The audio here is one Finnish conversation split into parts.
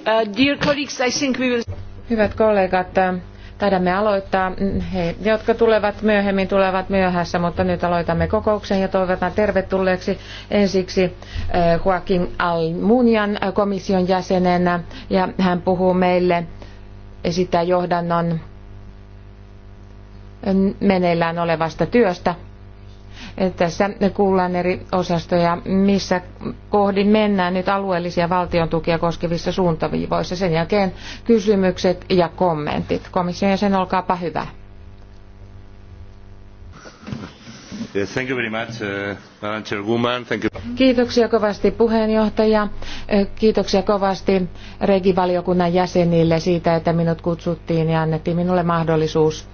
Uh, Hyvät kollegat, äh, taidamme aloittaa. Mm, he, jotka tulevat myöhemmin, tulevat myöhässä, mutta nyt aloitamme kokouksen ja toivotan tervetulleeksi ensiksi äh, Joaquin Almunian äh, komission jäsenenä ja hän puhuu meille, esittää johdannon meneillään olevasta työstä tässä kuullaan eri osastoja, missä kohdin mennään nyt alueellisia valtion koskevissa suuntaviivoissa. Sen jälkeen kysymykset ja kommentit. Komission jäsen, olkaapa hyvä. Thank you very much, uh, Chairwoman. Thank you. Kiitoksia kovasti puheenjohtaja. Kiitoksia kovasti regivaliokunnan jäsenille siitä, että minut kutsuttiin ja annettiin minulle mahdollisuus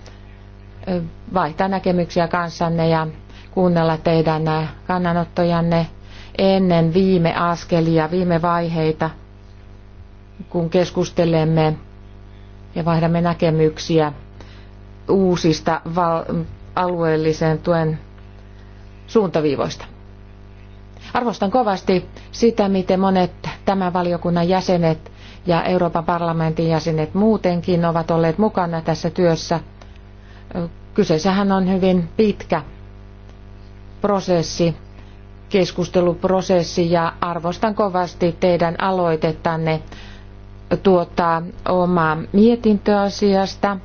eh, vaihtaa näkemyksiä kanssanne ja kuunnella teidän äh, kannanottojanne ennen viime askelia, viime vaiheita, kun keskustelemme ja vaihdamme näkemyksiä uusista alueellisen tuen suuntaviivoista. Arvostan kovasti sitä, miten monet tämän valiokunnan jäsenet ja Euroopan parlamentin jäsenet muutenkin ovat olleet mukana tässä työssä. Kyseessähän on hyvin pitkä prosessi, keskusteluprosessi ja arvostan kovasti teidän aloitettanne tuottaa omaa mietintöasiasta.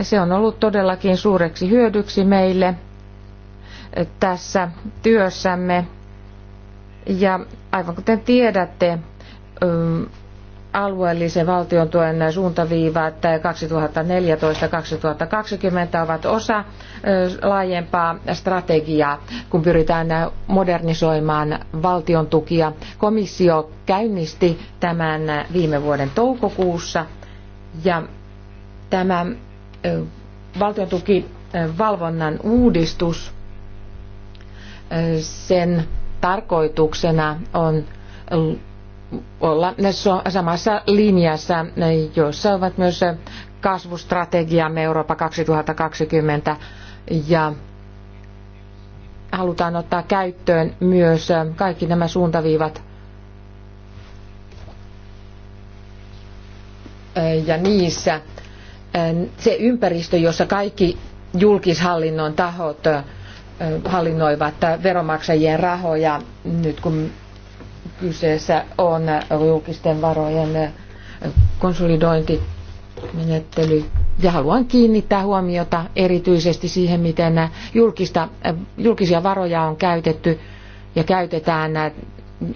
Se on ollut todellakin suureksi hyödyksi meille tässä työssämme. Ja aivan kuten tiedätte, alueellisen valtion tuen suuntaviivat 2014-2020 ovat osa laajempaa strategiaa, kun pyritään modernisoimaan valtion tukia. Komissio käynnisti tämän viime vuoden toukokuussa ja tämä valtion valvonnan uudistus, sen tarkoituksena on olla samassa linjassa, joissa ovat myös kasvustrategiamme Eurooppa 2020 ja halutaan ottaa käyttöön myös kaikki nämä suuntaviivat ja niissä se ympäristö, jossa kaikki julkishallinnon tahot hallinnoivat veronmaksajien rahoja nyt kun kyseessä on julkisten varojen konsolidointimenettely. Ja haluan kiinnittää huomiota erityisesti siihen, miten julkista, julkisia varoja on käytetty ja käytetään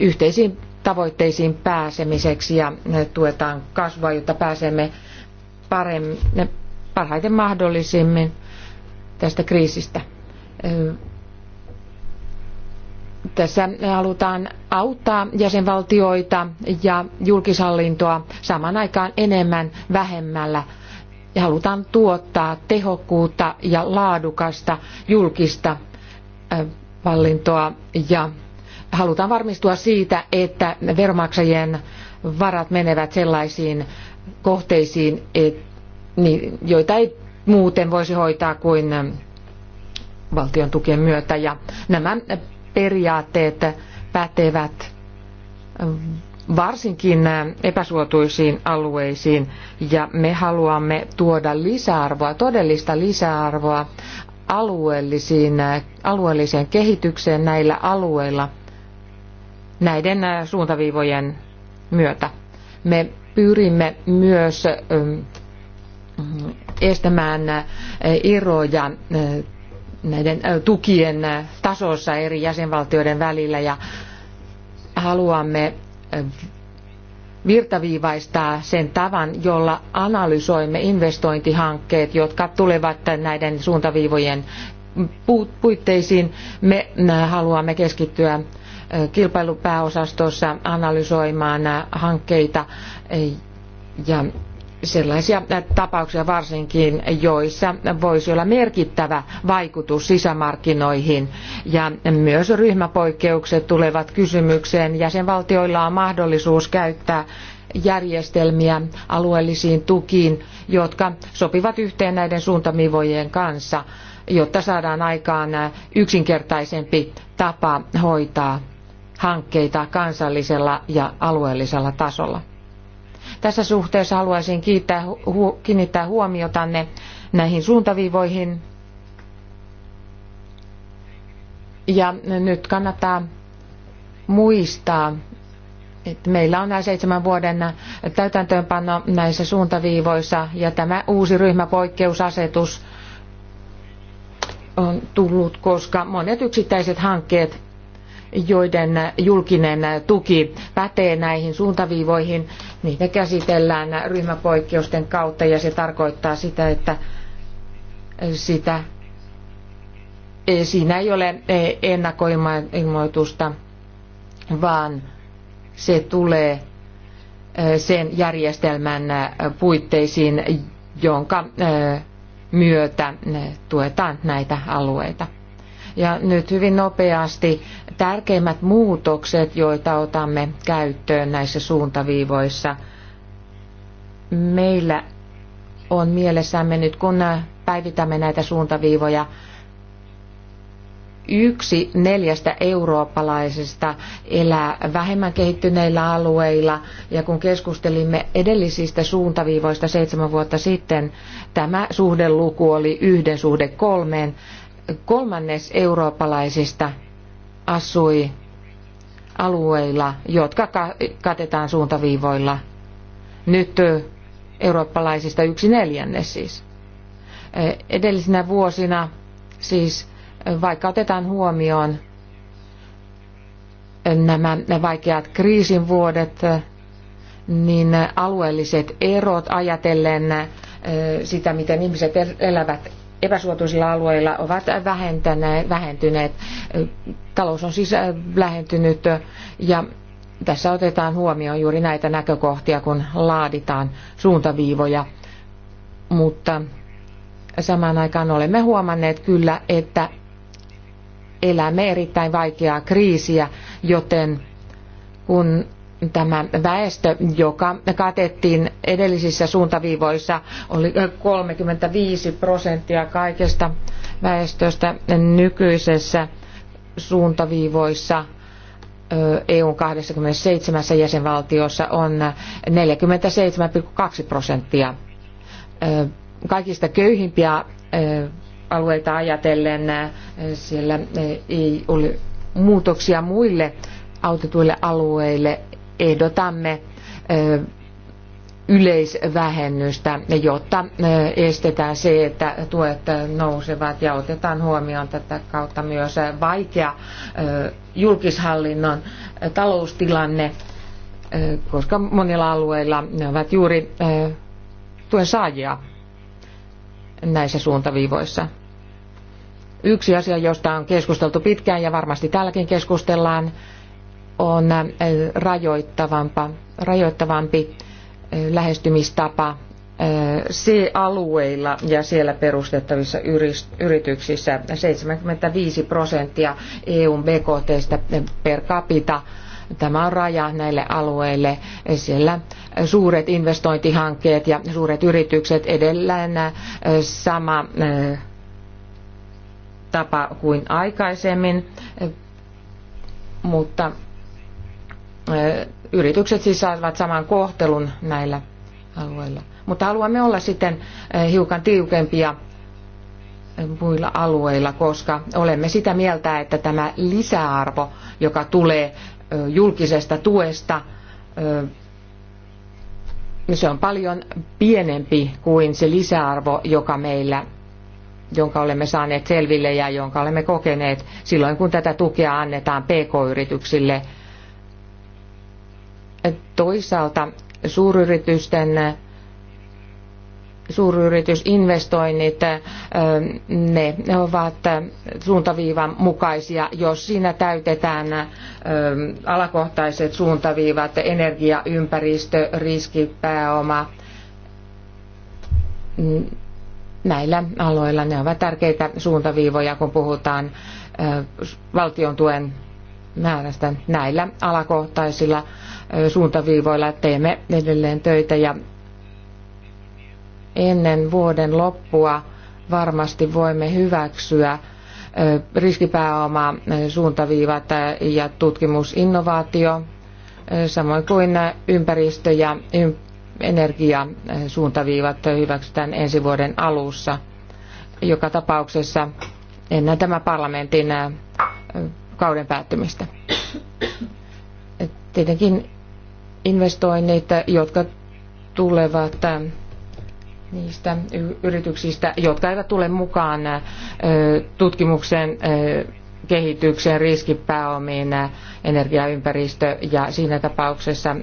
yhteisiin tavoitteisiin pääsemiseksi ja tuetaan kasvua, jotta pääsemme paremmin, parhaiten mahdollisimmin tästä kriisistä. Tässä halutaan auttaa jäsenvaltioita ja julkishallintoa saman aikaan enemmän vähemmällä ja halutaan tuottaa tehokkuutta ja laadukasta julkista hallintoa ja halutaan varmistua siitä, että veromaksajien varat menevät sellaisiin kohteisiin, joita ei muuten voisi hoitaa kuin valtion tukien myötä. Ja nämä periaatteet pätevät ähm, varsinkin äh, epäsuotuisiin alueisiin ja me haluamme tuoda lisäarvoa, todellista lisäarvoa alueellisiin, äh, alueelliseen kehitykseen näillä alueilla näiden äh, suuntaviivojen myötä. Me pyrimme myös ähm, estämään eroja näiden tukien tasossa eri jäsenvaltioiden välillä ja haluamme virtaviivaistaa sen tavan, jolla analysoimme investointihankkeet, jotka tulevat näiden suuntaviivojen puitteisiin. Me haluamme keskittyä kilpailupääosastossa analysoimaan hankkeita ja sellaisia äh, tapauksia varsinkin, joissa voisi olla merkittävä vaikutus sisämarkkinoihin ja myös ryhmäpoikkeukset tulevat kysymykseen. Jäsenvaltioilla on mahdollisuus käyttää järjestelmiä alueellisiin tukiin, jotka sopivat yhteen näiden suuntaviivojen kanssa, jotta saadaan aikaan äh, yksinkertaisempi tapa hoitaa hankkeita kansallisella ja alueellisella tasolla. Tässä suhteessa haluaisin kiittää, hu, kiinnittää huomiotanne näihin suuntaviivoihin. Ja nyt kannattaa muistaa, että meillä on nämä seitsemän vuoden täytäntöönpano näissä suuntaviivoissa ja tämä uusi ryhmäpoikkeusasetus on tullut, koska monet yksittäiset hankkeet joiden julkinen tuki pätee näihin suuntaviivoihin. Niitä käsitellään ryhmäpoikkeusten kautta ja se tarkoittaa sitä, että sitä, e, siinä ei ole e, ennakoilmoitusta, vaan se tulee e, sen järjestelmän puitteisiin, jonka myötä tuetaan näitä alueita. Ja nyt hyvin nopeasti tärkeimmät muutokset, joita otamme käyttöön näissä suuntaviivoissa. Meillä on mielessämme nyt, kun päivitämme näitä suuntaviivoja, yksi neljästä eurooppalaisesta elää vähemmän kehittyneillä alueilla. Ja kun keskustelimme edellisistä suuntaviivoista seitsemän vuotta sitten, tämä suhdeluku oli yhden suhde kolmeen kolmannes eurooppalaisista asui alueilla, jotka katetaan suuntaviivoilla. Nyt eurooppalaisista yksi neljännes siis. Edellisinä vuosina siis vaikka otetaan huomioon nämä vaikeat kriisin vuodet, niin alueelliset erot ajatellen sitä, miten ihmiset elävät epäsuotuisilla alueilla ovat vähentyneet. Talous on siis äh, lähentynyt ja tässä otetaan huomioon juuri näitä näkökohtia, kun laaditaan suuntaviivoja. Mutta samaan aikaan olemme huomanneet kyllä, että elämme erittäin vaikeaa kriisiä, joten kun tämä väestö, joka katettiin edellisissä suuntaviivoissa, oli 35 prosenttia kaikesta väestöstä nykyisessä suuntaviivoissa EUn 27 jäsenvaltiossa on 47,2 prosenttia. E, kaikista köyhimpiä e, alueita ajatellen e, siellä ei ole muutoksia muille autetuille alueille ehdotamme yleisvähennystä, jotta estetään se, että tuet nousevat ja otetaan huomioon tätä kautta myös vaikea julkishallinnon taloustilanne, koska monilla alueilla ne ovat juuri tuen saajia näissä suuntaviivoissa. Yksi asia, josta on keskusteltu pitkään ja varmasti täälläkin keskustellaan, on äh, rajoittavampaa, rajoittavampi äh, lähestymistapa C-alueilla äh, ja siellä perustettavissa yrityksissä 75 prosenttia EUn BKTstä per capita. Tämä on raja näille alueille. Siellä suuret investointihankkeet ja suuret yritykset edellään sama tapa kuin aikaisemmin, mutta yritykset siis saavat saman kohtelun näillä alueilla. Mutta haluamme olla sitten hiukan tiukempia muilla alueilla, koska olemme sitä mieltä, että tämä lisäarvo, joka tulee julkisesta tuesta, se on paljon pienempi kuin se lisäarvo, joka meillä jonka olemme saaneet selville ja jonka olemme kokeneet silloin, kun tätä tukea annetaan pk-yrityksille – Toisaalta suuryritysten suuryritysinvestoinnit, ne ovat suuntaviivan mukaisia, jos siinä täytetään alakohtaiset suuntaviivat, energia, ympäristö, riski, pääoma. Näillä aloilla ne ovat tärkeitä suuntaviivoja, kun puhutaan valtion tuen määrästä. Näillä alakohtaisilla suuntaviivoilla teemme edelleen töitä ja ennen vuoden loppua varmasti voimme hyväksyä riskipääoma suuntaviivat ja tutkimusinnovaatio, samoin kuin ympäristö- ja energiasuuntaviivat hyväksytään ensi vuoden alussa. Joka tapauksessa ennen tämän parlamentin kauden päättymistä. Tietenkin investoinnit, jotka tulevat äh, niistä yrityksistä, jotka eivät tule mukaan äh, tutkimuksen äh, kehityksen riskipääomiin energiaympäristö ja siinä tapauksessa,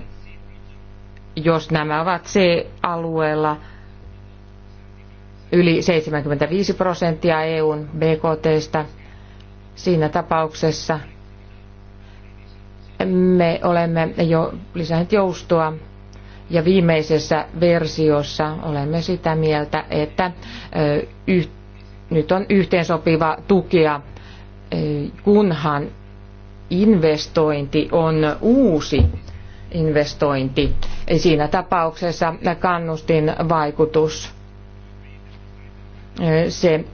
jos nämä ovat C-alueella yli 75 prosenttia EUn BKTstä, siinä tapauksessa – me olemme jo lisänneet joustoa ja viimeisessä versiossa olemme sitä mieltä, että yh, nyt on yhteensopiva tukea, kunhan investointi on uusi investointi. Siinä tapauksessa kannustin vaikutus se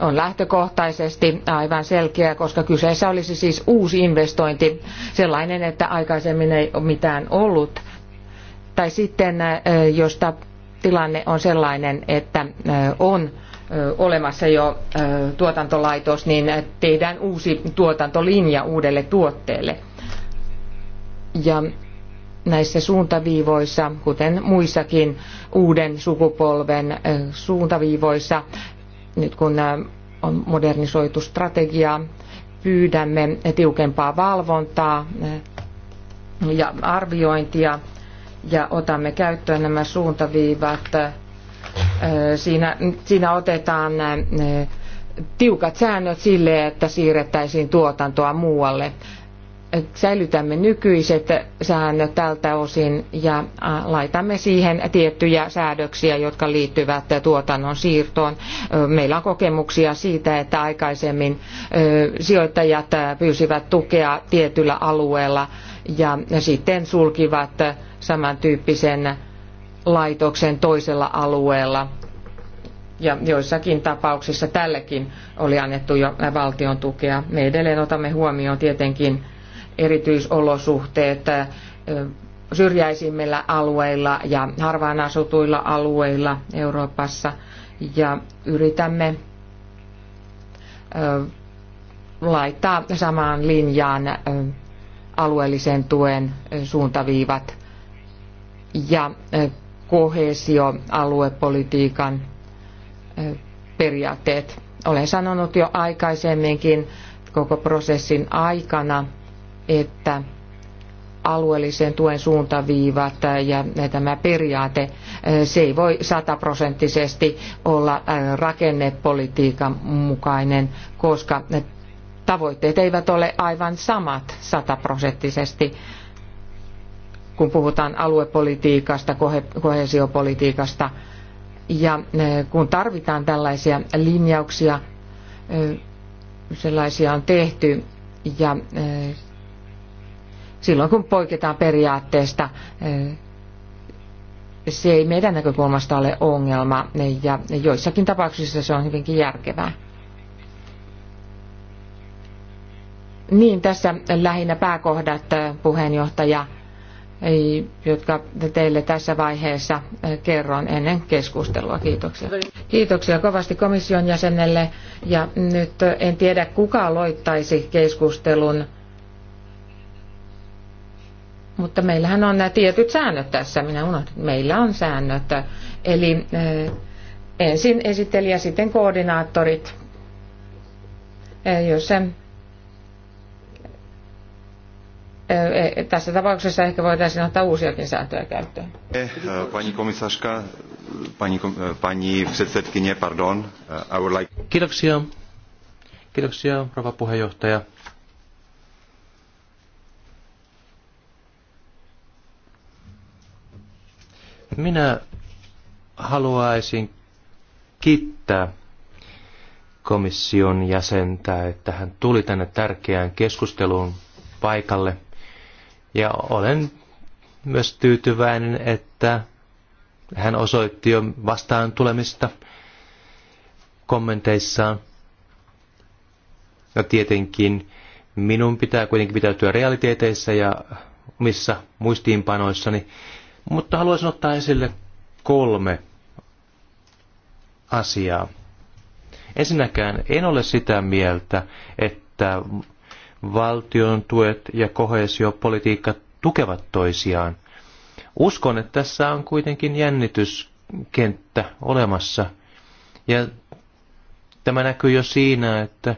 on lähtökohtaisesti aivan selkeä, koska kyseessä olisi siis uusi investointi, sellainen, että aikaisemmin ei ole mitään ollut. Tai sitten, jos tilanne on sellainen, että on olemassa jo tuotantolaitos, niin tehdään uusi tuotantolinja uudelle tuotteelle. Ja näissä suuntaviivoissa, kuten muissakin uuden sukupolven suuntaviivoissa, nyt kun on modernisoitu strategia, pyydämme tiukempaa valvontaa ja arviointia ja otamme käyttöön nämä suuntaviivat. Siinä, siinä otetaan tiukat säännöt sille, että siirrettäisiin tuotantoa muualle säilytämme nykyiset säännöt tältä osin ja laitamme siihen tiettyjä säädöksiä, jotka liittyvät tuotannon siirtoon. Meillä on kokemuksia siitä, että aikaisemmin sijoittajat pyysivät tukea tietyllä alueella ja sitten sulkivat samantyyppisen laitoksen toisella alueella. Ja joissakin tapauksissa tällekin oli annettu jo valtion tukea. Me edelleen otamme huomioon tietenkin erityisolosuhteet syrjäisimmillä alueilla ja harvaan asutuilla alueilla Euroopassa ja yritämme laittaa samaan linjaan alueellisen tuen suuntaviivat ja kohesio aluepolitiikan periaatteet. Olen sanonut jo aikaisemminkin koko prosessin aikana, että alueellisen tuen suuntaviivat ja tämä periaate, eh, se ei voi sataprosenttisesti olla eh, rakennepolitiikan mukainen, koska tavoitteet eivät ole aivan samat sataprosenttisesti, kun puhutaan aluepolitiikasta, koheesiopolitiikasta Ja eh, kun tarvitaan tällaisia linjauksia, sellaisia on tehty ja silloin kun poiketaan periaatteesta. Eh, se ei meidän näkökulmasta ole ongelma ja joissakin tapauksissa se on hyvinkin järkevää. Niin, tässä lähinnä pääkohdat eh, puheenjohtaja, eh, jotka teille tässä vaiheessa kerron ennen keskustelua. Kiitoksia. Kiitoksia kovasti komission jäsenelle ja nyt en tiedä kuka aloittaisi keskustelun mutta meillähän on nämä tietyt säännöt tässä. Minä unohdin, meillä on säännöt. Eli ensin esittelijä, sitten koordinaattorit. Jos se e, tässä tapauksessa ehkä voitaisiin ottaa uusiakin sääntöjä käyttöön. Eh, pani komisarska, pani, eh, pani pardon. Eh, I would like... Kiitoksia. Kiitoksia, rouva puheenjohtaja. Minä haluaisin kiittää komission jäsentä, että hän tuli tänne tärkeään keskusteluun paikalle. Ja olen myös tyytyväinen, että hän osoitti jo vastaan tulemista kommenteissaan. Ja tietenkin minun pitää kuitenkin pitäytyä realiteeteissa ja missä muistiinpanoissani. Mutta haluaisin ottaa esille kolme asiaa. Ensinnäkään en ole sitä mieltä, että valtion tuet ja kohesiopolitiikka tukevat toisiaan. Uskon, että tässä on kuitenkin jännityskenttä olemassa. Ja tämä näkyy jo siinä, että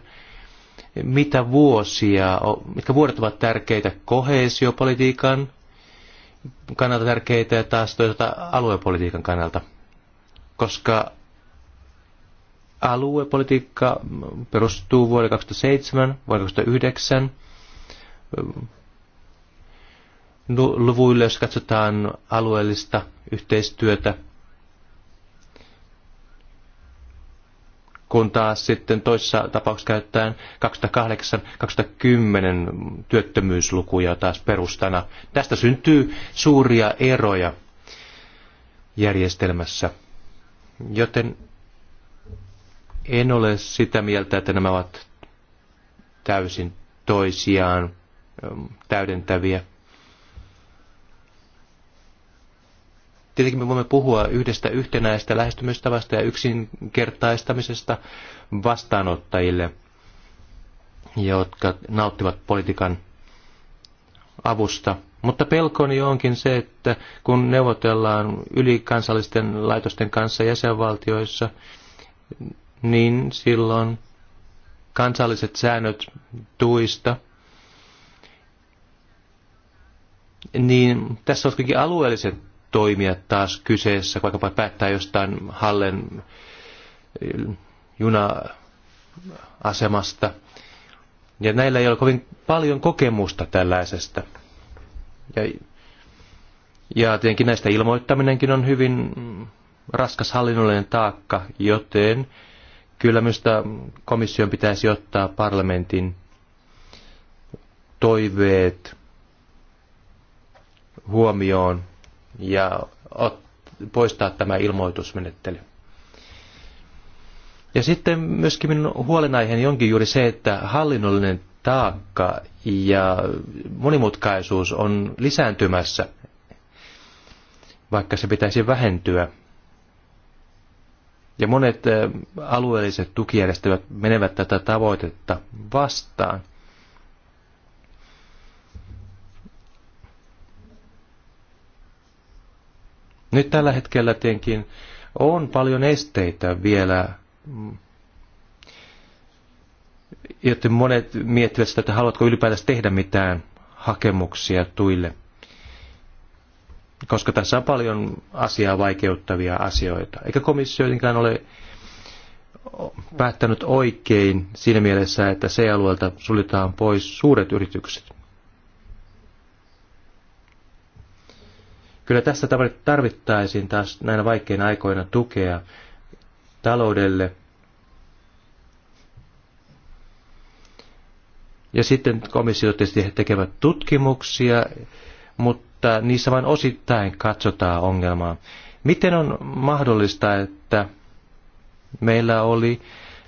mitä vuosia, mitkä vuodet ovat tärkeitä kohesiopolitiikan kannalta tärkeitä ja taas toisaalta aluepolitiikan kannalta, koska aluepolitiikka perustuu vuoden 2007, vuoden 2009 luvuille, jos katsotaan alueellista yhteistyötä kun taas sitten toisessa tapauksessa käytetään 2008-2010 työttömyyslukuja taas perustana. Tästä syntyy suuria eroja järjestelmässä, joten en ole sitä mieltä, että nämä ovat täysin toisiaan täydentäviä. Tietenkin me voimme puhua yhdestä yhtenäistä lähestymistavasta ja yksinkertaistamisesta vastaanottajille, jotka nauttivat politiikan avusta. Mutta pelkoni onkin se, että kun neuvotellaan ylikansallisten laitosten kanssa jäsenvaltioissa, niin silloin kansalliset säännöt tuista, niin tässä on kuitenkin alueelliset toimia taas kyseessä, vaikkapa päättää jostain Hallen juna-asemasta. Ja näillä ei ole kovin paljon kokemusta tällaisesta. Ja, ja tietenkin näistä ilmoittaminenkin on hyvin raskas hallinnollinen taakka, joten kyllä minusta komission pitäisi ottaa parlamentin toiveet huomioon ja poistaa tämä ilmoitusmenettely. Ja sitten myöskin minun huolenaiheeni onkin juuri se, että hallinnollinen taakka ja monimutkaisuus on lisääntymässä, vaikka se pitäisi vähentyä. Ja monet alueelliset tukijärjestelmät menevät tätä tavoitetta vastaan. Nyt tällä hetkellä tietenkin on paljon esteitä vielä, joten monet miettivät sitä, että haluatko ylipäätänsä tehdä mitään hakemuksia tuille, koska tässä on paljon asiaa vaikeuttavia asioita. Eikä komissio jotenkään ole päättänyt oikein siinä mielessä, että se alueelta suljetaan pois suuret yritykset. Kyllä tässä tarvittaisiin taas näinä vaikeina aikoina tukea taloudelle. Ja sitten komissio tietysti tekevät tutkimuksia, mutta niissä vain osittain katsotaan ongelmaa. Miten on mahdollista, että meillä oli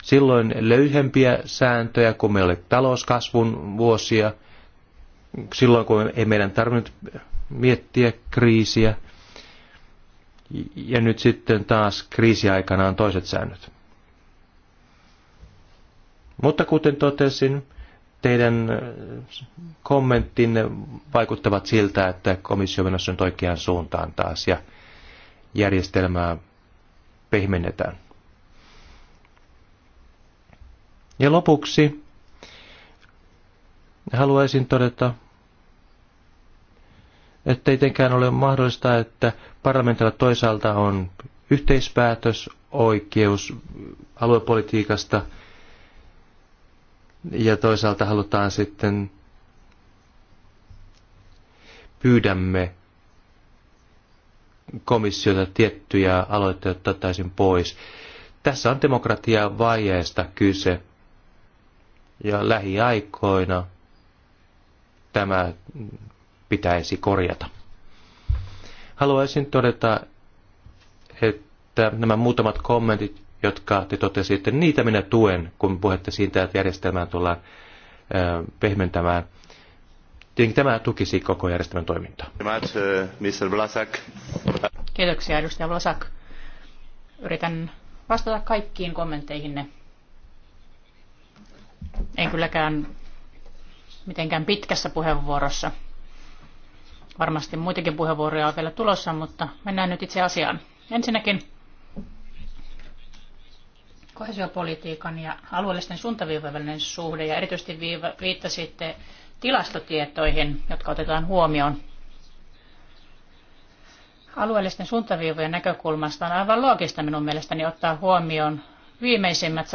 silloin löyhempiä sääntöjä, kun meillä oli talouskasvun vuosia, silloin kun ei meidän tarvinnut miettiä kriisiä. Ja nyt sitten taas kriisiaikana on toiset säännöt. Mutta kuten totesin, teidän kommenttinne vaikuttavat siltä, että komissio menossa on oikeaan suuntaan taas ja järjestelmää pehmennetään. Ja lopuksi haluaisin todeta ettei tietenkään ole mahdollista, että parlamentilla toisaalta on yhteispäätös, oikeus aluepolitiikasta ja toisaalta halutaan sitten pyydämme komissiota tiettyjä aloitteita ottaisin pois. Tässä on demokratia vaiheesta kyse. Ja lähiaikoina tämä pitäisi korjata. Haluaisin todeta, että nämä muutamat kommentit, jotka te totesitte, niitä minä tuen, kun puhette siitä, että järjestelmään tullaan pehmentämään. Tietenkin tämä tukisi koko järjestelmän toimintaa. Kiitoksia, edustaja Vlasak. Yritän vastata kaikkiin kommentteihinne. En kylläkään mitenkään pitkässä puheenvuorossa Varmasti muitakin puheenvuoroja on vielä tulossa, mutta mennään nyt itse asiaan. Ensinnäkin kohesiopolitiikan ja alueellisten suuntaviivojen suhde ja erityisesti viittasitte tilastotietoihin, jotka otetaan huomioon. Alueellisten suuntaviivojen näkökulmasta on aivan loogista minun mielestäni ottaa huomioon viimeisimmät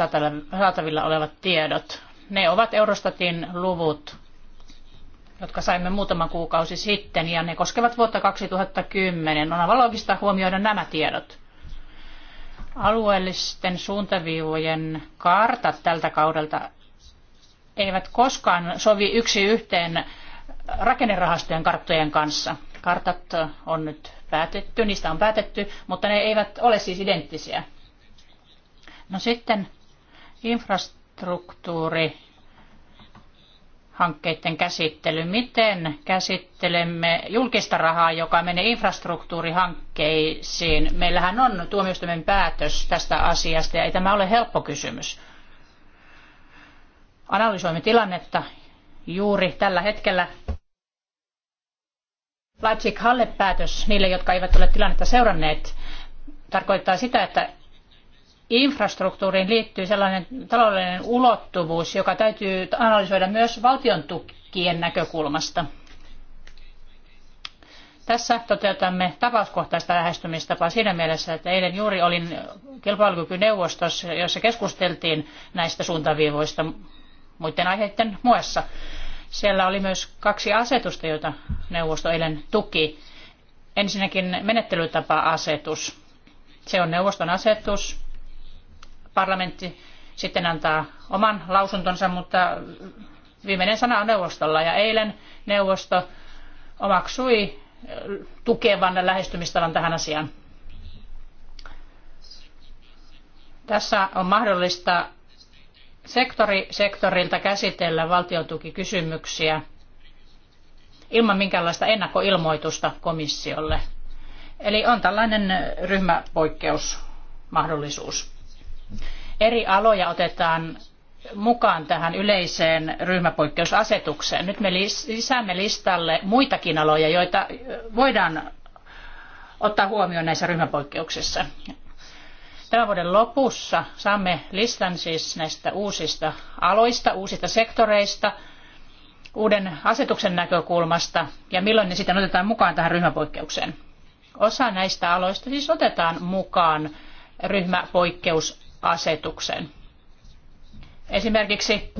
saatavilla olevat tiedot. Ne ovat Eurostatin luvut jotka saimme muutama kuukausi sitten, ja ne koskevat vuotta 2010. On aivan loogista huomioida nämä tiedot. Alueellisten suuntaviivojen kartat tältä kaudelta eivät koskaan sovi yksi yhteen rakennerahastojen karttojen kanssa. Kartat on nyt päätetty, niistä on päätetty, mutta ne eivät ole siis identtisiä. No sitten infrastruktuuri hankkeiden käsittely. Miten käsittelemme julkista rahaa, joka menee infrastruktuurihankkeisiin? Meillähän on tuomioistuimen päätös tästä asiasta ja ei tämä ole helppo kysymys. Analysoimme tilannetta juuri tällä hetkellä. Leipzig-Halle päätös niille, jotka eivät ole tilannetta seuranneet, tarkoittaa sitä, että infrastruktuuriin liittyy sellainen taloudellinen ulottuvuus, joka täytyy analysoida myös valtion tukien näkökulmasta. Tässä toteutamme tapauskohtaista lähestymistapaa siinä mielessä, että eilen juuri olin kilpailukykyneuvostossa, jossa keskusteltiin näistä suuntaviivoista muiden aiheiden muassa. Siellä oli myös kaksi asetusta, joita neuvosto eilen tuki. Ensinnäkin menettelytapa-asetus. Se on neuvoston asetus, parlamentti sitten antaa oman lausuntonsa, mutta viimeinen sana on neuvostolla. Ja eilen neuvosto omaksui tukevan lähestymistavan tähän asiaan. Tässä on mahdollista sektori sektorilta käsitellä valtiontukikysymyksiä ilman minkäänlaista ennakkoilmoitusta komissiolle. Eli on tällainen ryhmäpoikkeusmahdollisuus. Eri aloja otetaan mukaan tähän yleiseen ryhmäpoikkeusasetukseen. Nyt me lisäämme listalle muitakin aloja, joita voidaan ottaa huomioon näissä ryhmäpoikkeuksissa. Tämän vuoden lopussa saamme listan siis näistä uusista aloista, uusista sektoreista, uuden asetuksen näkökulmasta ja milloin ne sitten otetaan mukaan tähän ryhmäpoikkeukseen. Osa näistä aloista siis otetaan mukaan ryhmäpoikkeus asetuksen. Esimerkiksi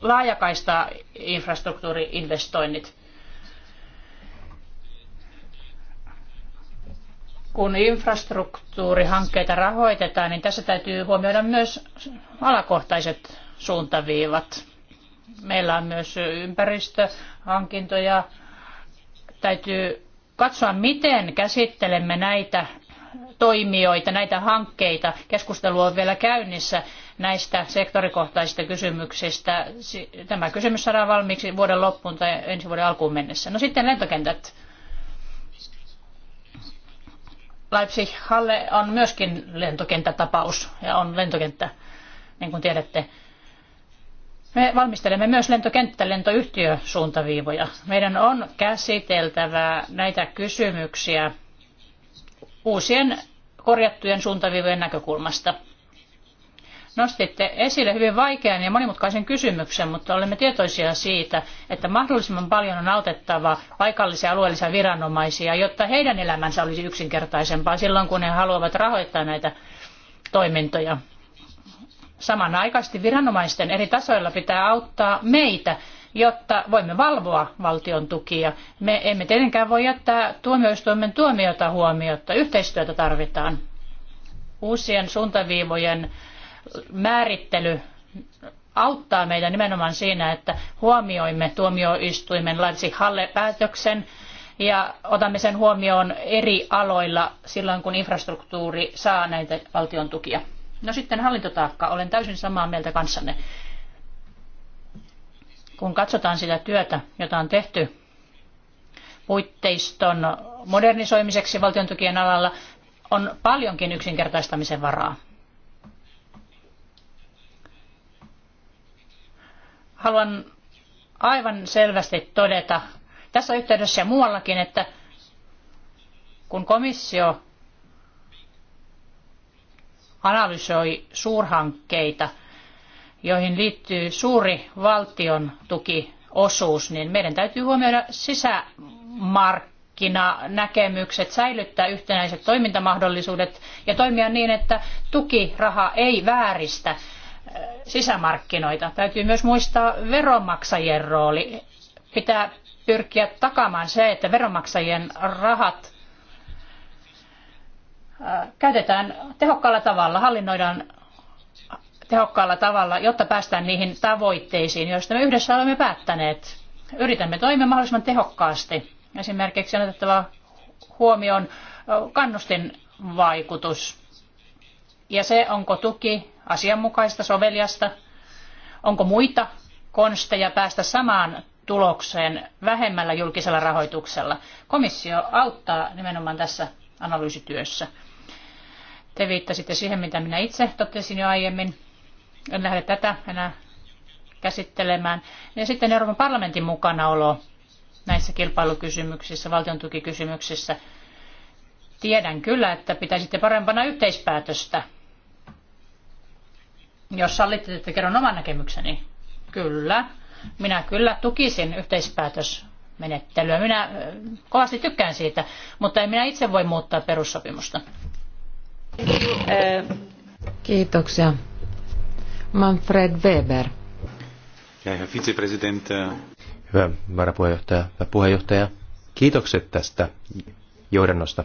laajakaista infrastruktuuriinvestoinnit. Kun infrastruktuurihankkeita rahoitetaan, niin tässä täytyy huomioida myös alakohtaiset suuntaviivat. Meillä on myös ympäristöhankintoja. Täytyy katsoa, miten käsittelemme näitä toimijoita, näitä hankkeita. Keskustelu on vielä käynnissä näistä sektorikohtaisista kysymyksistä. Tämä kysymys saadaan valmiiksi vuoden loppuun tai ensi vuoden alkuun mennessä. No sitten lentokentät. Leipzig-Halle on myöskin lentokenttätapaus ja on lentokenttä, niin kuin tiedätte. Me valmistelemme myös lentokenttä lentoyhtiösuuntaviivoja. Meidän on käsiteltävä näitä kysymyksiä uusien korjattujen suuntaviivojen näkökulmasta. Nostitte esille hyvin vaikean ja monimutkaisen kysymyksen, mutta olemme tietoisia siitä, että mahdollisimman paljon on autettava paikallisia ja alueellisia viranomaisia, jotta heidän elämänsä olisi yksinkertaisempaa silloin, kun he haluavat rahoittaa näitä toimintoja. Samanaikaisesti viranomaisten eri tasoilla pitää auttaa meitä jotta voimme valvoa valtion tukia. Me emme tietenkään voi jättää tuomioistuimen tuomiota huomiota. Yhteistyötä tarvitaan. Uusien suuntaviivojen määrittely auttaa meitä nimenomaan siinä, että huomioimme tuomioistuimen Leipzig-Halle-päätöksen ja otamme sen huomioon eri aloilla silloin, kun infrastruktuuri saa näitä valtion tukia. No sitten hallintotaakka. Olen täysin samaa mieltä kanssanne kun katsotaan sitä työtä, jota on tehty puitteiston modernisoimiseksi valtiontukien alalla, on paljonkin yksinkertaistamisen varaa. Haluan aivan selvästi todeta tässä yhteydessä ja muuallakin, että kun komissio analysoi suurhankkeita – joihin liittyy suuri valtion tukiosuus, niin meidän täytyy huomioida sisämarkkinanäkemykset, säilyttää yhtenäiset toimintamahdollisuudet ja toimia niin, että tukiraha ei vääristä äh, sisämarkkinoita. Täytyy myös muistaa veronmaksajien rooli. Pitää pyrkiä takaamaan se, että veronmaksajien rahat äh, käytetään tehokkaalla tavalla, hallinnoidaan tehokkaalla tavalla, jotta päästään niihin tavoitteisiin, joista me yhdessä olemme päättäneet. Yritämme toimia mahdollisimman tehokkaasti. Esimerkiksi on otettava huomioon kannustinvaikutus ja se, onko tuki asianmukaista, soveliasta, onko muita konsteja päästä samaan tulokseen vähemmällä julkisella rahoituksella. Komissio auttaa nimenomaan tässä analyysityössä. Te viittasitte siihen, mitä minä itse totesin jo aiemmin. En lähde tätä enää käsittelemään. Ja sitten Euroopan parlamentin mukanaolo näissä kilpailukysymyksissä, valtiontukikysymyksissä. Tiedän kyllä, että pitäisitte parempana yhteispäätöstä. Jos sallitte, että kerron oman näkemykseni. Kyllä. Minä kyllä tukisin yhteispäätösmenettelyä. Minä äh, kovasti tykkään siitä, mutta en minä itse voi muuttaa perussopimusta. Kiitoksia. Manfred Weber. Ja herra vicepresident. Hyvä varapuheenjohtaja, hyvä puheenjohtaja. Kiitokset tästä johdannosta.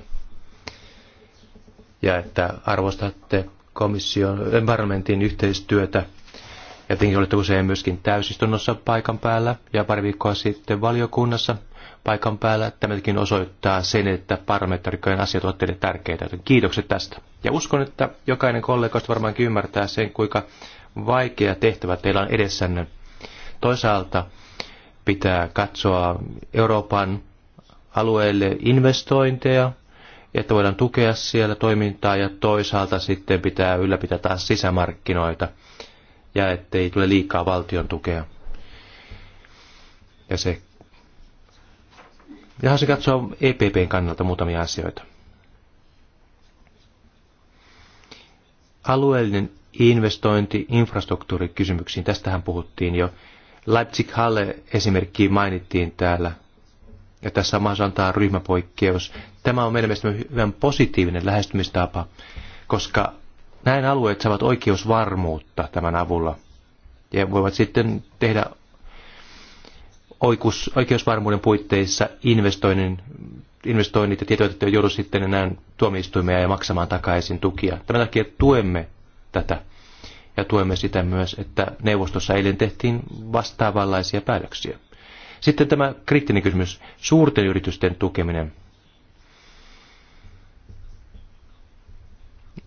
Ja että arvostatte komission, eh, parlamentin yhteistyötä. Ja tietenkin olette usein myöskin täysistunnossa paikan päällä ja pari viikkoa sitten valiokunnassa paikan päällä. Tämäkin osoittaa sen, että parlamentaarikkojen asiat ovat teille tärkeitä, joten kiitokset tästä. Ja uskon, että jokainen kollegoista varmaankin ymmärtää sen, kuinka vaikea tehtävä teillä on edessänne. Toisaalta pitää katsoa Euroopan alueelle investointeja, että voidaan tukea siellä toimintaa ja toisaalta sitten pitää ylläpitää taas sisämarkkinoita ja ettei tule liikaa valtion tukea. Ja se ja se katsoa EPPn kannalta muutamia asioita. Alueellinen investointi infrastruktuurikysymyksiin. Tästähän puhuttiin jo. Leipzig Halle esimerkki mainittiin täällä. Ja tässä on mahdollisuus antaa ryhmäpoikkeus. Tämä on meidän mielestämme hyvän positiivinen lähestymistapa, koska näin alueet saavat oikeusvarmuutta tämän avulla. Ja voivat sitten tehdä oikeus, oikeusvarmuuden puitteissa investoinnin, investoinnit ja tietoja, että joudut sitten enää tuomioistuimia ja maksamaan takaisin tukia. Tämän takia tuemme tätä. Ja tuemme sitä myös, että neuvostossa eilen tehtiin vastaavanlaisia päätöksiä. Sitten tämä kriittinen kysymys, suurten yritysten tukeminen.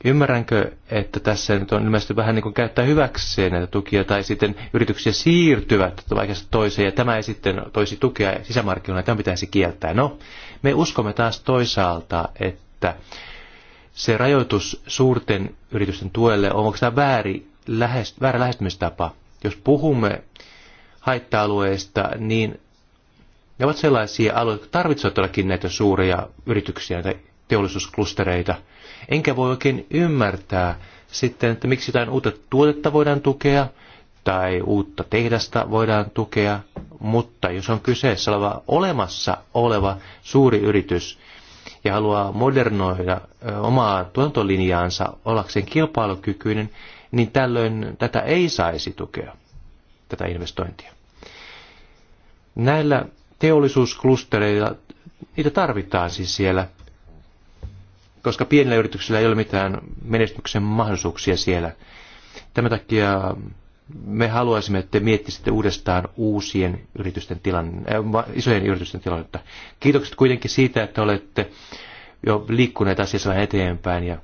Ymmärränkö, että tässä nyt on ilmeisesti vähän niin kuin käyttää hyväkseen näitä tukia, tai sitten yrityksiä siirtyvät vaikeasta toiseen, ja tämä ei sitten toisi tukea sisämarkkinoille, tämä pitäisi kieltää. No, me uskomme taas toisaalta, että se rajoitus suurten yritysten tuelle on onko tämä väärin, lähest, väärä lähestymistapa. Jos puhumme haitta-alueista, niin ne ovat sellaisia alueita, jotka tarvitsevat todellakin näitä suuria yrityksiä, näitä teollisuusklustereita. Enkä voi oikein ymmärtää sitten, että miksi jotain uutta tuotetta voidaan tukea tai uutta tehdasta voidaan tukea, mutta jos on kyseessä oleva olemassa oleva suuri yritys, ja haluaa modernoida omaa tuotantolinjaansa ollakseen kilpailukykyinen, niin tällöin tätä ei saisi tukea, tätä investointia. Näillä teollisuusklustereilla, niitä tarvitaan siis siellä, koska pienillä yrityksillä ei ole mitään menestyksen mahdollisuuksia siellä. Tämän takia me haluaisimme, että te miettisitte uudestaan uusien yritysten tilanne, äh, isojen yritysten tilannetta. Kiitokset kuitenkin siitä, että olette jo liikkuneet asiassa vähän eteenpäin ja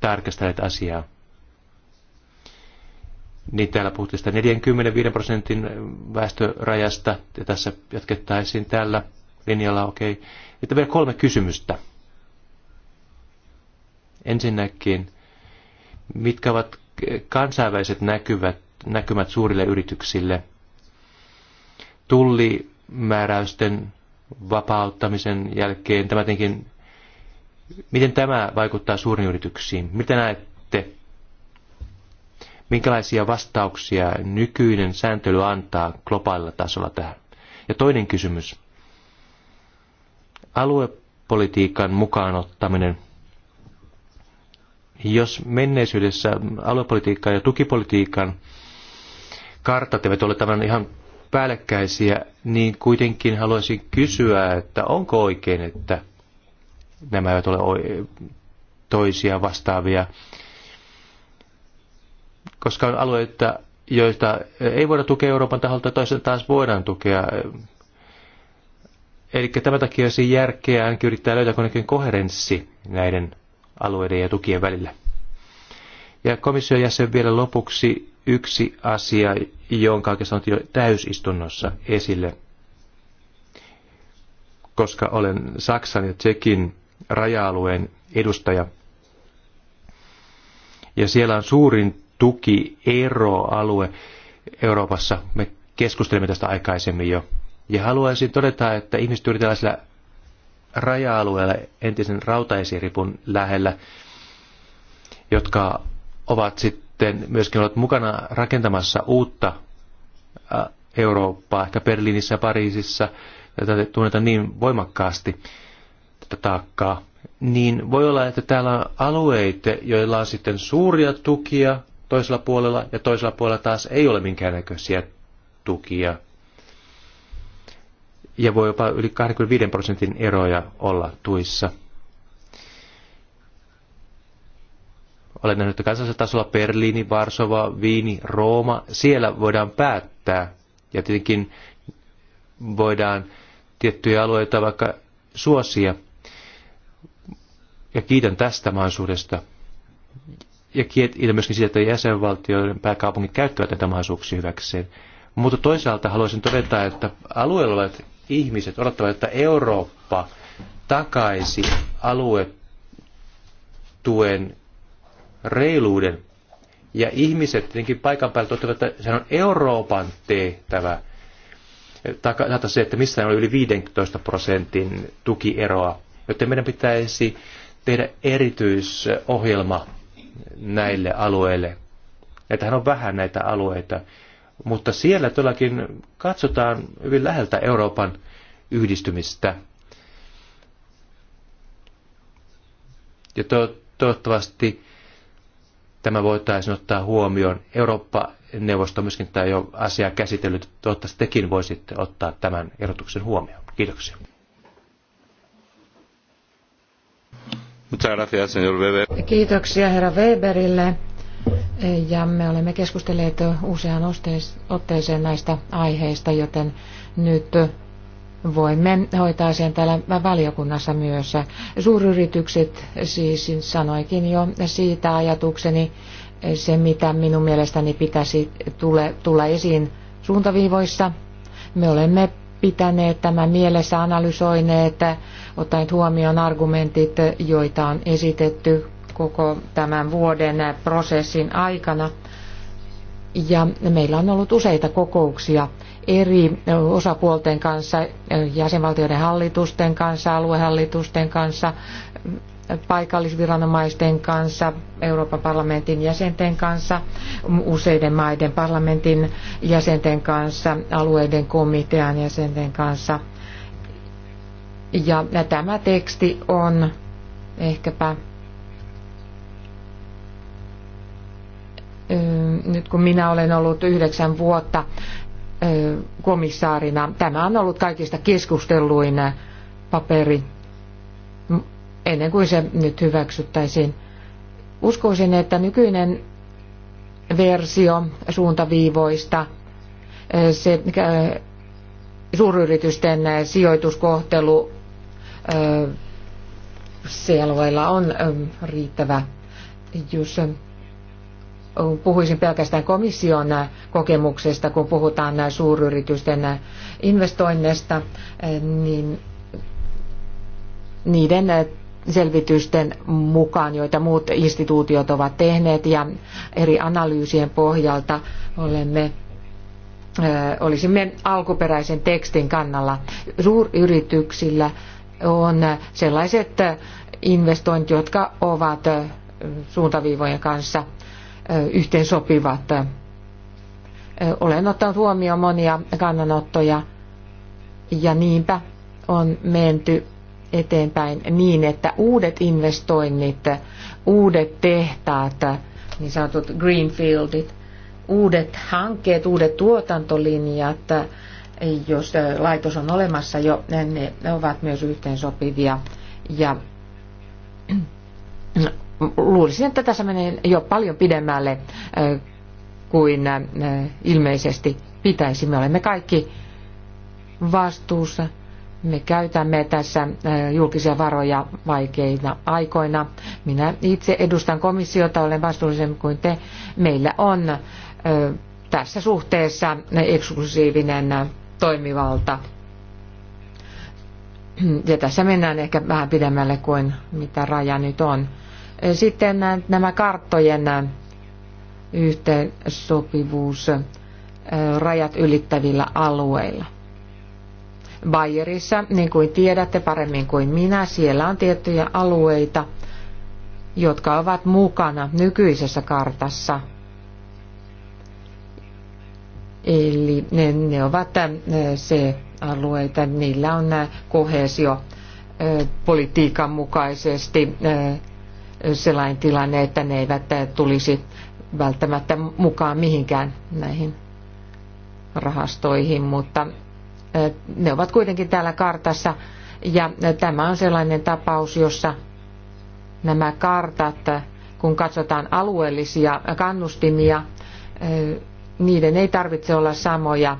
tarkastelleet asiaa. Niin täällä puhuttiin sitä 45 prosentin väestörajasta ja tässä jatkettaisiin tällä linjalla, okei. Okay. Että vielä kolme kysymystä. Ensinnäkin, mitkä ovat kansainväliset näkyvät, näkymät suurille yrityksille, tullimääräysten vapauttamisen jälkeen, tämä tietenkin, miten tämä vaikuttaa suuriin yrityksiin? Mitä näette? Minkälaisia vastauksia nykyinen sääntely antaa globaalilla tasolla tähän? Ja toinen kysymys. Aluepolitiikan mukaan ottaminen jos menneisyydessä aluepolitiikan ja tukipolitiikan kartat eivät ole tämän ihan päällekkäisiä, niin kuitenkin haluaisin kysyä, että onko oikein, että nämä eivät ole toisia vastaavia, koska on alueita, joita ei voida tukea Euroopan taholta, toisen taas voidaan tukea. Eli tämän takia olisi järkeä ainakin yrittää löytää kuitenkin koherenssi näiden alueiden ja tukien välillä. Ja komission jäsen vielä lopuksi yksi asia, jonka oikeastaan jo täysistunnossa esille, koska olen Saksan ja Tsekin raja-alueen edustaja. Ja siellä on suurin tuki eroalue Euroopassa. Me keskustelimme tästä aikaisemmin jo. Ja haluaisin todeta, että ihmiset yrittävät raja-alueella entisen rautaisiripun lähellä, jotka ovat sitten myöskin olleet mukana rakentamassa uutta Eurooppaa, ehkä Berliinissä, Pariisissa, tätä tunnetaan niin voimakkaasti tätä taakkaa, niin voi olla, että täällä on alueita, joilla on sitten suuria tukia toisella puolella ja toisella puolella taas ei ole minkäännäköisiä tukia ja voi jopa yli 25 prosentin eroja olla tuissa. Olen nähnyt, että kansallisella tasolla Berliini, Varsova, Viini, Rooma, siellä voidaan päättää. Ja tietenkin voidaan tiettyjä alueita vaikka suosia. Ja kiitän tästä mahdollisuudesta. Ja kiitän myöskin siitä, että jäsenvaltioiden pääkaupungit käyttävät näitä mahdollisuuksia hyväkseen. Mutta toisaalta haluaisin todeta, että alueella olevat ihmiset odottavat, että Eurooppa takaisi aluetuen reiluuden. Ja ihmiset tietenkin paikan päällä toteavat, että se on Euroopan tehtävä taata se, että missään oli yli 15 prosentin tukieroa, joten meidän pitäisi tehdä erityisohjelma näille alueille. Näitähän on vähän näitä alueita, mutta siellä todellakin katsotaan hyvin läheltä Euroopan yhdistymistä. Ja to- toivottavasti tämä voitaisiin ottaa huomioon. Eurooppa-neuvosto myöskin tämä jo asiaa käsitellyt. Toivottavasti tekin voisitte ottaa tämän erotuksen huomioon. Kiitoksia. Kiitoksia herra Weberille. Ja me olemme keskustelleet useaan otteeseen näistä aiheista, joten nyt voimme hoitaa sen täällä valiokunnassa myös. Suuryritykset siis sanoikin jo siitä ajatukseni, se mitä minun mielestäni pitäisi tule, tulla esiin suuntaviivoissa. Me olemme pitäneet tämän mielessä analysoineet, ottaen huomioon argumentit, joita on esitetty koko tämän vuoden prosessin aikana. Ja meillä on ollut useita kokouksia eri osapuolten kanssa, jäsenvaltioiden hallitusten kanssa, aluehallitusten kanssa, paikallisviranomaisten kanssa, Euroopan parlamentin jäsenten kanssa, useiden maiden parlamentin jäsenten kanssa, alueiden komitean jäsenten kanssa. Ja tämä teksti on ehkäpä nyt kun minä olen ollut yhdeksän vuotta komissaarina, tämä on ollut kaikista keskustelluin paperi ennen kuin se nyt hyväksyttäisiin. Uskoisin, että nykyinen versio suuntaviivoista, se suuryritysten sijoituskohtelu siellä on riittävä, jos puhuisin pelkästään komission kokemuksesta, kun puhutaan suuryritysten investoinneista, niin niiden selvitysten mukaan, joita muut instituutiot ovat tehneet ja eri analyysien pohjalta olemme olisimme alkuperäisen tekstin kannalla. Suuryrityksillä on sellaiset investoinnit, jotka ovat suuntaviivojen kanssa yhteensopivat. Olen ottanut huomioon monia kannanottoja ja niinpä on menty eteenpäin niin, että uudet investoinnit, uudet tehtaat, niin sanotut greenfieldit, uudet hankkeet, uudet tuotantolinjat, jos laitos on olemassa jo, ne ovat myös yhteensopivia ja luulisin, että tässä menee jo paljon pidemmälle kuin ilmeisesti pitäisi. Me olemme kaikki vastuussa. Me käytämme tässä julkisia varoja vaikeina aikoina. Minä itse edustan komissiota, olen vastuullisempi kuin te. Meillä on tässä suhteessa eksklusiivinen toimivalta. Ja tässä mennään ehkä vähän pidemmälle kuin mitä raja nyt on. Sitten äh, nämä karttojen äh, yhteensopivuus äh, rajat ylittävillä alueilla. Bayerissa, niin kuin tiedätte paremmin kuin minä, siellä on tiettyjä alueita, jotka ovat mukana nykyisessä kartassa. Eli ne, ne ovat se alueita, niillä on kohesio politiikan mukaisesti sellainen tilanne, että ne eivät tulisi välttämättä mukaan mihinkään näihin rahastoihin, mutta ne ovat kuitenkin täällä kartassa. Ja tämä on sellainen tapaus, jossa nämä kartat, kun katsotaan alueellisia kannustimia, niiden ei tarvitse olla samoja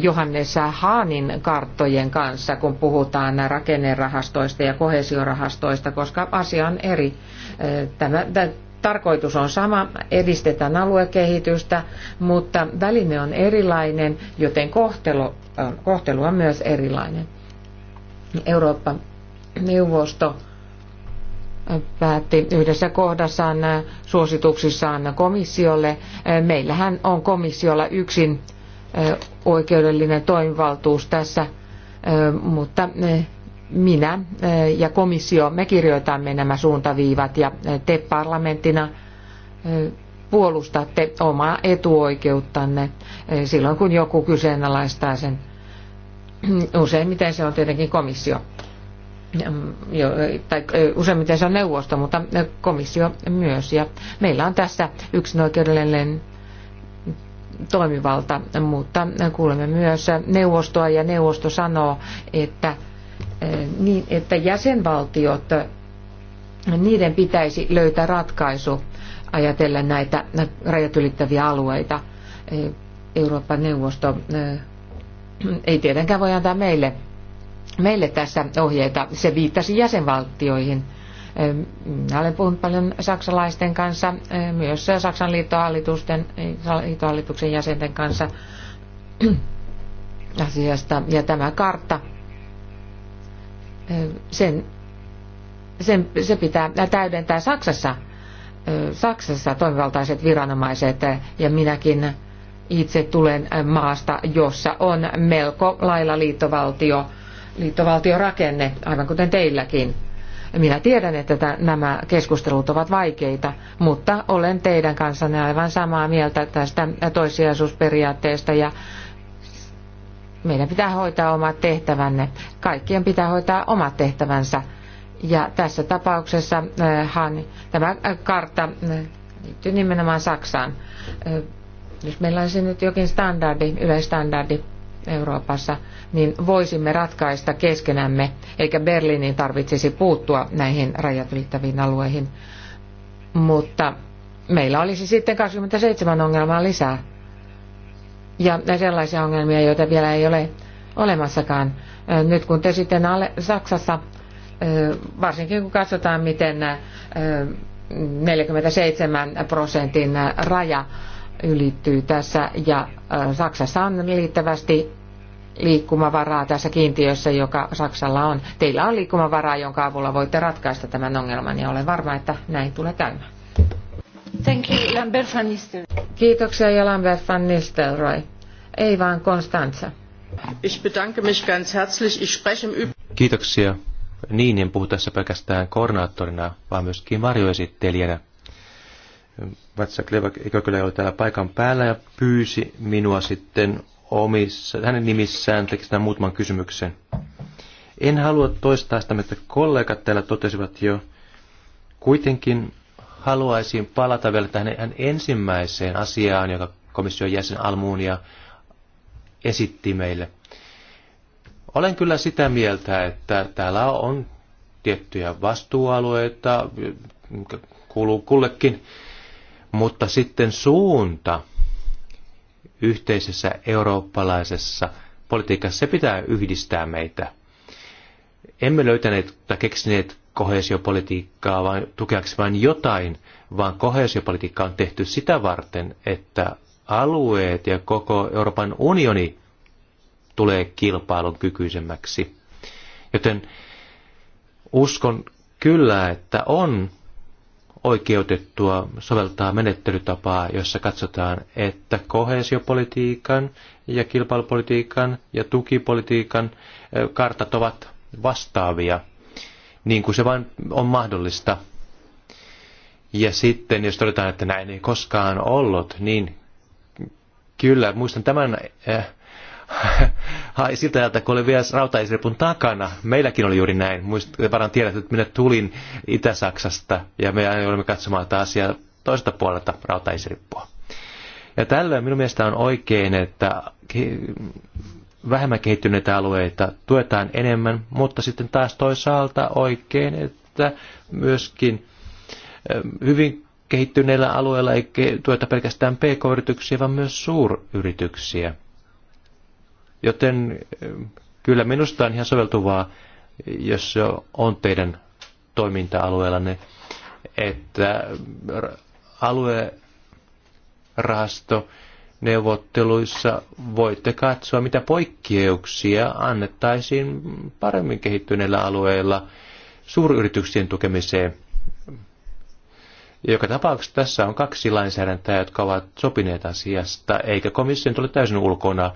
Johannes Haanin karttojen kanssa, kun puhutaan rakennerahastoista ja kohesiorahastoista, koska asia on eri. Tämä, tarkoitus on sama, edistetään aluekehitystä, mutta väline on erilainen, joten kohtelu, kohtelu on myös erilainen. Eurooppa-neuvosto päätti yhdessä kohdassaan suosituksissaan komissiolle. Meillähän on komissiolla yksin oikeudellinen toimivaltuus tässä, mutta minä ja komissio, me kirjoitamme nämä suuntaviivat ja te parlamenttina puolustatte omaa etuoikeuttanne silloin, kun joku kyseenalaistaa sen. Useimmiten se on tietenkin komissio, mm, tai useimmiten se on neuvosto, mutta komissio myös. Ja meillä on tässä yksinoikeudellinen toimivalta, mutta kuulemme myös neuvostoa ja neuvosto sanoo, että, eh, niin, että jäsenvaltiot, niiden pitäisi löytää ratkaisu ajatellen näitä rajat ylittäviä alueita. Eh, Euroopan neuvosto eh, ei tietenkään voi antaa meille, meille tässä ohjeita. Se viittasi jäsenvaltioihin – minä olen puhunut paljon saksalaisten kanssa, myös Saksan liittohallitusten, liittohallituksen jäsenten kanssa asiasta. Ja tämä kartta, sen, sen, se pitää täydentää Saksassa. Saksassa toimivaltaiset viranomaiset ja minäkin itse tulen maasta, jossa on melko lailla liittovaltio, liittovaltiorakenne, aivan kuten teilläkin minä tiedän, että nämä keskustelut ovat vaikeita, mutta olen teidän kanssanne aivan samaa mieltä tästä toissijaisuusperiaatteesta ja meidän pitää hoitaa omat tehtävänne. Kaikkien pitää hoitaa omat tehtävänsä. Ja tässä tapauksessa äh, han, tämä äh, kartta äh, liittyy nimenomaan Saksaan. Jos meillä olisi nyt jokin standardi, yleistandardi, Euroopassa, niin voisimme ratkaista keskenämme, eikä Berliinin tarvitsisi puuttua näihin rajat ylittäviin alueihin. Mutta meillä olisi sitten 27 ongelmaa lisää. Ja sellaisia ongelmia, joita vielä ei ole olemassakaan. Nyt kun te sitten Saksassa, varsinkin kun katsotaan, miten 47 prosentin raja ylittyy tässä ja Saksassa on liittävästi liikkumavaraa tässä kiintiössä, joka Saksalla on. Teillä on liikkumavaraa, jonka avulla voitte ratkaista tämän ongelman ja olen varma, että näin tulee käymään. Thank you, Lambert van Kiitoksia ja Lambert van Nistelrooy. Ei vaan Konstanza. Ich bedanke mich ganz herzlich. Ich spreche im Kiitoksia. Niin, en puhu tässä pelkästään koordinaattorina, vaan myöskin varjoesittelijänä. Vatsakleva Ikökylä oli täällä paikan päällä ja pyysi minua sitten omissa, hänen nimissään tekemään muutaman kysymyksen. En halua toistaa sitä, että kollegat täällä totesivat jo. Kuitenkin haluaisin palata vielä tähän ensimmäiseen asiaan, joka komission jäsen Almuunia esitti meille. Olen kyllä sitä mieltä, että täällä on tiettyjä vastuualueita, kuuluu kullekin mutta sitten suunta yhteisessä eurooppalaisessa politiikassa, se pitää yhdistää meitä. Emme löytäneet tai keksineet kohesiopolitiikkaa vaan tukeaksi vain jotain, vaan kohesiopolitiikka on tehty sitä varten, että alueet ja koko Euroopan unioni tulee kilpailun kykyisemmäksi. Joten uskon kyllä, että on oikeutettua soveltaa menettelytapaa, jossa katsotaan, että kohesiopolitiikan ja kilpailupolitiikan ja tukipolitiikan kartat ovat vastaavia, niin kuin se vain on mahdollista. Ja sitten, jos todetaan, että näin ei koskaan ollut, niin kyllä, muistan tämän äh, siltä ajalta, kun olin vielä rautaisrepun takana. Meilläkin oli juuri näin. Muistat, varmaan tiedät, että minä tulin Itä-Saksasta ja me aina olemme katsomaan tätä asiaa toista puolelta rautaisrippua. Ja tällöin minun mielestä on oikein, että vähemmän kehittyneitä alueita tuetaan enemmän, mutta sitten taas toisaalta oikein, että myöskin hyvin kehittyneillä alueilla ei tueta pelkästään pk-yrityksiä, vaan myös suuryrityksiä. Joten eh, kyllä minusta on ihan soveltuvaa, jos se on teidän toiminta-alueellanne, että aluerahasto neuvotteluissa voitte katsoa, mitä poikkeuksia annettaisiin paremmin kehittyneillä alueilla suuryrityksien tukemiseen. Joka tapauksessa tässä on kaksi lainsäädäntöä, jotka ovat sopineet asiasta, eikä komission tule täysin ulkona.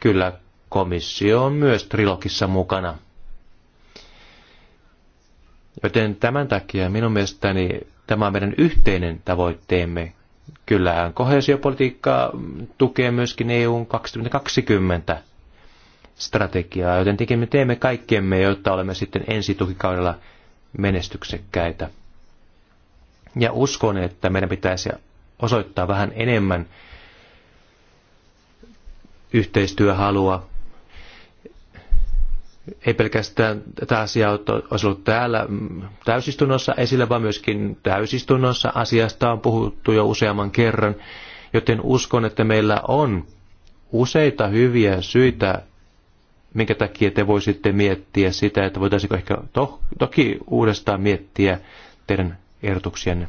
Kyllä komissio on myös trilogissa mukana. Joten tämän takia minun mielestäni tämä on meidän yhteinen tavoitteemme. Kyllähän kohesiopolitiikka tukee myöskin EUn 2020 strategiaa, joten me teemme kaikkemme, jotta olemme sitten ensi tukikaudella menestyksekkäitä. Ja uskon, että meidän pitäisi osoittaa vähän enemmän yhteistyöhalua ei pelkästään tätä asiaa olisi ollut täällä mm, täysistunnossa esillä, vaan myöskin täysistunnossa asiasta on puhuttu jo useamman kerran, joten uskon, että meillä on useita hyviä syitä, minkä takia te voisitte miettiä sitä, että voitaisiinko ehkä to- toki uudestaan miettiä teidän ehdotuksienne.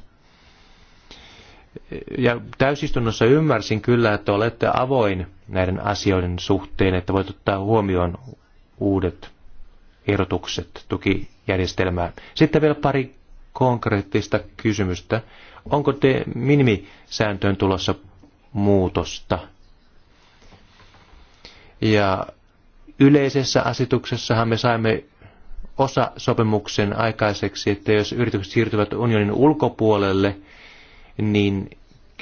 Ja täysistunnossa ymmärsin kyllä, että olette avoin näiden asioiden suhteen, että voit ottaa huomioon uudet ehdotukset tukijärjestelmään. Sitten vielä pari konkreettista kysymystä. Onko te minimisääntöön tulossa muutosta? Ja yleisessä asetuksessahan me saimme osa sopimuksen aikaiseksi, että jos yritykset siirtyvät unionin ulkopuolelle, niin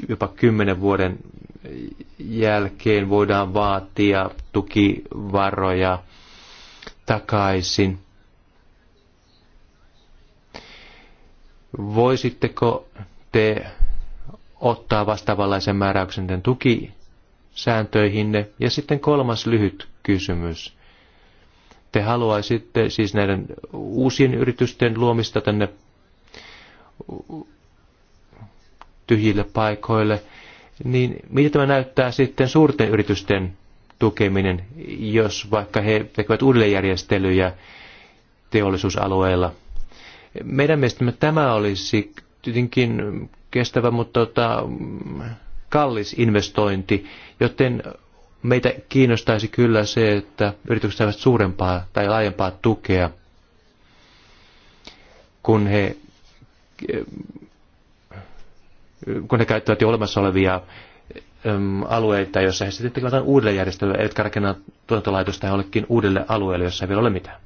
jopa kymmenen vuoden jälkeen voidaan vaatia tukivaroja takaisin. Voisitteko te ottaa vastaavanlaisen määräyksen tuki tukisääntöihinne? Ja sitten kolmas lyhyt kysymys. Te haluaisitte siis näiden uusien yritysten luomista tänne tyhjille paikoille, niin mitä tämä näyttää sitten suurten yritysten tukeminen, jos vaikka he tekevät uudelleenjärjestelyjä teollisuusalueella. Meidän mielestämme tämä olisi tietenkin kestävä, mutta tota, kallis investointi, joten meitä kiinnostaisi kyllä se, että yritykset saavat suurempaa tai laajempaa tukea, kun he, kun he käyttävät jo olemassa olevia äm, alueita, joissa he sitten tekevät uudelleenjärjestelyä, eivätkä rakenna tuotantolaitosta jollekin uudelle alueelle, jossa ei vielä ole mitään.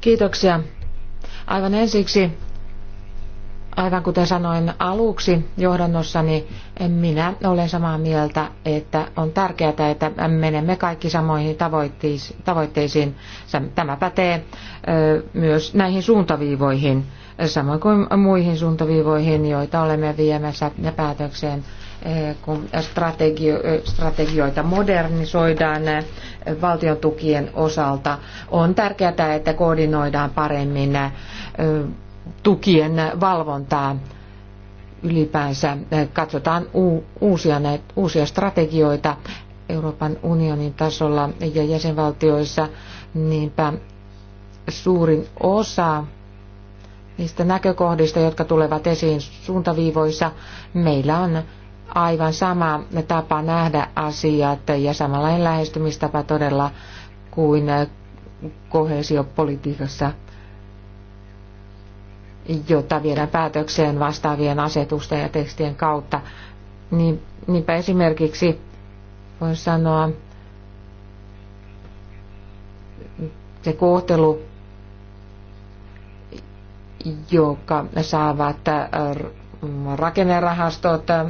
Kiitoksia. Aivan ensiksi, aivan kuten sanoin aluksi johdannossani, minä olen samaa mieltä, että on tärkeää, että menemme kaikki samoihin tavoitteisiin. Tämä pätee myös näihin suuntaviivoihin samoin kuin muihin suuntaviivoihin, joita olemme viemässä päätökseen, eh, kun eh, strategioita modernisoidaan eh, valtion tukien osalta. On tärkeää, että koordinoidaan paremmin tukien valvontaa ylipäänsä. Katsotaan uusia, näitä, uusia strategioita Euroopan unionin tasolla ja jäsenvaltioissa, niinpä suurin osa niistä näkökohdista, jotka tulevat esiin suuntaviivoissa. Meillä on aivan sama tapa nähdä asiat ja samanlainen lähestymistapa todella kuin kohesiopolitiikassa, jota viedään päätökseen vastaavien asetusten ja tekstien kautta. Niin, niinpä esimerkiksi voin sanoa se kohtelu, joka saavat äh, rakennerahastot, äh,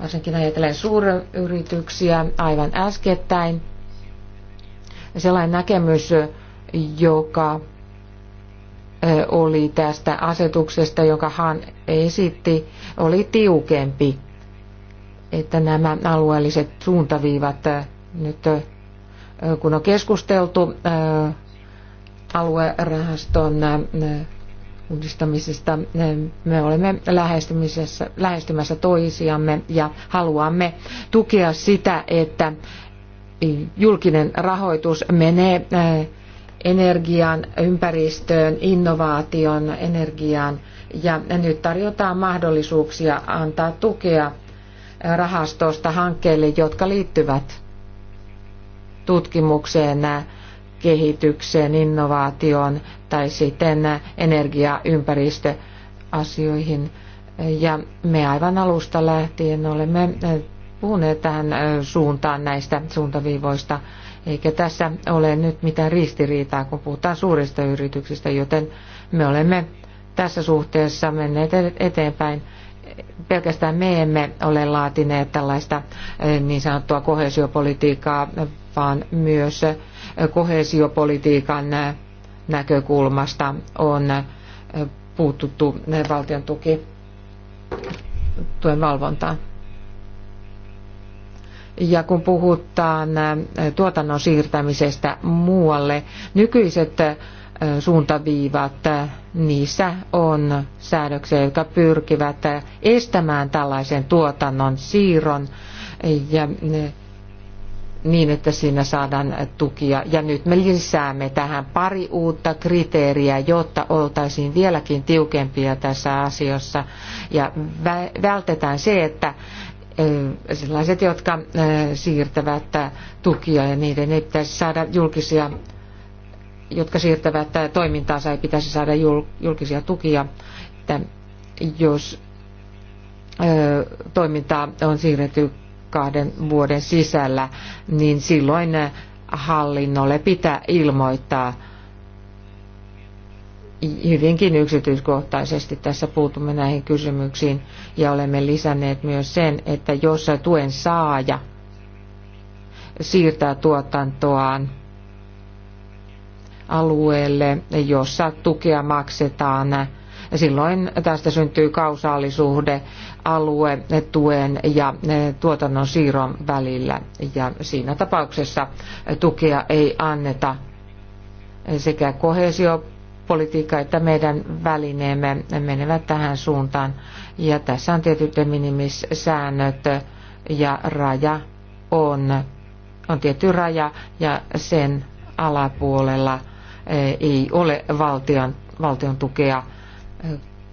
varsinkin ajatellen suuryrityksiä aivan äskettäin. Sellainen näkemys, joka äh, oli tästä asetuksesta, jonka hän esitti, oli tiukempi, että nämä alueelliset suuntaviivat nyt kun on keskusteltu aluerahaston uudistamisesta. Me olemme lähestymisessä, lähestymässä toisiamme ja haluamme tukea sitä, että julkinen rahoitus menee eh, energiaan, ympäristöön, innovaation, energiaan. Ja nyt tarjotaan mahdollisuuksia antaa tukea rahastosta hankkeille, jotka liittyvät tutkimukseen, kehitykseen, innovaatioon tai sitten energia- ympäristöasioihin. Ja me aivan alusta lähtien olemme puhuneet tähän suuntaan näistä suuntaviivoista, eikä tässä ole nyt mitään ristiriitaa, kun puhutaan suurista yrityksistä, joten me olemme tässä suhteessa menneet e-, eteenpäin. Pelkästään me emme ole laatineet tällaista niin sanottua kohesiopolitiikkaa, vaan myös kohesiopolitiikan näkökulmasta on puututtu valtion tuki tuen valvontaan. Ja kun puhutaan tuotannon siirtämisestä muualle, nykyiset suuntaviivat, niissä on säädöksiä, jotka pyrkivät estämään tällaisen tuotannon siirron ja niin, että siinä saadaan tukia. Ja nyt me lisäämme tähän pari uutta kriteeriä, jotta oltaisiin vieläkin tiukempia tässä asiassa. Ja vältetään se, että sellaiset, jotka siirtävät tukia ja niiden ei pitäisi saada julkisia, jotka siirtävät toimintaansa ei pitäisi saada julkisia tukia, että jos toimintaa on siirretty kahden vuoden sisällä, niin silloin eh, hallinnolle pitää ilmoittaa hyvinkin yksityiskohtaisesti tässä puutumme näihin kysymyksiin ja olemme lisänneet myös sen, että jos tuen saaja siirtää tuotantoaan alueelle, jossa tukea maksetaan, silloin tästä syntyy kausaalisuhde tuen ja eh, tuotannon siirron välillä. Ja siinä tapauksessa tukea ei anneta sekä kohesiopolitiikka että meidän välineemme menevät tähän suuntaan. Ja tässä on tietyt minimissäännöt ja raja on, on tietty raja ja sen alapuolella eh, ei ole valtion, valtion tukea,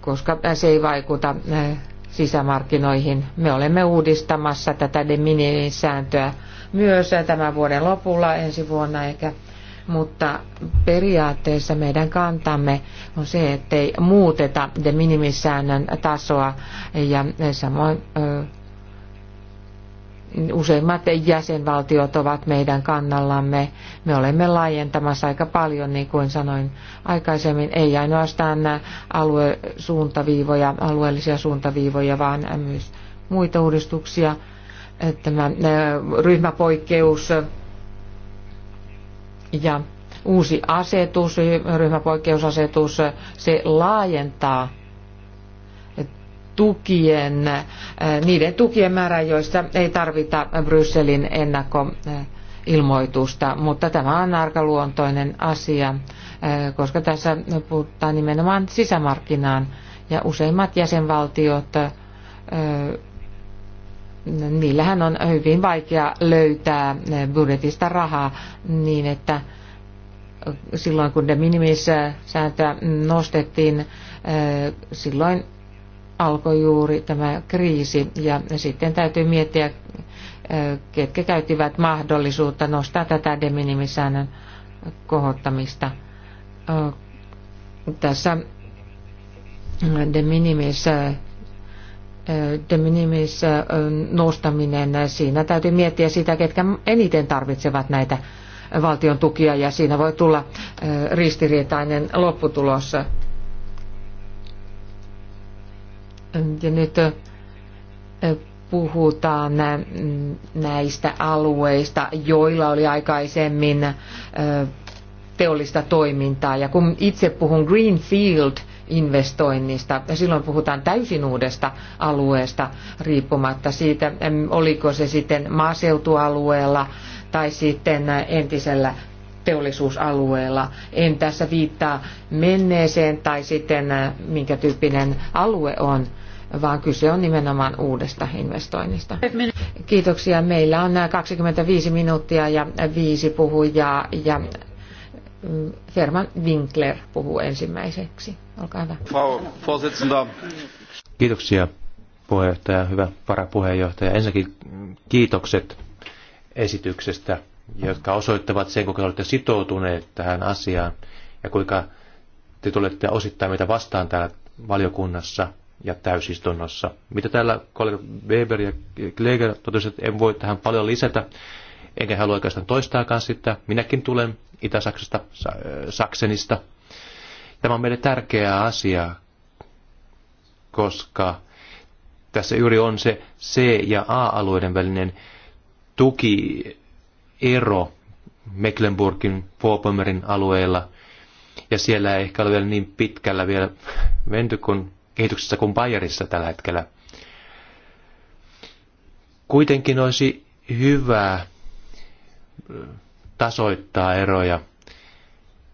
koska se ei vaikuta eh, sisämarkkinoihin. Me olemme uudistamassa tätä de minimis-sääntöä myös tämän vuoden lopulla ensi vuonna eikä mutta periaatteessa meidän kantamme on se, ettei muuteta de minimissäännön tasoa ja samoin useimmat jäsenvaltiot ovat meidän kannallamme. Me olemme laajentamassa aika paljon, niin kuin sanoin aikaisemmin, ei ainoastaan aluesuuntaviivoja, alueellisia suuntaviivoja, vaan myös muita uudistuksia. Tämä äh, ryhmäpoikkeus ja uusi asetus, ryhmäpoikkeusasetus, se laajentaa tukien, äh, niiden tukien määrä, joista ei tarvita Brysselin ennakkoilmoitusta, mutta tämä on arkaluontoinen asia, äh, koska tässä puhutaan nimenomaan sisämarkkinaan ja useimmat jäsenvaltiot äh, niillähän on hyvin vaikea löytää budjetista rahaa niin, että silloin kun de minimis sääntöä nostettiin, silloin alkoi juuri tämä kriisi ja sitten täytyy miettiä, ketkä käyttivät mahdollisuutta nostaa tätä de minimisäännön kohottamista. Tässä de minimis de minimis nostaminen, siinä täytyy miettiä sitä, ketkä eniten tarvitsevat näitä valtion tukia ja siinä voi tulla ristiriitainen lopputulos. Ja nyt puhutaan näistä alueista, joilla oli aikaisemmin teollista toimintaa. Ja kun itse puhun Greenfield, investoinnista. Silloin puhutaan täysin uudesta alueesta riippumatta siitä, oliko se sitten maaseutualueella tai sitten entisellä teollisuusalueella. En tässä viittaa menneeseen tai sitten minkä tyyppinen alue on vaan kyse on nimenomaan uudesta investoinnista. Kiitoksia. Meillä on 25 minuuttia ja viisi puhujaa ja mm, Herman Winkler puhuu ensimmäiseksi. Olkaa hyvä. Kiitoksia puheenjohtaja, hyvä varapuheenjohtaja. Ensinnäkin kiitokset esityksestä, jotka osoittavat sen, kuinka olette sitoutuneet tähän asiaan ja kuinka te tulette osittain meitä vastaan täällä valiokunnassa – ja täysistunnossa. Mitä täällä kollega Weber ja Kleger totesivat, että en voi tähän paljon lisätä, enkä halua oikeastaan toistaakaan sitä. Minäkin tulen Itä-Saksasta, äh, Saksenista. Tämä on meille tärkeä asia, koska tässä juuri on se C- ja A-alueiden välinen tukiero Mecklenburgin, Vorpommerin alueella. Ja siellä ei ehkä ole vielä niin pitkällä vielä menty kuin kehityksessä kuin Bayerissa tällä hetkellä. Kuitenkin olisi hyvä tasoittaa eroja.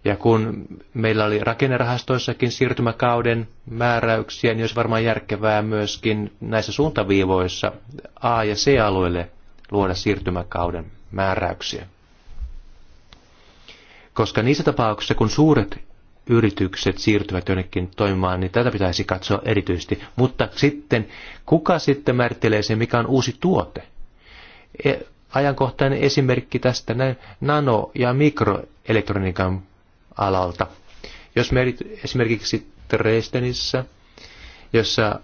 Ja kun meillä oli rakennerahastoissakin siirtymäkauden määräyksiä, niin olisi varmaan järkevää myöskin näissä suuntaviivoissa A- ja C-alueille luoda siirtymäkauden määräyksiä. Koska niissä tapauksissa, kun suuret yritykset siirtyvät jonnekin toimimaan, niin tätä pitäisi katsoa erityisesti. Mutta sitten, kuka sitten määrittelee sen, mikä on uusi tuote? E ajankohtainen esimerkki tästä näin nano- ja mikroelektroniikan alalta. Jos me esimerkiksi Dresdenissä, jossa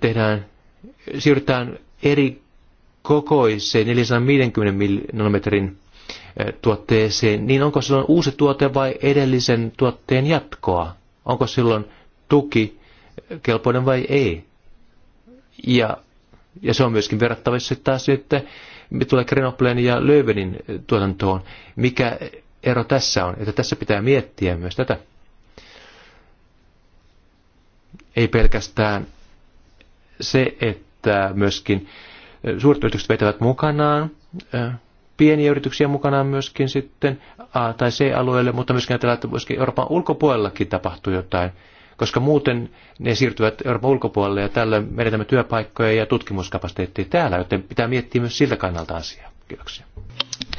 tehdään, siirrytään eri kokoiseen 450 nanometrin Eh, tuotteeseen, niin onko silloin uusi tuote vai edellisen tuotteen jatkoa? Onko silloin tuki kelpoinen vai ei? Ja, ja se on myöskin verrattavissa taas mitä tulee Grenoblen ja Löövenin eh, tuotantoon. Mikä ero tässä on? Että tässä pitää miettiä myös tätä. Ei pelkästään se, että myöskin eh, suuret yritykset vetävät mukanaan pieniä yrityksiä mukanaan myöskin sitten A- tai C-alueelle, mutta myöskin ajatellaan, että myöskin Euroopan ulkopuolellakin tapahtuu jotain, koska muuten ne siirtyvät Euroopan ulkopuolelle ja tällöin menetämme työpaikkoja ja tutkimuskapasiteettia täällä, joten pitää miettiä myös siltä kannalta asiaa. Kiitoksia.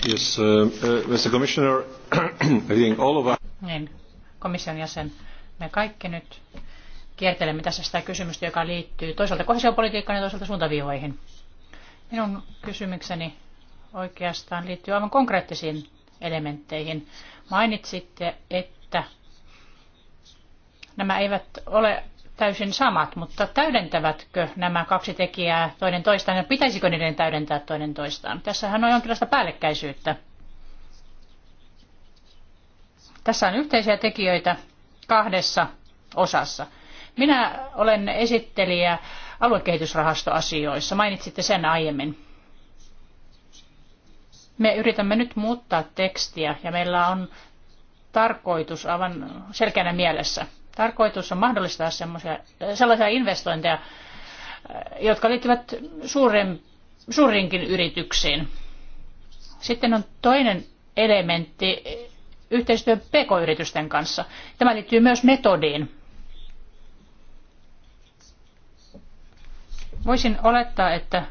Yes, uh, uh Mr. Commissioner, I think all of us... Niin, komission jäsen, me kaikki nyt kiertelemme tässä sitä kysymystä, joka liittyy toisaalta kohesiopolitiikkaan ja toisaalta suuntaviivoihin. Minun kysymykseni oikeastaan liittyy aivan konkreettisiin elementteihin. Mainitsitte, että nämä eivät ole täysin samat, mutta täydentävätkö nämä kaksi tekijää toinen toistaan ja pitäisikö niiden täydentää toinen toistaan? Tässähän on jonkinlaista päällekkäisyyttä. Tässä on yhteisiä tekijöitä kahdessa osassa. Minä olen esittelijä aluekehitysrahastoasioissa. Mainitsitte sen aiemmin. Me yritämme nyt muuttaa tekstiä ja meillä on tarkoitus aivan selkeänä mielessä. Tarkoitus on mahdollistaa sellaisia investointeja, äh, jotka liittyvät suurin, suurinkin yrityksiin. Sitten on toinen elementti eh, yhteistyö pk-yritysten kanssa. Tämä liittyy myös metodiin. Voisin olettaa, että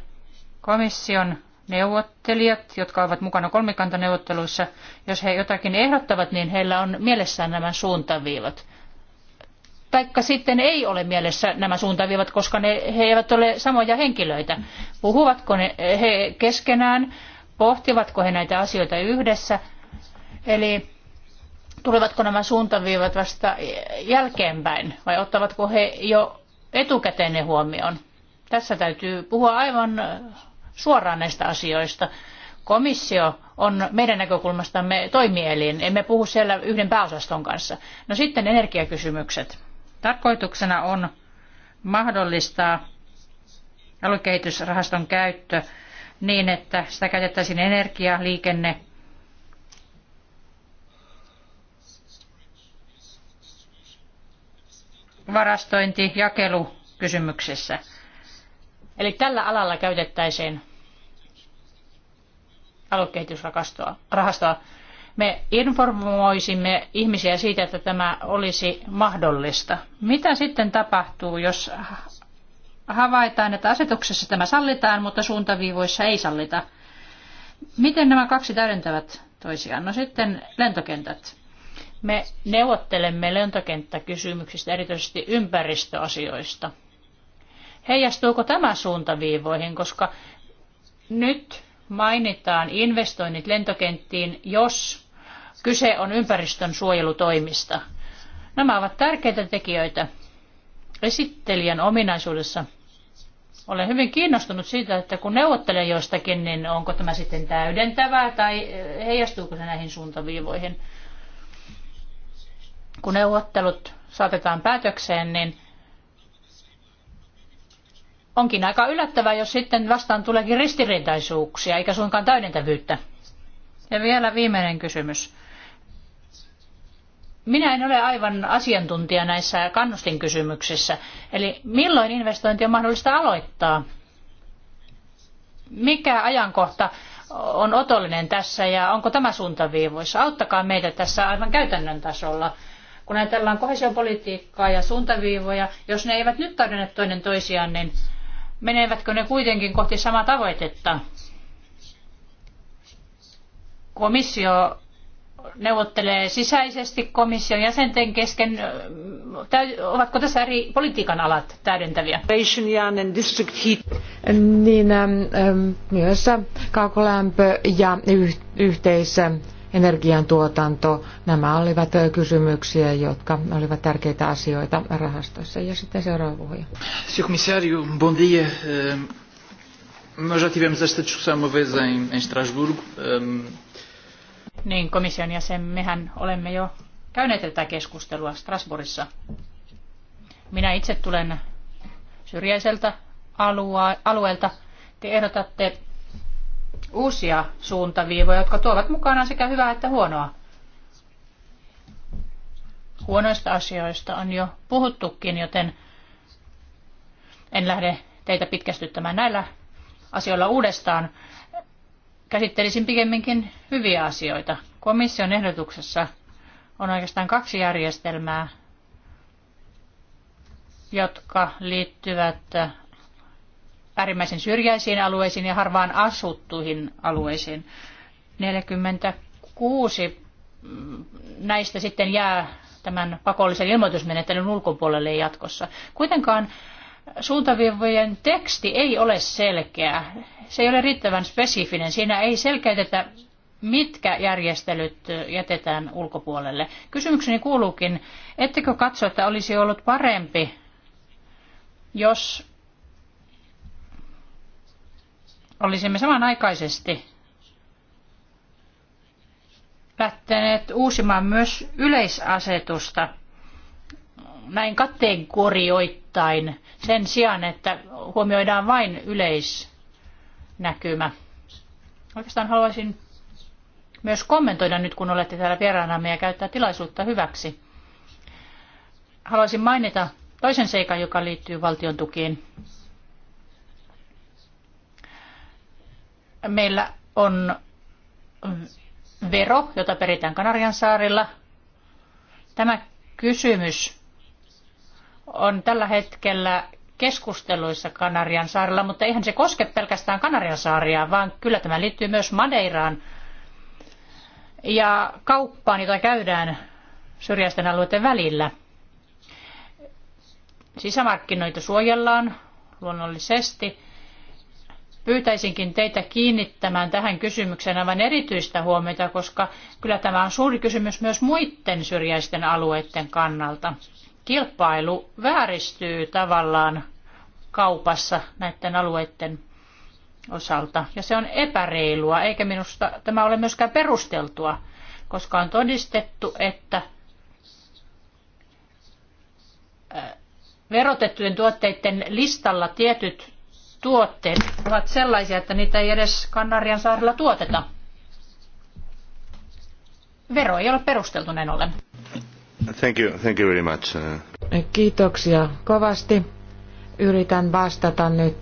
komission neuvottelijat, jotka ovat mukana kolmikantaneuvotteluissa, jos he jotakin ehdottavat, niin heillä on mielessään nämä suuntaviivat. Taikka sitten ei ole mielessä nämä suuntaviivat, koska ne, he eivät ole samoja henkilöitä. Puhuvatko ne, he keskenään, pohtivatko he näitä asioita yhdessä, eli tulevatko nämä suuntaviivat vasta jälkeenpäin vai ottavatko he jo etukäteen ne huomioon? Tässä täytyy puhua aivan suoraan näistä asioista. Komissio on meidän näkökulmastamme toimielin, emme puhu siellä yhden pääosaston kanssa. No sitten energiakysymykset. Tarkoituksena on mahdollistaa aluekehitysrahaston käyttö niin, että sitä käytettäisiin energia, liikenne, varastointi, jakelu kysymyksessä. Eli tällä alalla käytettäisiin aluekehitysrahastoa. Me informoisimme ihmisiä siitä, että tämä olisi mahdollista. Mitä sitten tapahtuu, jos havaitaan, että asetuksessa tämä sallitaan, mutta suuntaviivoissa ei sallita? Miten nämä kaksi täydentävät toisiaan? No sitten lentokentät. Me neuvottelemme lentokenttäkysymyksistä, erityisesti ympäristöasioista – Heijastuuko tämä suuntaviivoihin, koska nyt mainitaan investoinnit lentokenttiin, jos kyse on ympäristön suojelutoimista. Nämä ovat tärkeitä tekijöitä esittelijän ominaisuudessa. Olen hyvin kiinnostunut siitä, että kun neuvottelen joistakin, niin onko tämä sitten täydentävää tai heijastuuko se näihin suuntaviivoihin. Kun neuvottelut saatetaan päätökseen, niin onkin aika yllättävää, jos sitten vastaan tuleekin ristiriitaisuuksia, eikä suinkaan täydentävyyttä. Ja vielä viimeinen kysymys. Minä en ole aivan asiantuntija näissä kannustinkysymyksissä. Eli milloin investointi on mahdollista aloittaa? Mikä ajankohta on otollinen tässä ja onko tämä suuntaviivoissa? Auttakaa meitä tässä aivan käytännön tasolla. Kun ajatellaan kohesiopolitiikkaa ja suuntaviivoja, jos ne eivät nyt täydennä toinen toisiaan, niin menevätkö ne kuitenkin kohti samaa tavoitetta? Komissio neuvottelee sisäisesti komission jäsenten kesken. Ovatko tässä eri politiikan alat täydentäviä? Niin, myös kaukolämpö ja yhteisölämpö energiantuotanto, nämä olivat kysymyksiä, jotka olivat tärkeitä asioita rahastossa. Ja sitten seuraava puhuja. Sr. Komissario, bon dia. Nós já tivemos esta discussão uma Niin, komission jäsen, mehän olemme jo käyneet tätä keskustelua Strasbourgissa. Minä itse tulen syrjäiseltä alueelta. Te ehdotatte uusia suuntaviivoja, jotka tuovat mukanaan sekä hyvää että huonoa. Huonoista asioista on jo puhuttukin, joten en lähde teitä pitkästyttämään näillä asioilla uudestaan. Käsittelisin pikemminkin hyviä asioita. Komission ehdotuksessa on oikeastaan kaksi järjestelmää, jotka liittyvät äärimmäisen syrjäisiin alueisiin ja harvaan asuttuihin alueisiin. 46 mm, näistä sitten jää tämän pakollisen ilmoitusmenettelyn ulkopuolelle jatkossa. Kuitenkaan suuntaviivojen teksti ei ole selkeä. Se ei ole riittävän spesifinen. Siinä ei selkeytetä, mitkä järjestelyt jätetään ulkopuolelle. Kysymykseni kuuluukin, ettekö katso, että olisi ollut parempi, jos olisimme samanaikaisesti lähteneet uusimaan myös yleisasetusta näin kategorioittain sen sijaan, että huomioidaan vain yleisnäkymä. Oikeastaan haluaisin myös kommentoida nyt, kun olette täällä vieraana ja käyttää tilaisuutta hyväksi. Haluaisin mainita toisen seikan, joka liittyy valtion tukiin. Meillä on vero, jota peritään Kanarian saarilla. Tämä kysymys on tällä hetkellä keskusteluissa Kanarian saarilla, mutta eihän se koske pelkästään Kanarian saaria, vaan kyllä tämä liittyy myös Madeiraan ja kauppaan, jota käydään syrjäisten alueiden välillä. Sisämarkkinoita suojellaan luonnollisesti, pyytäisinkin teitä kiinnittämään tähän kysymykseen aivan erityistä huomiota, koska kyllä tämä on suuri kysymys myös muiden syrjäisten alueiden kannalta. Kilpailu vääristyy tavallaan kaupassa näiden alueiden osalta, ja se on epäreilua, eikä minusta tämä ole myöskään perusteltua, koska on todistettu, että äh, verotettujen tuotteiden listalla tietyt tuotteet ovat sellaisia, että niitä ei edes Kanarian saarella tuoteta. Vero ei ole perusteltu näin ollen. Thank you, thank you very much. Uh, Kiitoksia kovasti. Yritän vastata nyt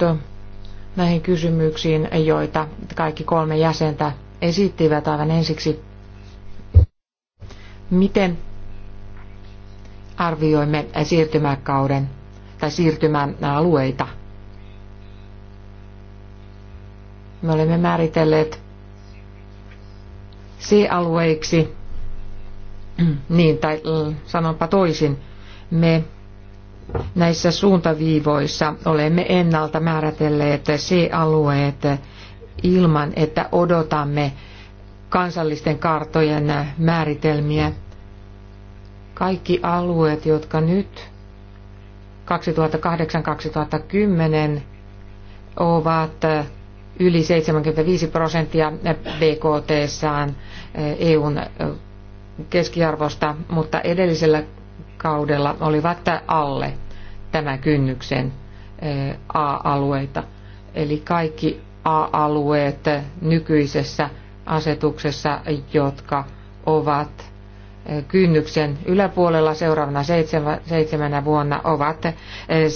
näihin kysymyksiin, joita kaikki kolme jäsentä esittivät aivan ensiksi. Miten arvioimme siirtymäkauden tai siirtymän alueita? Me olemme määritelleet C-alueiksi, niin tai sanonpa toisin, me näissä suuntaviivoissa olemme ennalta määritelleet C-alueet ilman, että odotamme kansallisten kartojen määritelmiä. Kaikki alueet, jotka nyt 2008-2010 ovat yli 75 prosenttia bkt eh, EUn eh, keskiarvosta, mutta edellisellä kaudella olivat alle tämän kynnyksen eh, A-alueita. Eli kaikki A-alueet nykyisessä asetuksessa, jotka ovat kynnyksen yläpuolella seuraavana seitsemänä vuonna, ovat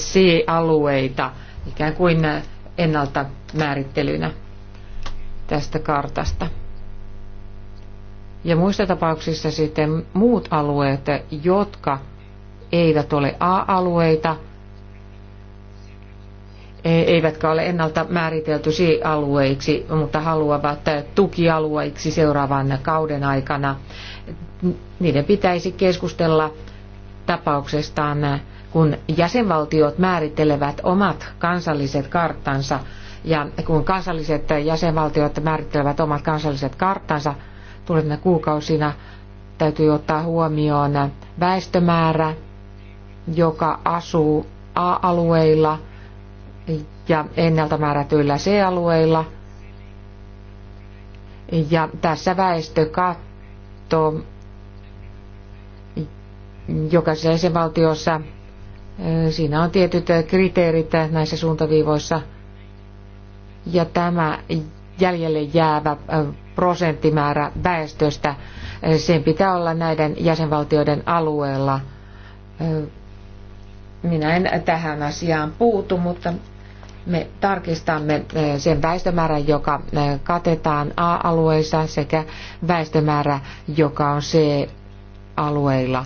C-alueita, ikään kuin ennalta määrittelynä tästä kartasta. Ja muissa tapauksissa sitten muut alueet, jotka eivät ole A-alueita, e, eivätkä ole ennalta määritelty C-alueiksi, mutta haluavat tukialueiksi seuraavan kauden aikana. Niiden pitäisi keskustella tapauksestaan kun jäsenvaltiot määrittelevät omat kansalliset karttansa ja kun kansalliset jäsenvaltiot määrittelevät omat kansalliset karttansa tulevina kuukausina, täytyy ottaa huomioon väestömäärä, joka asuu A-alueilla ja ennalta määrätyillä C-alueilla. Ja tässä väestökatto jokaisessa jäsenvaltiossa Siinä on tietyt kriteerit näissä suuntaviivoissa. Ja tämä jäljelle jäävä prosenttimäärä väestöstä, sen pitää olla näiden jäsenvaltioiden alueella. Minä en tähän asiaan puutu, mutta me tarkistamme sen väestömäärän, joka katetaan A-alueissa sekä väestömäärä, joka on C-alueilla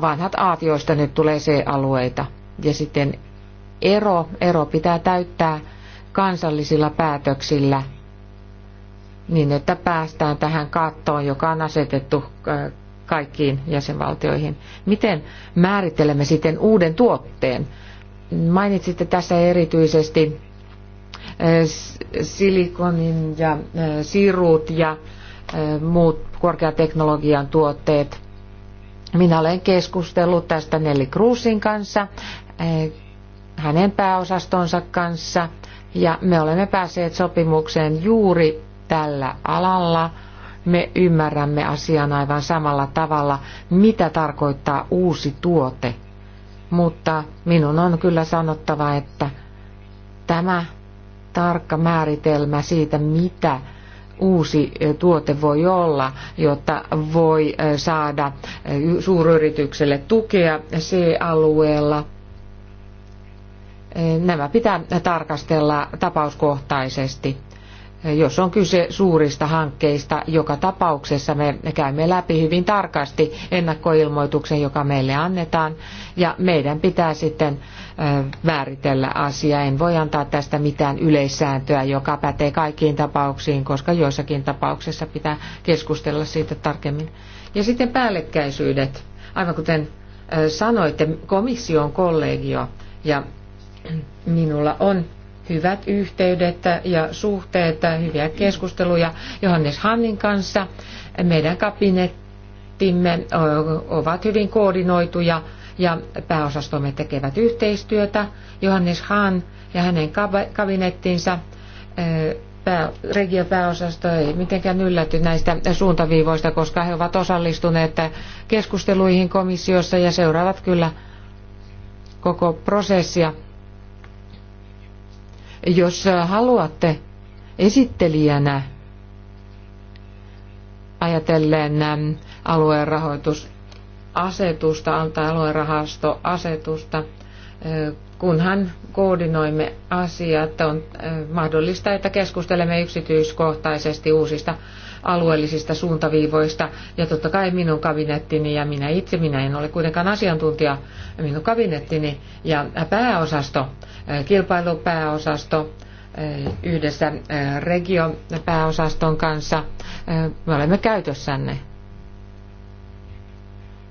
vanhat aatioista nyt tulee se alueita Ja sitten ero, ero pitää täyttää kansallisilla päätöksillä niin, että päästään tähän kattoon, joka on asetettu kaikkiin jäsenvaltioihin. Miten määrittelemme sitten uuden tuotteen? Mainitsitte tässä erityisesti silikonin ja sirut ja muut korkeateknologian tuotteet. Minä olen keskustellut tästä Nelly Cruzin kanssa, eh, hänen pääosastonsa kanssa, ja me olemme päässeet sopimukseen juuri tällä alalla. Me ymmärrämme asian aivan samalla tavalla, mitä tarkoittaa uusi tuote. Mutta minun on kyllä sanottava, että tämä tarkka määritelmä siitä, mitä uusi tuote voi olla, jotta voi saada suuryritykselle tukea C-alueella. Nämä pitää tarkastella tapauskohtaisesti jos on kyse suurista hankkeista, joka tapauksessa me käymme läpi hyvin tarkasti ennakkoilmoituksen, joka meille annetaan, ja meidän pitää sitten määritellä asia. En voi antaa tästä mitään yleissääntöä, joka pätee kaikkiin tapauksiin, koska joissakin tapauksissa pitää keskustella siitä tarkemmin. Ja sitten päällekkäisyydet. Aivan kuten sanoitte, komissio on kollegio ja minulla on hyvät yhteydet ja suhteet, hyviä keskusteluja Johannes Hannin kanssa. Meidän kabinettimme ovat hyvin koordinoituja ja pääosastomme tekevät yhteistyötä. Johannes Hahn ja hänen kabinettinsa pää, regiopääosasto ei mitenkään ylläty näistä suuntaviivoista, koska he ovat osallistuneet keskusteluihin komissiossa ja seuraavat kyllä koko prosessia. Jos haluatte esittelijänä ajatellen ähm, alueen rahoitusasetusta, antaa rahastoasetusta, äh, kunhan koordinoimme asiat, on äh, mahdollista, että keskustelemme yksityiskohtaisesti uusista alueellisista suuntaviivoista. Ja totta kai minun kabinettini ja minä itse, minä en ole kuitenkaan asiantuntija, minun kabinettini ja pääosasto, kilpailupääosasto, yhdessä regiopääosaston kanssa. Me olemme käytössänne.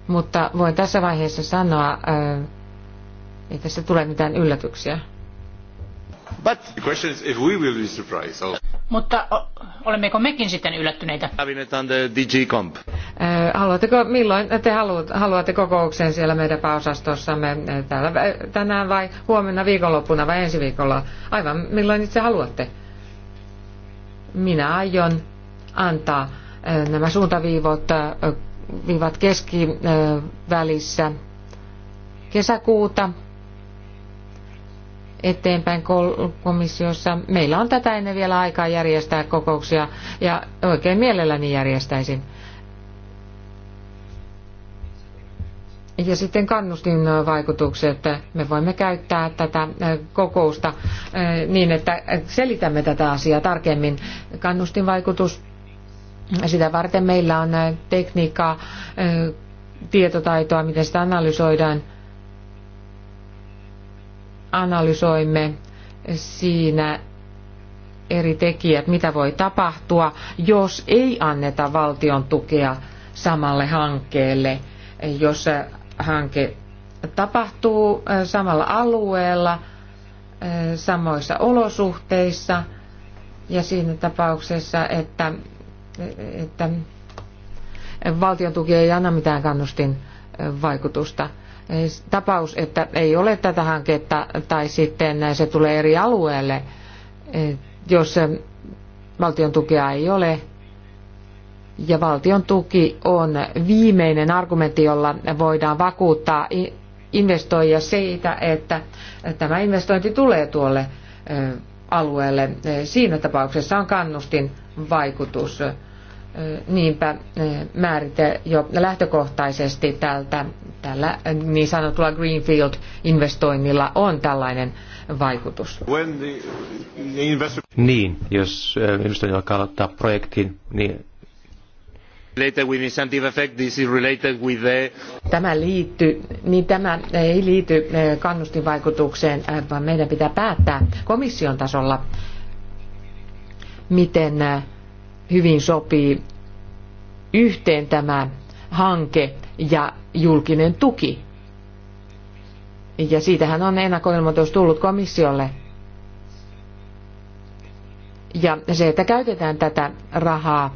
Mutta voin tässä vaiheessa sanoa, että tässä tulee mitään yllätyksiä. But the question is if we will be surprised. Also. Oh. Mutta olemmeko mekin sitten yllättyneitä? Haluatteko, milloin te haluatte kokouksen siellä meidän pääosastossamme täällä tänään vai huomenna viikonloppuna vai ensi viikolla? Aivan milloin itse haluatte? Minä aion antaa nämä suuntaviivot viivat keskivälissä kesäkuuta eteenpäin komissiossa. Meillä on tätä ennen vielä aikaa järjestää kokouksia ja oikein mielelläni järjestäisin. Ja sitten kannustin että Me voimme käyttää tätä äh, kokousta äh, niin, että selitämme tätä asiaa tarkemmin. Kannustin vaikutus Sitä varten meillä on äh, tekniikkaa, tietotaitoa, miten sitä analysoidaan analysoimme siinä eri tekijät, mitä voi tapahtua, jos ei anneta valtion tukea samalle hankkeelle, jos hanke tapahtuu äh, samalla alueella, äh, samoissa olosuhteissa ja siinä tapauksessa, että, että valtion tuki ei anna mitään kannustin vaikutusta – tapaus, että ei ole tätä hanketta tai sitten se tulee eri alueelle, jos valtion tukea ei ole. Ja valtion tuki on viimeinen argumentti, jolla voidaan vakuuttaa investoijia siitä, että tämä investointi tulee tuolle alueelle. Siinä tapauksessa on kannustin vaikutus. Niinpä määrite jo lähtökohtaisesti tältä tällä äh, niin sanotulla Greenfield-investoinnilla on tällainen vaikutus. Niin, jos äh, investointi alkaa aloittaa projektin, niin Tämä, liitty, niin tämä ei liity äh, kannustinvaikutukseen, vaan meidän pitää päättää komission tasolla, miten hyvin sopii yhteen tämä hanke ja julkinen tuki. Ja siitähän on ennakkoilmoitus tullut komissiolle. Ja se, että käytetään tätä rahaa,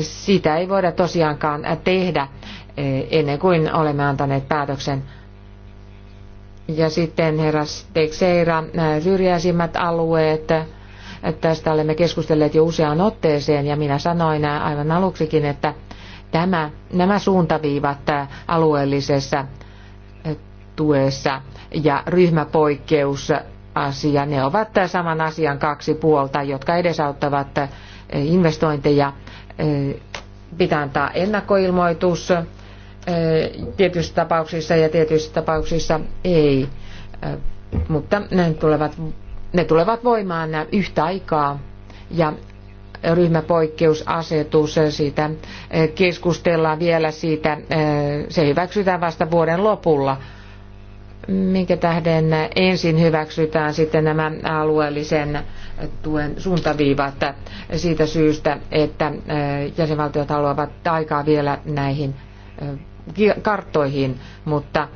sitä ei voida tosiaankaan tehdä eh, ennen kuin olemme antaneet päätöksen. Ja sitten herras Teixeira, eh, syrjäisimmät alueet, tästä olemme keskustelleet jo useaan otteeseen ja minä sanoin eh, aivan aluksikin, että Tämä, nämä suuntaviivat alueellisessa tuessa ja ryhmäpoikkeusasia, Ne ovat saman asian kaksi puolta, jotka edesauttavat investointeja. Pitää antaa ennakkoilmoitus tietyissä tapauksissa ja tietyissä tapauksissa ei. Mutta ne tulevat, ne tulevat voimaan yhtä aikaa ja ryhmäpoikkeusasetus, siitä eh, keskustellaan vielä siitä, eh, se hyväksytään vasta vuoden lopulla. Minkä tähden ensin hyväksytään sitten nämä alueellisen tuen suuntaviivat siitä syystä, että eh, jäsenvaltiot haluavat aikaa vielä näihin karttoihin, mutta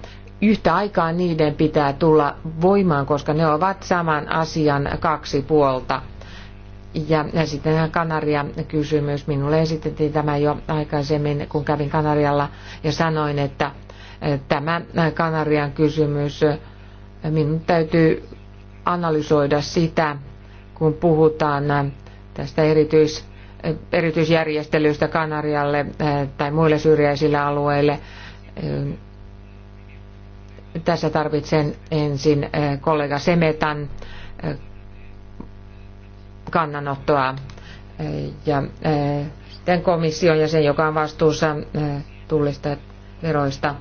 yhtä aikaa niiden pitää tulla voimaan, koska ne ovat saman asian kaksi puolta – ja sitten Kanaria-kysymys. Minulle esitettiin tämä jo aikaisemmin, kun kävin Kanarialla ja sanoin, että tämä Kanarian kysymys, minun täytyy analysoida sitä, kun puhutaan tästä erityis, erityisjärjestelystä Kanarialle tai muille syrjäisille alueille. Tässä tarvitsen ensin kollega Semetan kannanottoa. Ja eh, sitten komissio ja sen, joka on vastuussa eh, tullista veroista.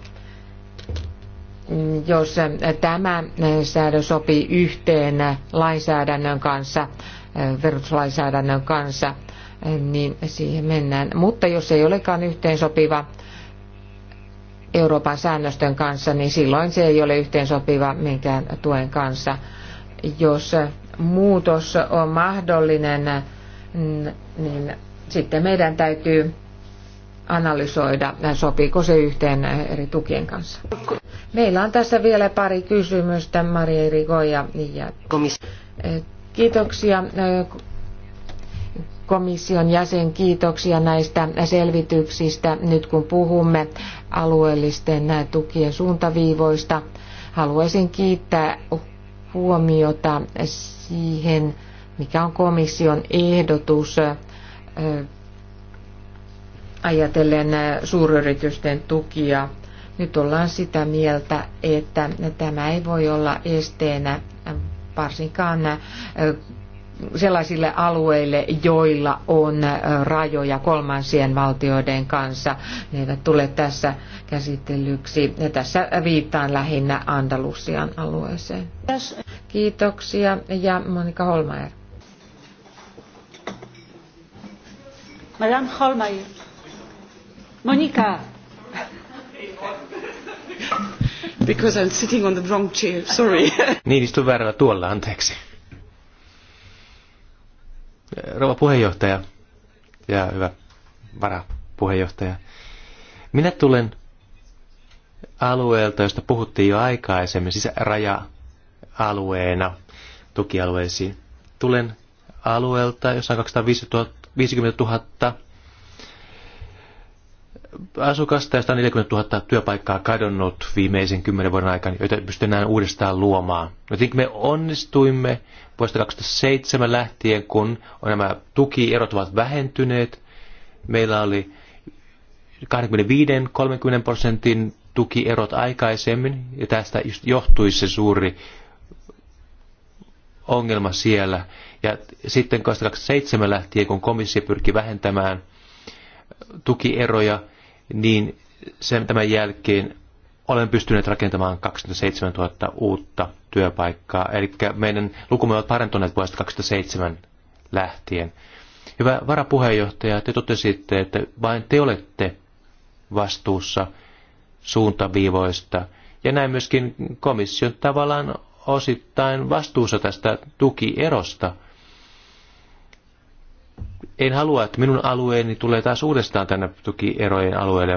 Jos eh, tämä säädös sopii yhteen lainsäädännön kanssa, verotuslainsäädännön kanssa, niin siihen mennään. Mutta jos ei olekaan yhteen sopiva Euroopan säännösten kanssa, niin silloin se ei ole yhteen sopiva minkään tuen kanssa. Jos muutos on mahdollinen, niin sitten meidän täytyy analysoida, sopiiko se yhteen eri tukien kanssa. Meillä on tässä vielä pari kysymystä, Maria Rigo ja, ja kiitoksia komission jäsen, kiitoksia näistä selvityksistä. Nyt kun puhumme alueellisten tukien suuntaviivoista, haluaisin kiittää huomiota siihen, mikä on komission ehdotus ajatellen suuryritysten tukia. Nyt ollaan sitä mieltä, että tämä ei voi olla esteenä varsinkaan sellaisille alueille, joilla on rajoja kolmansien valtioiden kanssa. Ne eivät tule tässä käsitellyksi. Ja tässä viittaan lähinnä Andalusian alueeseen. Kiitoksia ja Monika Holmaer. Madame Holmaer. Monika. Because I'm sitting on the wrong chair, sorry. Niin istun väärällä tuolla, anteeksi rouva puheenjohtaja ja hyvä varapuheenjohtaja. Minä tulen alueelta, josta puhuttiin jo aikaisemmin, siis raja-alueena tukialueisiin. Tulen alueelta, jossa on 250 000 asukasta, josta on 40 000 työpaikkaa kadonnut viimeisen kymmenen vuoden aikana, joita enää uudestaan luomaan. Jotenkin me onnistuimme vuodesta 2007 lähtien, kun nämä tukierot ovat vähentyneet, meillä oli 25-30 prosentin tukierot aikaisemmin, ja tästä johtui se suuri ongelma siellä. Ja sitten 2007 lähtien, kun komissio pyrki vähentämään tukieroja, niin sen tämän jälkeen olen pystynyt rakentamaan 27 000 uutta työpaikkaa. Eli meidän lukumme ovat parantuneet vuodesta 2007 lähtien. Hyvä varapuheenjohtaja, te totesitte, että vain te olette vastuussa suuntaviivoista. Ja näin myöskin komission tavallaan osittain vastuussa tästä tukierosta. En halua, että minun alueeni tulee taas uudestaan tänne tukierojen alueelle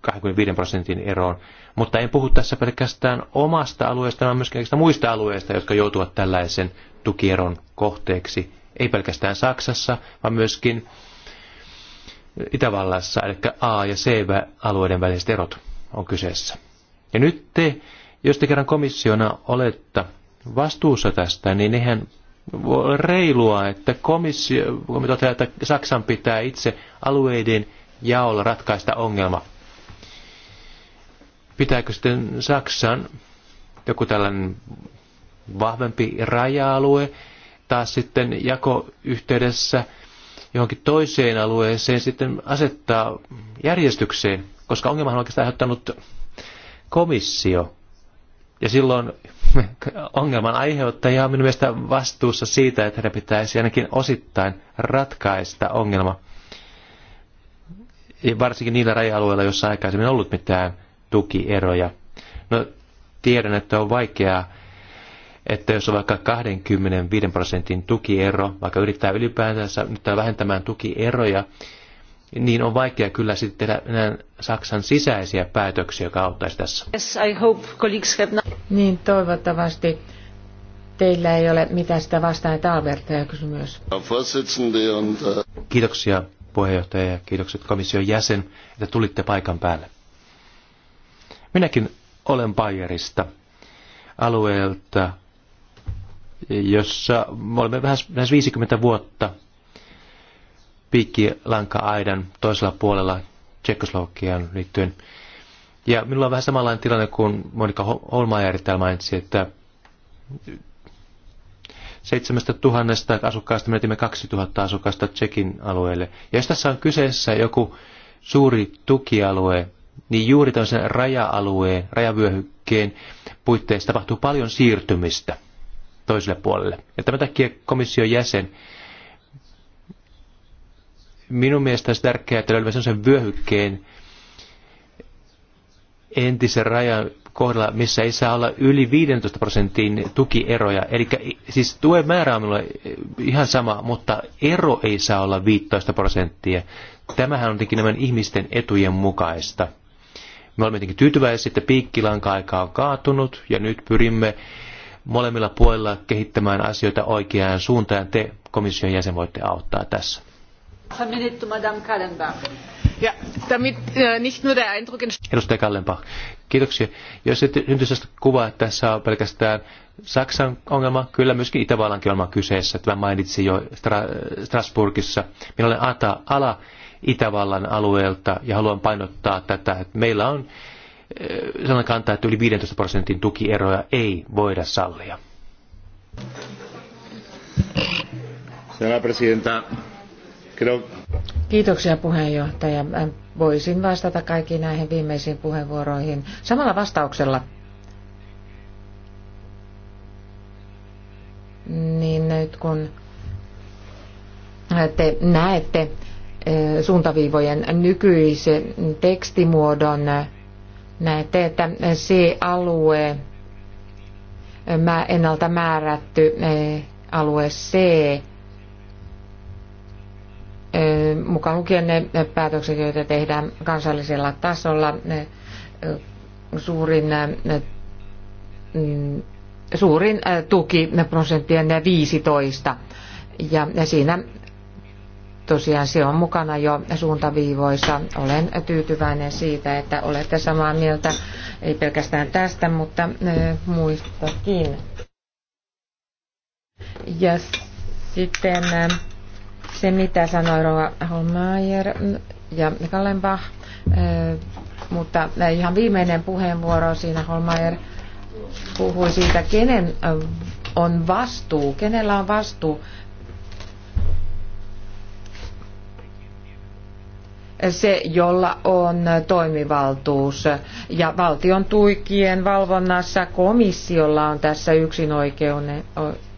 25 prosentin eroon. Mutta en puhu tässä pelkästään omasta alueesta, vaan myös kaikista muista alueista, jotka joutuvat tällaisen tukieron kohteeksi. Ei pelkästään Saksassa, vaan myöskin Itävallassa, eli A- ja C-alueiden väliset erot on kyseessä. Ja nyt te, jos te kerran komissiona olette vastuussa tästä, niin eihän olla reilua, että komissio, toteaa, että Saksan pitää itse alueiden jaolla ratkaista ongelma. Pitääkö sitten Saksan joku tällainen vahvempi raja-alue taas sitten jakoyhteydessä johonkin toiseen alueeseen sitten asettaa järjestykseen, koska ongelmahan on oikeastaan aiheuttanut komissio. Ja silloin ongelman aiheuttaja on minun mielestä vastuussa siitä, että hänen pitäisi ainakin osittain ratkaista ongelma. Ja varsinkin niillä raja-alueilla, joissa aikaisemmin ollut mitään tukieroja. No, tiedän, että on vaikeaa, että jos on vaikka 25 prosentin tukiero, vaikka yrittää ylipäänsä nyt vähentämään tukieroja, niin on vaikea kyllä sitten tehdä enää Saksan sisäisiä päätöksiä, joka auttaisi tässä. Yes, I hope colleagues have not... Niin, toivottavasti teillä ei ole mitään sitä vastaan, että Albert ja äh, kysy myös. Äh, Kiitoksia puheenjohtaja ja kiitokset komission jäsen, että tulitte paikan päälle. Minäkin olen Bayerista alueelta, jossa me olemme lähes 50 vuotta piikkilanka-aidan toisella puolella Tsekoslovakiaan liittyen. Ja minulla on vähän samanlainen tilanne kuin Monika Holmajärvi täällä mainitsi, että 7000 asukkaasta menetimme 2000 asukasta Tsekin alueelle. Ja jos tässä on kyseessä joku suuri tukialue, niin juuri tällaisen raja-alueen, rajavyöhykkeen puitteissa tapahtuu paljon siirtymistä toiselle puolelle. Ja tämän takia komission jäsen, minun mielestä olisi tärkeää, että löydämme sellaisen vyöhykkeen entisen rajan kohdalla, missä ei saa olla yli 15 prosentin tukieroja. Eli siis tuen määrä on minulle ihan sama, mutta ero ei saa olla 15 prosenttia. Tämähän on tietenkin nämä ihmisten etujen mukaista. Me olemme tietenkin tyytyväisiä, että piikkilanka-aika on kaatunut ja nyt pyrimme molemmilla puolilla kehittämään asioita oikeaan suuntaan. Te komission jäsen voitte auttaa tässä. Ja, damit, äh, nicht nur der Eindruck Edustaja Kallenbach, kiitoksia. Jos et syntyisi sellaista kuvaa, että tässä on pelkästään Saksan ongelma, kyllä myöskin Itävallankin ongelma kyseessä. Tämä mainitsin jo Stra- Strasbourgissa. Minä olen Ata Ala Itävallan alueelta, ja haluan painottaa tätä, että meillä on eh, sellainen kanta, että yli 15 prosentin tukieroja ei voida sallia. Kiitoksia puheenjohtaja. Äh, voisin vastata kaikkiin näihin viimeisiin puheenvuoroihin samalla vastauksella. Niin nyt kun te näette suuntaviivojen nykyisen tekstimuodon, näette, että se alue, ennalta määrätty eh, alue C, eh, mukaan lukien ne päätökset, joita tehdään kansallisella tasolla, eh, suurin, mm, suurin tuki prosenttien 15. Ja siinä tosiaan se on mukana jo suuntaviivoissa. Olen tyytyväinen siitä, että olette samaa mieltä, ei pelkästään tästä, mutta muistakin. Ja sitten se, mitä sanoi Rova Holmeier ja Kallenbach, mutta ihan viimeinen puheenvuoro siinä Holmeier puhui siitä, kenen on vastuu, kenellä on vastuu se, jolla on toimivaltuus. Ja valtion tuikien valvonnassa komissiolla on tässä yksin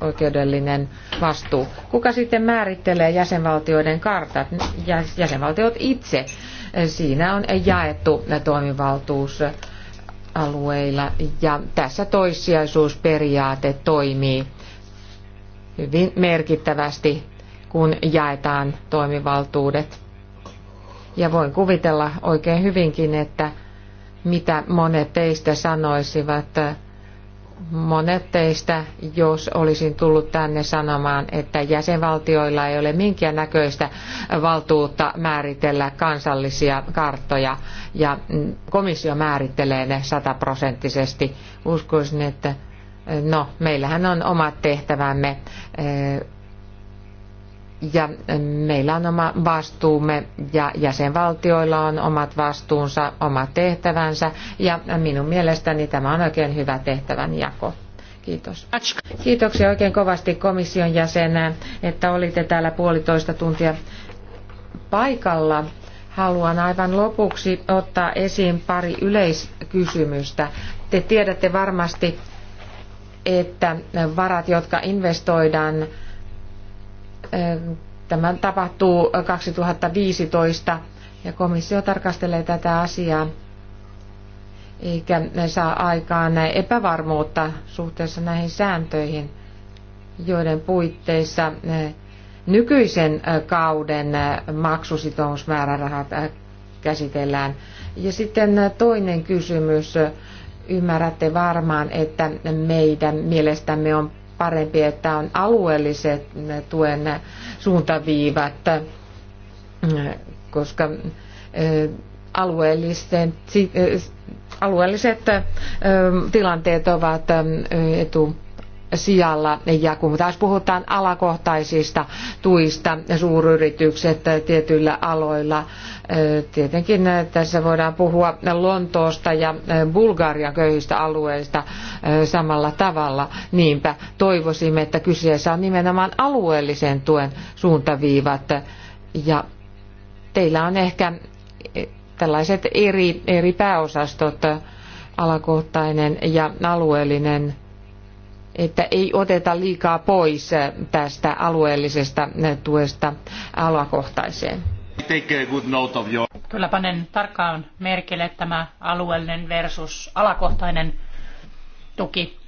oikeudellinen vastuu. Kuka sitten määrittelee jäsenvaltioiden kartat? Jäsenvaltiot itse. Siinä on jaettu toimivaltuus alueilla ja tässä toissijaisuusperiaate toimii hyvin merkittävästi, kun jaetaan toimivaltuudet ja voin kuvitella oikein hyvinkin, että mitä monet teistä sanoisivat, monet teistä, jos olisin tullut tänne sanomaan, että jäsenvaltioilla ei ole minkään näköistä valtuutta määritellä kansallisia karttoja ja komissio määrittelee ne sataprosenttisesti. Uskoisin, että no, meillähän on omat tehtävämme ja meillä on oma vastuumme ja jäsenvaltioilla on omat vastuunsa, omat tehtävänsä ja minun mielestäni tämä on oikein hyvä tehtävänjako. Kiitos. Kiitoksia oikein kovasti komission jäsenä, että olitte täällä puolitoista tuntia paikalla. Haluan aivan lopuksi ottaa esiin pari yleiskysymystä. Te tiedätte varmasti, että varat, jotka investoidaan Tämä tapahtuu 2015 ja komissio tarkastelee tätä asiaa eikä saa aikaan epävarmuutta suhteessa näihin sääntöihin, joiden puitteissa nykyisen kauden maksusitoumusmäärärahat käsitellään. Ja sitten toinen kysymys. Ymmärrätte varmaan, että meidän mielestämme on parempi, että on alueelliset tuen suuntaviivat, koska alueellisten, alueelliset tilanteet ovat etu sijalla. Ja kun taas puhutaan alakohtaisista tuista, suuryritykset tietyillä aloilla, eh, tietenkin tässä voidaan puhua Lontoosta ja eh, Bulgarian köyhistä alueista eh, samalla tavalla. Niinpä toivoisimme, että kyseessä on nimenomaan alueellisen tuen suuntaviivat. Ja teillä on ehkä tällaiset eri, eri pääosastot, alakohtainen ja alueellinen että ei oteta liikaa pois tästä alueellisesta tuesta alakohtaiseen. Kyllä panen tarkkaan merkille tämä alueellinen versus alakohtainen tuki.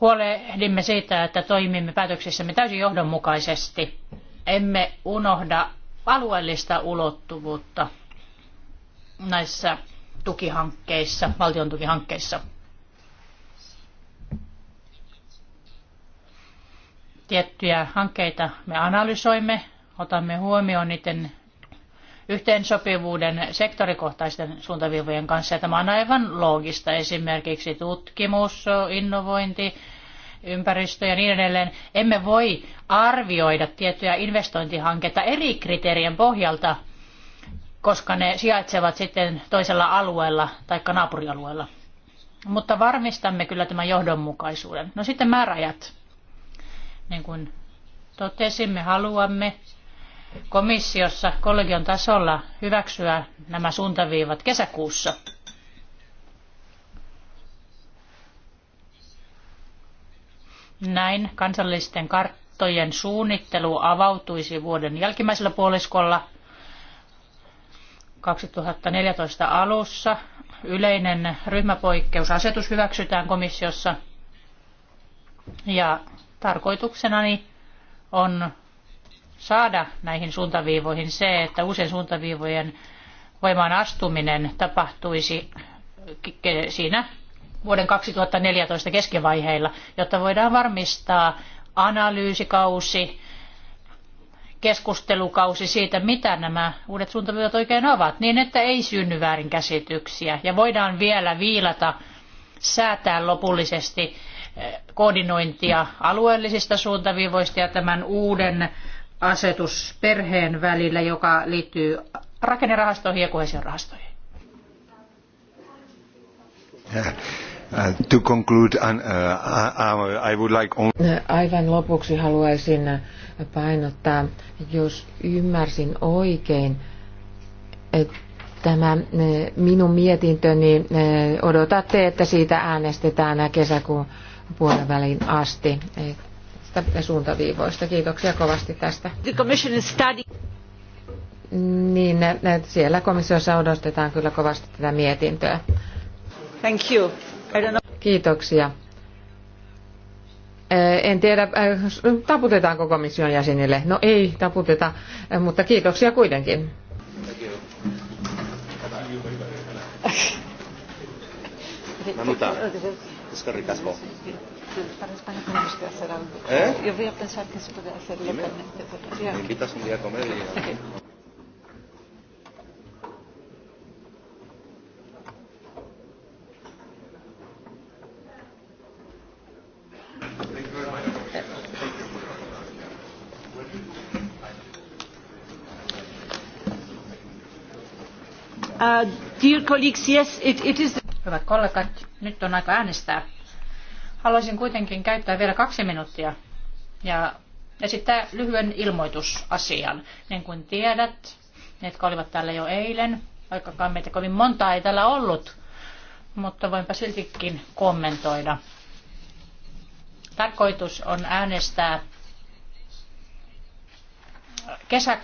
Huolehdimme siitä, että toimimme päätöksissämme täysin johdonmukaisesti. Emme unohda alueellista ulottuvuutta näissä tukihankkeissa, valtion tukihankkeissa. Tiettyjä hankkeita me analysoimme, otamme huomioon niiden yhteensopivuuden sektorikohtaisten suuntaviivojen kanssa. tämä on aivan loogista. Esimerkiksi tutkimus, innovointi, ympäristö ja niin edelleen. Emme voi arvioida tiettyjä investointihanketta eri kriteerien pohjalta koska ne sijaitsevat sitten toisella alueella tai naapurialueella. Mutta varmistamme kyllä tämän johdonmukaisuuden. No sitten määräajat. Niin kuin totesimme, haluamme komissiossa kollegion tasolla hyväksyä nämä suuntaviivat kesäkuussa. Näin kansallisten karttojen suunnittelu avautuisi vuoden jälkimmäisellä puoliskolla – 2014 alussa yleinen ryhmäpoikkeusasetus hyväksytään komissiossa. Ja tarkoituksenani on saada näihin suuntaviivoihin se, että uusien suuntaviivojen voimaan astuminen tapahtuisi siinä vuoden 2014 keskivaiheilla, jotta voidaan varmistaa analyysikausi, keskustelukausi siitä, mitä nämä uudet suuntaviivat oikein ovat, niin että ei synny väärinkäsityksiä ja voidaan vielä viilata, säätää lopullisesti eh, koordinointia alueellisista suuntaviivoista ja tämän uuden asetusperheen välillä, joka liittyy rakennerahastoihin ja kohesiorahastoihin. Äh. Uh, to conclude, uh, I would like only... Äh, aivan lopuksi haluaisin äh, painottaa, jos ymmärsin oikein, että tämä äh, minun mietintöni, odotatte, että siitä äänestetään kesäkuun puolen välin asti suuntaviivoista. Kiitoksia kovasti tästä. Niin, siellä komissiossa odotetaan kyllä kovasti tätä mietintöä. Thank you. Kiitoksia. En tiedä, taputetaanko komission jäsenille. No ei taputeta, mutta kiitoksia kuitenkin. No niin, no ¿Eh? Yo voy a pensar que se puede hacer localmente. Me invitas un día a comer y... Uh, Hyvät kollegat, nyt on aika äänestää. Haluaisin kuitenkin käyttää vielä kaksi minuuttia ja esittää lyhyen ilmoitusasian. Niin kuin tiedät, ne, jotka olivat täällä jo eilen, vaikkakaan meitä kovin montaa ei täällä ollut, mutta voinpa siltikin kommentoida Tarkoitus on äänestää kesä,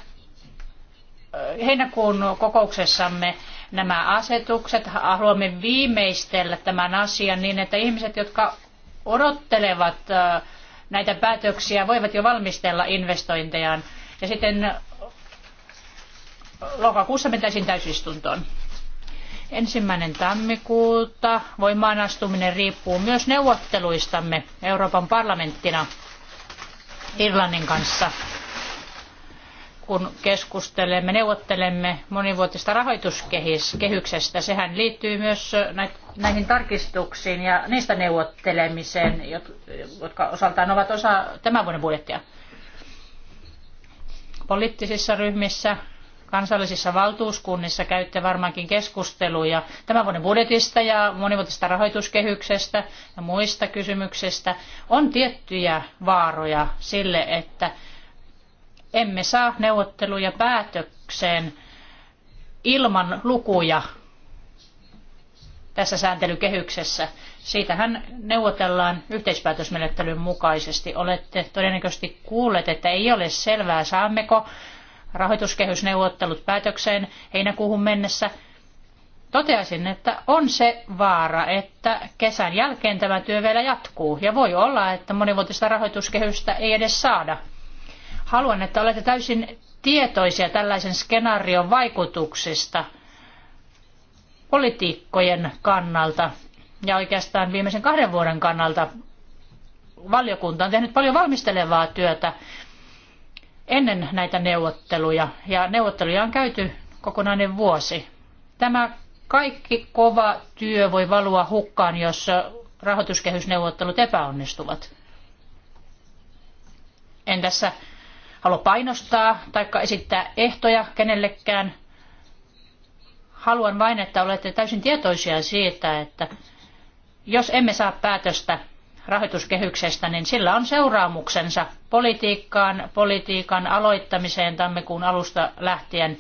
heinäkuun kokouksessamme nämä asetukset. Haluamme viimeistellä tämän asian niin, että ihmiset, jotka odottelevat näitä päätöksiä, voivat jo valmistella investointejaan. Ja sitten lokakuussa mentäisiin täysistuntoon. Ensimmäinen tammikuuta voimaan astuminen riippuu myös neuvotteluistamme Euroopan parlamenttina Irlannin kanssa. Kun keskustelemme, neuvottelemme monivuotista rahoituskehyksestä, sehän liittyy myös näihin tarkistuksiin ja niistä neuvottelemiseen, jotka osaltaan ovat osa tämän vuoden budjettia. Poliittisissa ryhmissä kansallisissa valtuuskunnissa käytte varmaankin keskusteluja tämän vuoden budjetista ja monivuotisesta rahoituskehyksestä ja muista kysymyksistä. On tiettyjä vaaroja sille, että emme saa neuvotteluja päätökseen ilman lukuja tässä sääntelykehyksessä. Siitähän neuvotellaan yhteispäätösmenettelyn mukaisesti. Olette todennäköisesti kuulleet, että ei ole selvää, saammeko rahoituskehysneuvottelut päätökseen heinäkuuhun mennessä, toteaisin, että on se vaara, että kesän jälkeen tämä työ vielä jatkuu ja voi olla, että monivuotista rahoituskehystä ei edes saada. Haluan, että olette täysin tietoisia tällaisen skenaarion vaikutuksista politiikkojen kannalta ja oikeastaan viimeisen kahden vuoden kannalta. Valiokunta on tehnyt paljon valmistelevaa työtä ennen näitä neuvotteluja, ja neuvotteluja on käyty kokonainen vuosi. Tämä kaikki kova työ voi valua hukkaan, jos rahoituskehysneuvottelut epäonnistuvat. En tässä halua painostaa tai esittää ehtoja kenellekään. Haluan vain, että olette täysin tietoisia siitä, että jos emme saa päätöstä rahoituskehyksestä, niin sillä on seuraamuksensa politiikkaan, politiikan aloittamiseen tammikuun alusta lähtien.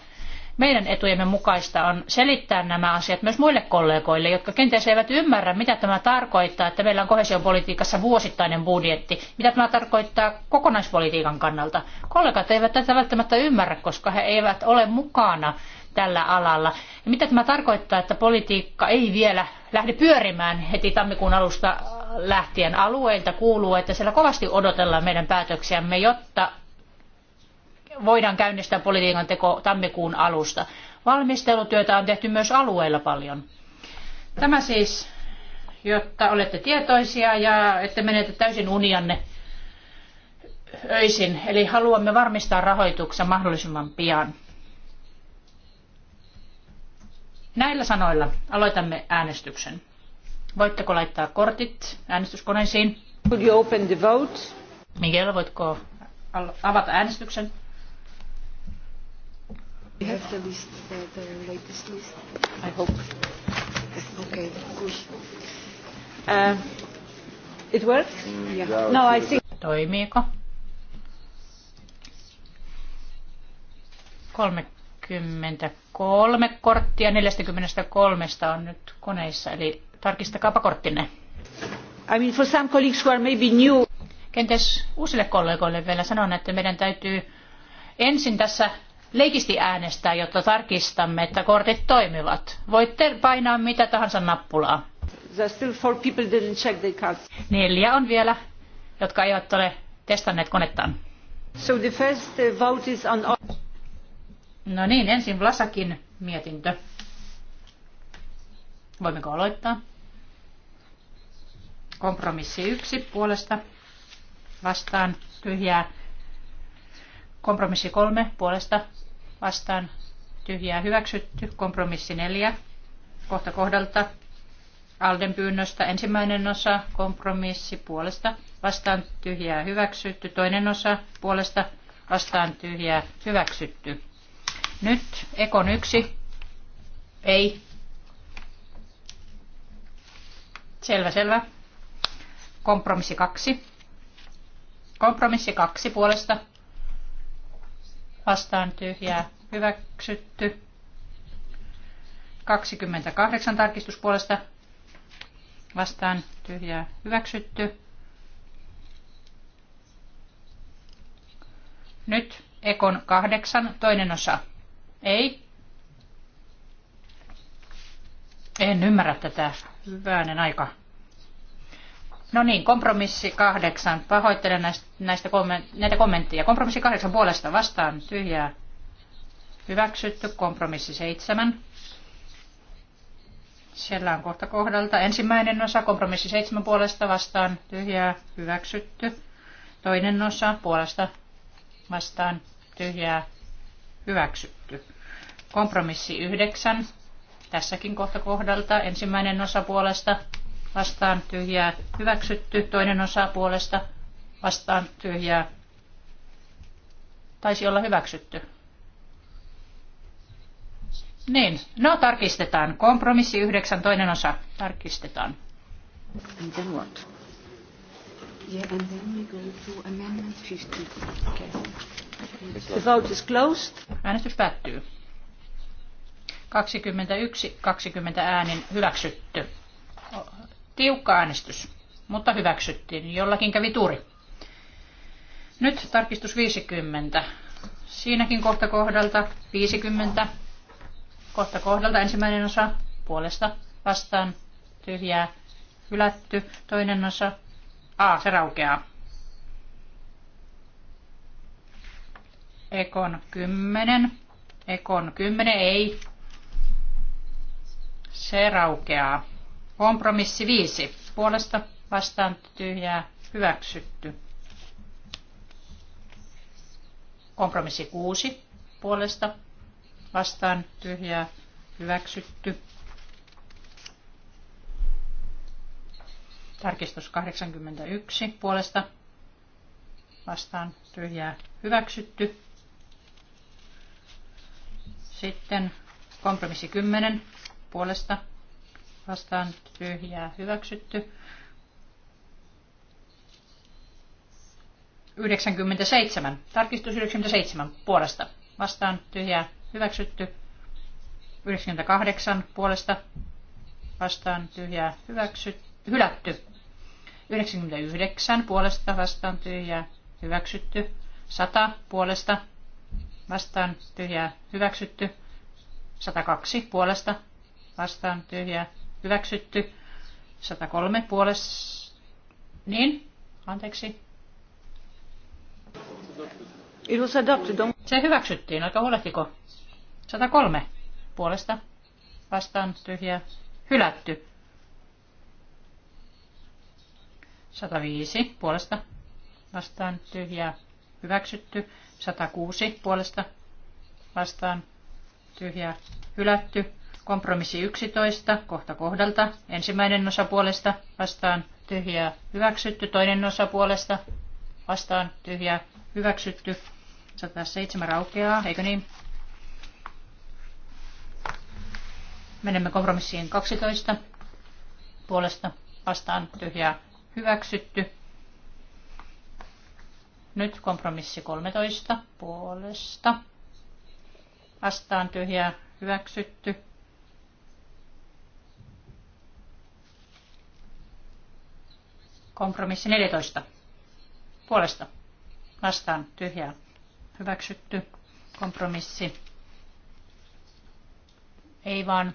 Meidän etujemme mukaista on selittää nämä asiat myös muille kollegoille, jotka kenties eivät ymmärrä, mitä tämä tarkoittaa, että meillä on kohesiopolitiikassa vuosittainen budjetti, mitä tämä tarkoittaa kokonaispolitiikan kannalta. Kollegat eivät tätä välttämättä ymmärrä, koska he eivät ole mukana tällä alalla. Ja mitä tämä tarkoittaa, että politiikka ei vielä lähde pyörimään heti tammikuun alusta lähtien alueilta kuuluu, että siellä kovasti odotellaan meidän päätöksiämme, jotta voidaan käynnistää politiikan teko tammikuun alusta. Valmistelutyötä on tehty myös alueilla paljon. Tämä siis, jotta olette tietoisia ja ette menetä täysin unianne öisin. Eli haluamme varmistaa rahoituksen mahdollisimman pian. Näillä sanoilla aloitamme äänestyksen. Voitteko laittaa kortit äänestyskoneisiin? Could you open the vote? Miguel, voitko avata äänestyksen? We have the list, the, the latest list. I hope. Okay, good. Uh, it works? Yeah. No, I think... Toimiiko? Kolme 43 korttia 43 on nyt koneissa, eli tarkistakaapa korttinne. I mean for some colleagues who are maybe new. Kenties uusille kollegoille vielä sanon, että meidän täytyy ensin tässä leikisti äänestää, jotta tarkistamme, että kortit toimivat. Voitte painaa mitä tahansa nappulaa. still four people didn't check their cards. Neljä on vielä, jotka eivät ole testanneet konettaan. So the first uh, vote is on... No niin, ensin Vlasakin mietintö. Voimmeko aloittaa? Kompromissi yksi puolesta vastaan tyhjää. Kompromissi kolme puolesta vastaan tyhjää hyväksytty. Kompromissi neljä kohta kohdalta Alden pyynnöstä ensimmäinen osa kompromissi puolesta vastaan tyhjää hyväksytty. Toinen osa puolesta vastaan tyhjää hyväksytty. Nyt Ekon yksi. Ei. Selvä, selvä. Kompromissi kaksi. Kompromissi kaksi puolesta. Vastaan tyhjää. Hyväksytty. 28 tarkistuspuolesta. Vastaan tyhjää. Hyväksytty. Nyt Ekon kahdeksan toinen osa ei. En ymmärrä tätä. Hyvänen aika. No niin, kompromissi kahdeksan. Pahoittelen näistä, näistä komment- näitä kommentteja. Kompromissi kahdeksan puolesta vastaan tyhjää. Hyväksytty. Kompromissi seitsemän. Siellä on kohta kohdalta. Ensimmäinen osa, kompromissi seitsemän puolesta vastaan tyhjää. Hyväksytty. Toinen osa puolesta vastaan tyhjää. Hyväksytty. Kompromissi 9. Tässäkin kohta kohdalta ensimmäinen osa puolesta vastaan tyhjää hyväksytty, toinen osa puolesta vastaan tyhjää taisi olla hyväksytty. Niin, no tarkistetaan. Kompromissi 9, toinen osa. Tarkistetaan. And then what? Yeah, and then we go to amendment 50. Okay. The vote is closed. Äänestys päättyy. 21-20 äänin hyväksytty. Tiukka äänestys, mutta hyväksyttiin. Jollakin kävi tuuri. Nyt tarkistus 50. Siinäkin kohta kohdalta 50. Kohta kohdalta ensimmäinen osa puolesta vastaan tyhjää hylätty. Toinen osa A, se raukeaa. Ekon 10. Ekon 10 ei. Se raukeaa. Kompromissi 5. Puolesta vastaan tyhjää hyväksytty. Kompromissi 6. Puolesta vastaan tyhjää hyväksytty. Tarkistus 81 puolesta vastaan tyhjää hyväksytty. Sitten kompromissi 10 puolesta vastaan tyhjää hyväksytty. 97. Tarkistus 97 puolesta. Vastaan tyhjää hyväksytty. 98 puolesta. Vastaan tyhjää hyväksytty. Hylätty. 99 puolesta vastaan tyhjää hyväksytty. 100 puolesta vastaan tyhjää hyväksytty. 102 puolesta vastaan tyhjää hyväksytty. 103 puolesta. Niin, anteeksi. It was adopted. Se hyväksyttiin, aika huolehtiko. 103 puolesta vastaan tyhjää hylätty. 105 puolesta vastaan tyhjää hyväksytty. 106 puolesta vastaan tyhjä hylätty. Kompromissi 11 kohta kohdalta. Ensimmäinen osa puolesta vastaan tyhjä hyväksytty. Toinen osa puolesta vastaan tyhjä hyväksytty. 107 raukeaa, eikö niin? Menemme kompromissiin 12 puolesta vastaan tyhjä hyväksytty. Nyt kompromissi 13 puolesta. Vastaan tyhjää hyväksytty. Kompromissi 14 puolesta. Vastaan tyhjää hyväksytty. Kompromissi. Ei vaan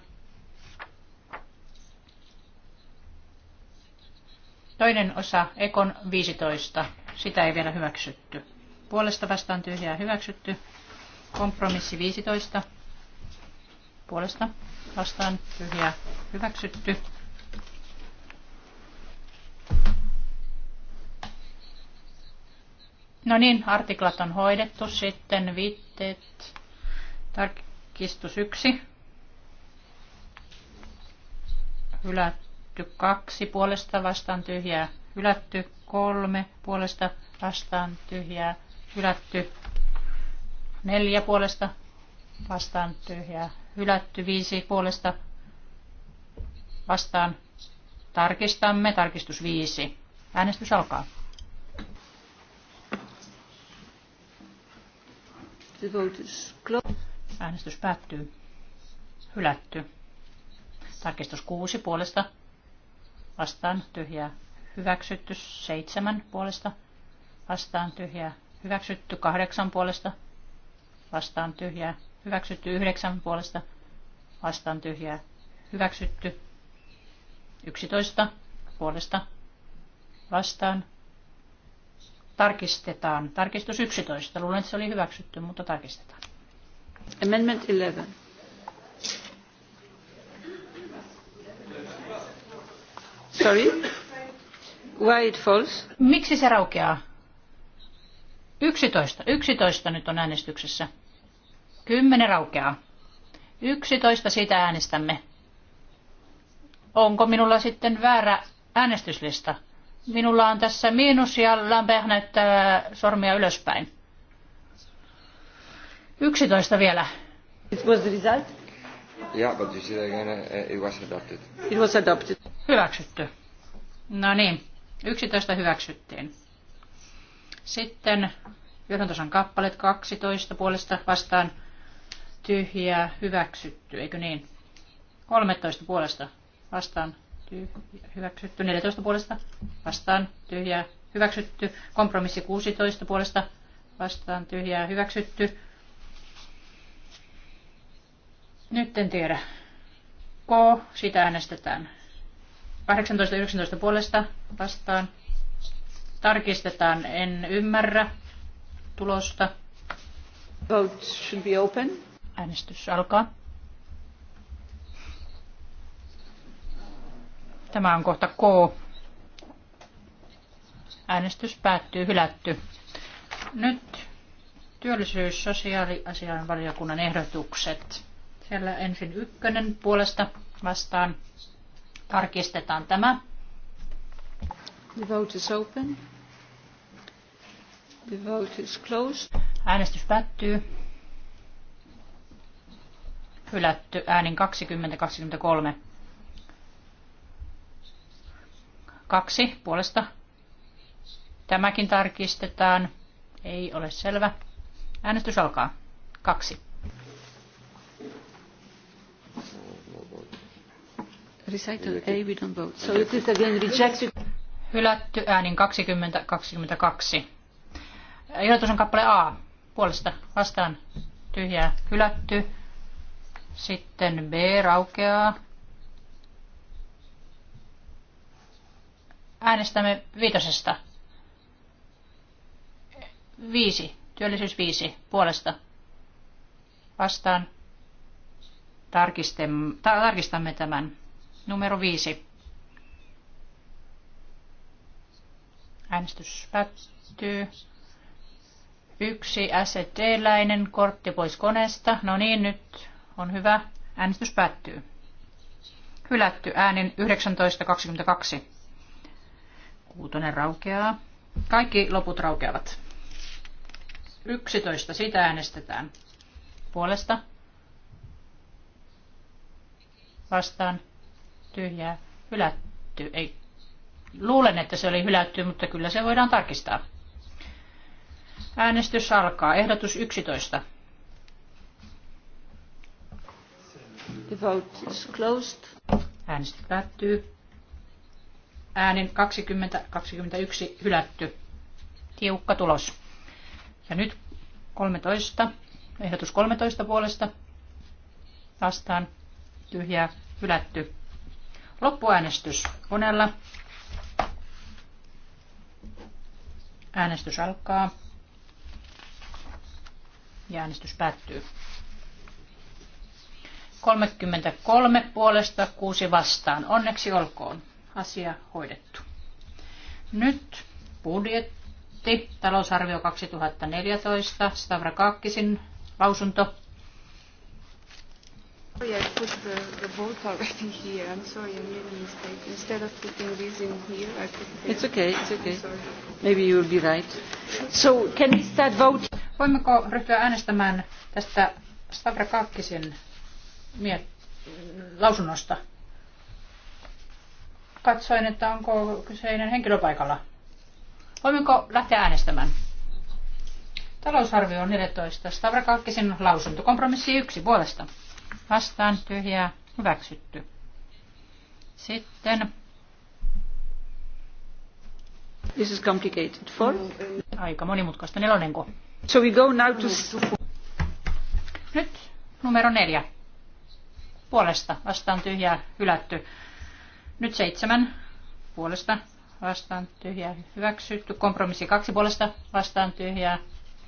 Toinen osa Ekon 15 sitä ei vielä hyväksytty. Puolesta vastaan tyhjää hyväksytty. Kompromissi 15. Puolesta vastaan tyhjää hyväksytty. No niin, artiklat on hoidettu. Sitten viitteet. Tarkistus 1. Hylätty 2. Puolesta vastaan tyhjää hylätty kolme puolesta vastaan tyhjää hylätty. Neljä puolesta vastaan tyhjää hylätty. Viisi puolesta vastaan tarkistamme. Tarkistus viisi. Äänestys alkaa. Äänestys päättyy. Hylätty. Tarkistus kuusi puolesta vastaan tyhjää hyväksytty seitsemän puolesta, vastaan tyhjää, hyväksytty kahdeksan puolesta, vastaan tyhjää, hyväksytty yhdeksän puolesta, vastaan tyhjää, hyväksytty yksitoista puolesta, vastaan tarkistetaan. Tarkistus 11. Luulen, että se oli hyväksytty, mutta tarkistetaan. Amendment 11. Sorry? Miksi se raukeaa? 11. 11 nyt on äänestyksessä. 10 raukeaa. 11 siitä äänestämme. Onko minulla sitten väärä äänestyslista? Minulla on tässä miinus ja Lambert näyttää sormia ylöspäin. 11 vielä. It was the result? Yeah, but you see again, uh, it was adopted. It was adopted. Hyväksytty. No niin. 11 hyväksyttiin. Sitten johdantosan kappaleet 12 puolesta vastaan tyhjää hyväksytty, eikö niin? 13 puolesta vastaan tyhjää, hyväksytty, 14 puolesta vastaan tyhjää hyväksytty, kompromissi 16 puolesta vastaan tyhjää hyväksytty. Nyt en tiedä. K, sitä äänestetään. 18.19 puolesta vastaan. Tarkistetaan. En ymmärrä tulosta. Vote should be open. Äänestys alkaa. Tämä on kohta K. Äänestys päättyy, hylätty. Nyt työllisyys- sosiaaliasian valiokunnan ehdotukset. Siellä ensin ykkönen puolesta vastaan Tarkistetaan tämä. The vote is open. The vote is closed. Äänestys päättyy. Hylätty äänin 20-23. Kaksi puolesta. Tämäkin tarkistetaan. Ei ole selvä. Äänestys alkaa. Kaksi. Recital A, we don't vote. So it is again rejected. Hylätty äänin 20-22. Ehdotus on kappale A. Puolesta vastaan tyhjää hylätty. Sitten B raukeaa. Äänestämme viitosesta. Viisi. Työllisyys viisi. Puolesta. Vastaan. Tarkistamme tämän. Numero viisi. Äänestys päättyy. Yksi ST-läinen kortti pois koneesta. No niin, nyt on hyvä. Äänestys päättyy. Hylätty äänin 19.22. Kuutonen raukeaa. Kaikki loput raukeavat. 11. Sitä äänestetään. Puolesta. Vastaan tyhjää, hylätty. Ei, luulen, että se oli hylätty, mutta kyllä se voidaan tarkistaa. Äänestys alkaa. Ehdotus 11. The vote is closed. Äänestys päättyy. Äänin 20-21 hylätty. Tiukka tulos. Ja nyt 13. Ehdotus 13 puolesta. Vastaan. Tyhjää. Hylätty. Loppuäänestys koneella. Äänestys alkaa. Ja äänestys päättyy. 33 puolesta, 6 vastaan. Onneksi olkoon. Asia hoidettu. Nyt budjetti, talousarvio 2014, Kaakkisin lausunto. Sorry, I put the, the already here. I'm sorry, I made a mistake. Instead of putting this in here, I put It's okay, it's okay. Maybe you will be right. So, can we start Voimmeko ryhtyä äänestämään tästä Stavra Kaakkisin miet- lausunnosta? Katsoin, että onko kyseinen henkilö paikalla. Voimmeko lähteä äänestämään? Talousarvio on 14. Stavra Kaakkisin lausunto. Kompromissi 1 puolesta vastaan tyhjää hyväksytty. Sitten This is complicated. Four. Aika monimutkaista nelonenko. So we go now to... Nyt numero neljä. Puolesta vastaan tyhjää hylätty. Nyt seitsemän. Puolesta vastaan tyhjää hyväksytty. Kompromissi kaksi puolesta vastaan tyhjää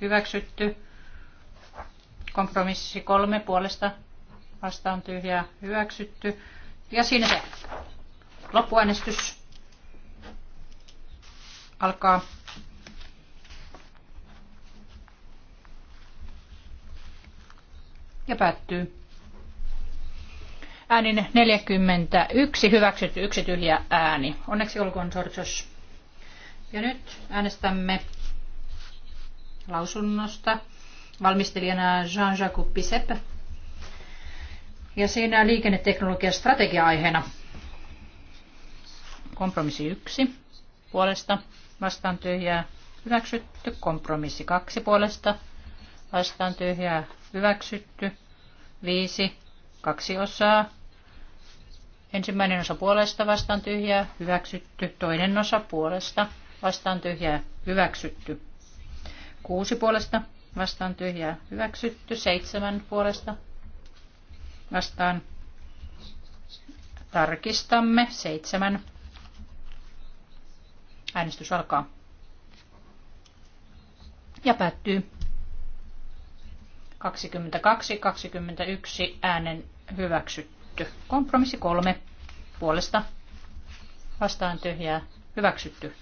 hyväksytty. Kompromissi kolme puolesta vastaan tyhjää hyväksytty. Ja siinä se loppuäänestys alkaa. Ja päättyy. Äänin 41 hyväksytty, yksi tyhjä ääni. Onneksi olkoon, Sorsos. Ja nyt äänestämme lausunnosta valmistelijana Jean-Jacques Pisep ja siinä liikenneteknologian strategia-aiheena. Kompromissi yksi puolesta vastaan tyhjää hyväksytty. Kompromissi kaksi puolesta vastaan tyhjää hyväksytty. Viisi, kaksi osaa. Ensimmäinen osa puolesta vastaan tyhjää hyväksytty. Toinen osa puolesta vastaan tyhjää hyväksytty. Kuusi puolesta vastaan tyhjää hyväksytty. Seitsemän puolesta vastaan. Tarkistamme. Seitsemän. Äänestys alkaa. Ja päättyy. 22-21 äänen hyväksytty. Kompromissi kolme Puolesta vastaan tyhjää hyväksytty.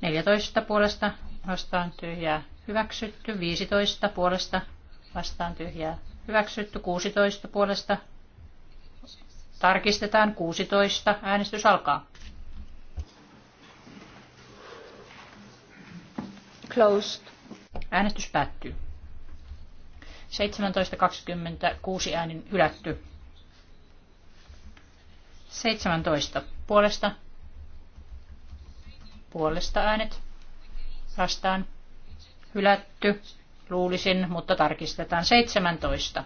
14 puolesta vastaan tyhjää hyväksytty. 15 puolesta vastaan tyhjää Hyväksytty 16 puolesta. Tarkistetaan 16. Äänestys alkaa. Closed. Äänestys päättyy. 17.26 äänin hylätty. 17. Puolesta. Puolesta äänet. Vastaan. Hylätty luulisin, mutta tarkistetaan 17.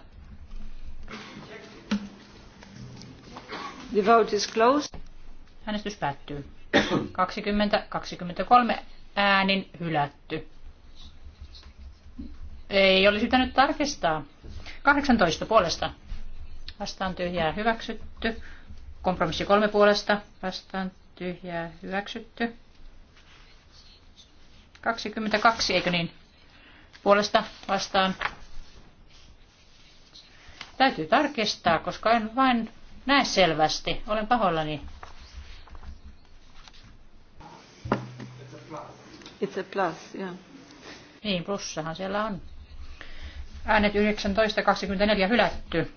The vote is closed. Äänestys päättyy. 20-23 äänin hylätty. Ei olisi pitänyt tarkistaa. 18 puolesta. Vastaan tyhjää hyväksytty. Kompromissi kolme puolesta. Vastaan tyhjää hyväksytty. 22, eikö niin? puolesta vastaan. Täytyy tarkistaa, koska en vain näe selvästi. Olen pahoillani. It's a plus, yeah. Niin, plussahan siellä on. Äänet 19.24 hylätty.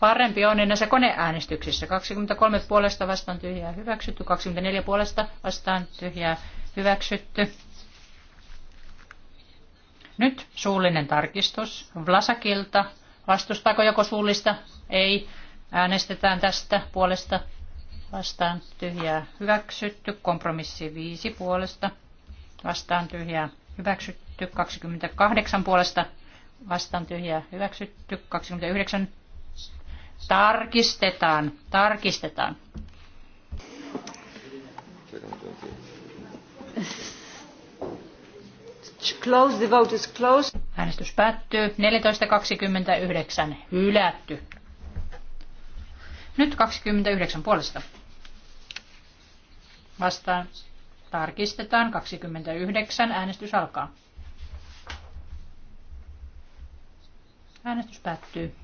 Parempi on näissä koneäänestyksissä. 23 puolesta vastaan tyhjää hyväksytty, 24 puolesta vastaan tyhjää hyväksytty. Nyt suullinen tarkistus Vlasakilta. Vastustaako joko suullista? Ei. Äänestetään tästä puolesta. Vastaan tyhjää hyväksytty. Kompromissi 5 puolesta. Vastaan tyhjää hyväksytty. 28 puolesta. Vastaan tyhjää hyväksytty. 29. Tarkistetaan. Tarkistetaan. 29. Close, the vote is closed. Äänestys päättyy. 14.29. Hylätty. Nyt 29 puolesta. Vastaan. Tarkistetaan. 29. Äänestys alkaa. Äänestys päättyy.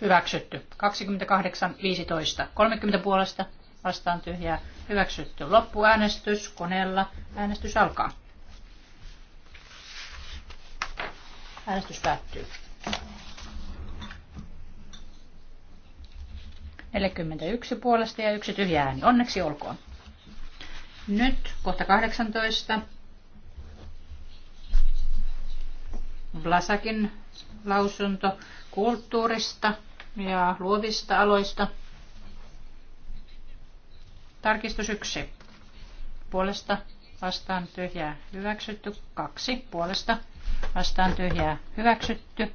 Hyväksytty. 28.15. 30 puolesta vastaan tyhjää hyväksytty. Loppuäänestys koneella. Äänestys alkaa. Äänestys päättyy. 41 puolesta ja yksi tyhjä ääni. Onneksi olkoon. Nyt kohta 18. Blasakin lausunto kulttuurista ja luovista aloista. Tarkistus 1. Puolesta vastaan tyhjää hyväksytty. 2. Puolesta vastaan tyhjää hyväksytty.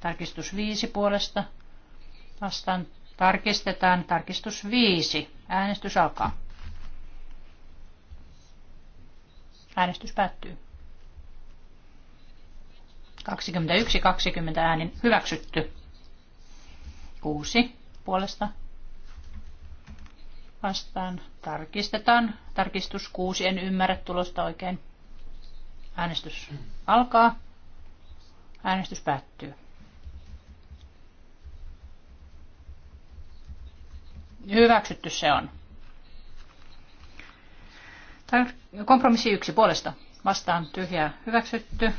Tarkistus 5. Puolesta vastaan tarkistetaan. Tarkistus 5. Äänestys alkaa. Äänestys päättyy. 21-20 äänin hyväksytty. 6 puolesta vastaan tarkistetaan. Tarkistus 6, en ymmärrä tulosta oikein. Äänestys alkaa. Äänestys päättyy. Hyväksytty se on. Kompromissi yksi puolesta. Vastaan tyhjää hyväksytty.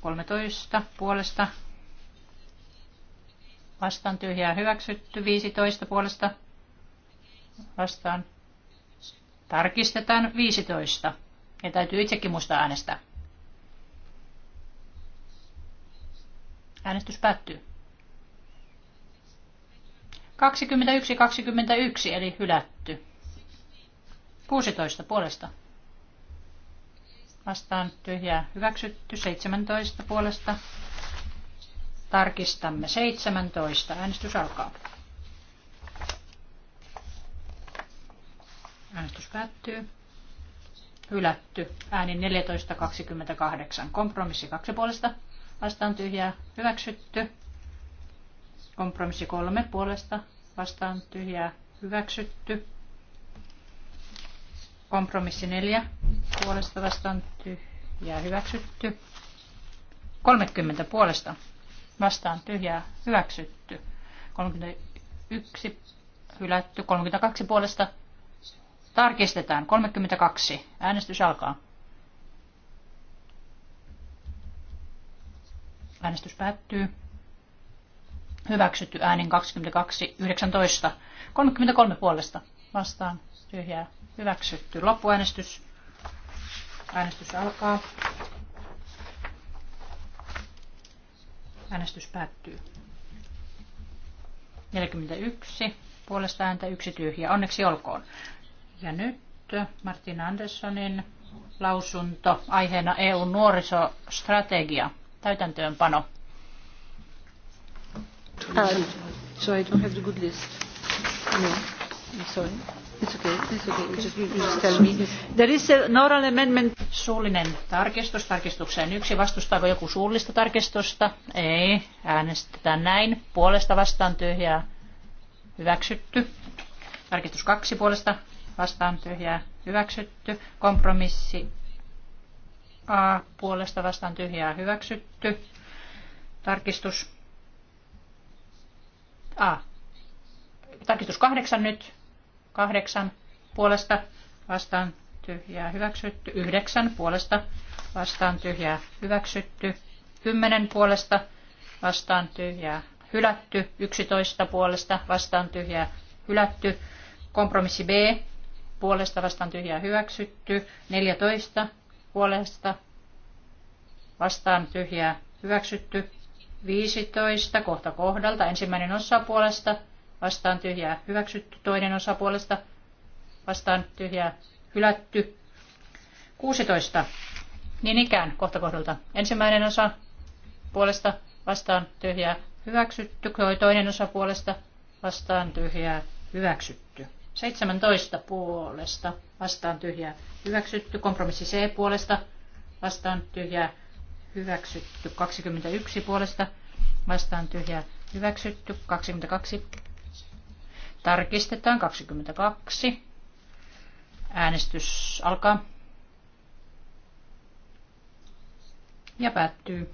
13 puolesta. Vastaan tyhjää hyväksytty. 15 puolesta vastaan. Tarkistetaan 15. Ja täytyy itsekin muistaa äänestää. Äänestys päättyy. 21-21 eli hylätty. 16 puolesta. Vastaan tyhjää hyväksytty. 17 puolesta. Tarkistamme 17. Äänestys alkaa. Äänestys päättyy. Hylätty. Ääni 14.28. Kompromissi kaksi puolesta. Vastaan tyhjää. Hyväksytty. Kompromissi kolme puolesta. Vastaan tyhjää. Hyväksytty. Kompromissi neljä puolesta. Vastaan tyhjää. Hyväksytty. 30 puolesta. Vastaan tyhjää. Hyväksytty. 31 hylätty. 32 puolesta Tarkistetaan. 32. Äänestys alkaa. Äänestys päättyy. Hyväksytty äänin 22, 19. 33 puolesta vastaan. Tyhjää. Hyväksytty. Loppuäänestys. Äänestys alkaa. Äänestys päättyy. 41 puolesta ääntä, yksi tyhjä. Onneksi olkoon. Ja nyt Martin Anderssonin lausunto aiheena EU nuorisostrategia, täytäntöönpano. Um, so I don't have the good list. No, sorry. okay, okay. just, tell me. Suullinen tarkistus tarkistukseen yksi. Vastustaako joku suullista tarkistusta? Ei. Äänestetään näin. Puolesta vastaan tyhjää. Hyväksytty. Tarkistus kaksi puolesta vastaan tyhjää hyväksytty. Kompromissi A puolesta vastaan tyhjää hyväksytty. Tarkistus A. Tarkistus kahdeksan nyt. Kahdeksan puolesta vastaan tyhjää hyväksytty. Yhdeksän puolesta vastaan tyhjää hyväksytty. Kymmenen puolesta vastaan tyhjää hylätty. Yksitoista puolesta vastaan tyhjää hylätty. Kompromissi B puolesta vastaan tyhjää hyväksytty. 14 puolesta vastaan tyhjää hyväksytty. 15 kohta kohdalta ensimmäinen osa puolesta vastaan tyhjää hyväksytty. Toinen osa puolesta vastaan tyhjää hylätty. 16 niin ikään kohta kohdalta ensimmäinen osa puolesta vastaan tyhjää hyväksytty. Toinen osa puolesta vastaan tyhjää hyväksytty. 17 puolesta vastaan tyhjää hyväksytty. Kompromissi C puolesta vastaan tyhjää hyväksytty. 21 puolesta vastaan tyhjää hyväksytty. 22. Tarkistetaan 22. Äänestys alkaa. Ja päättyy.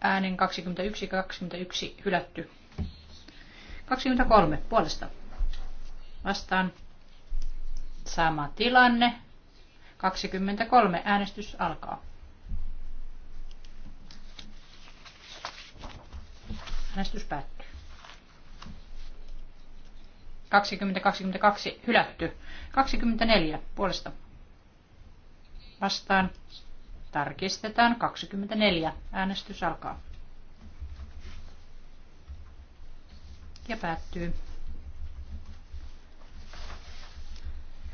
Äänen 21-21 hylätty. 23 puolesta. Vastaan sama tilanne. 23 äänestys alkaa. Äänestys päättyy. 20-22 hylätty. 24 puolesta. Vastaan. Tarkistetaan. 24. Äänestys alkaa. ja päättyy.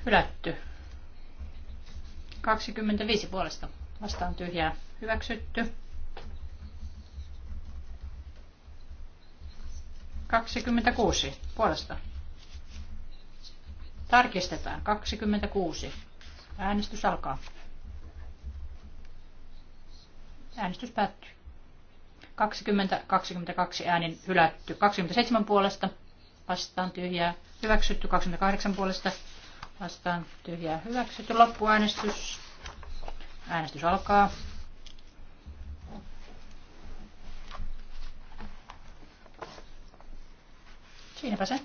Hylätty. 25 puolesta. Vastaan tyhjää. Hyväksytty. 26 puolesta. Tarkistetaan. 26. Äänestys alkaa. Äänestys päättyy. 20-22 äänin hylätty. 27 puolesta vastaan tyhjää hyväksytty. 28 puolesta vastaan tyhjää hyväksytty. Loppuäänestys. Äänestys alkaa. Siinäpä se.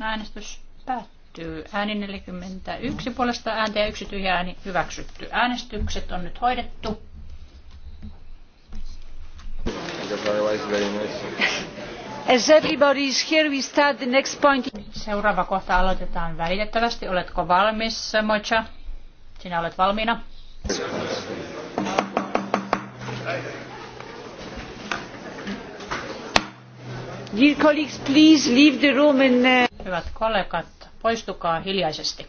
Äänestys päättyy. Ääni 41 puolesta ääntä ja yksi tyhjä ääni hyväksytty. Äänestykset on nyt hoidettu. otherwise very Seuraava kohta aloitetaan välitettävästi. Oletko valmis, Mocha? Sinä olet valmiina. Dear colleagues, please leave the room and... Uh, Hyvät kollegat, poistukaa hiljaisesti.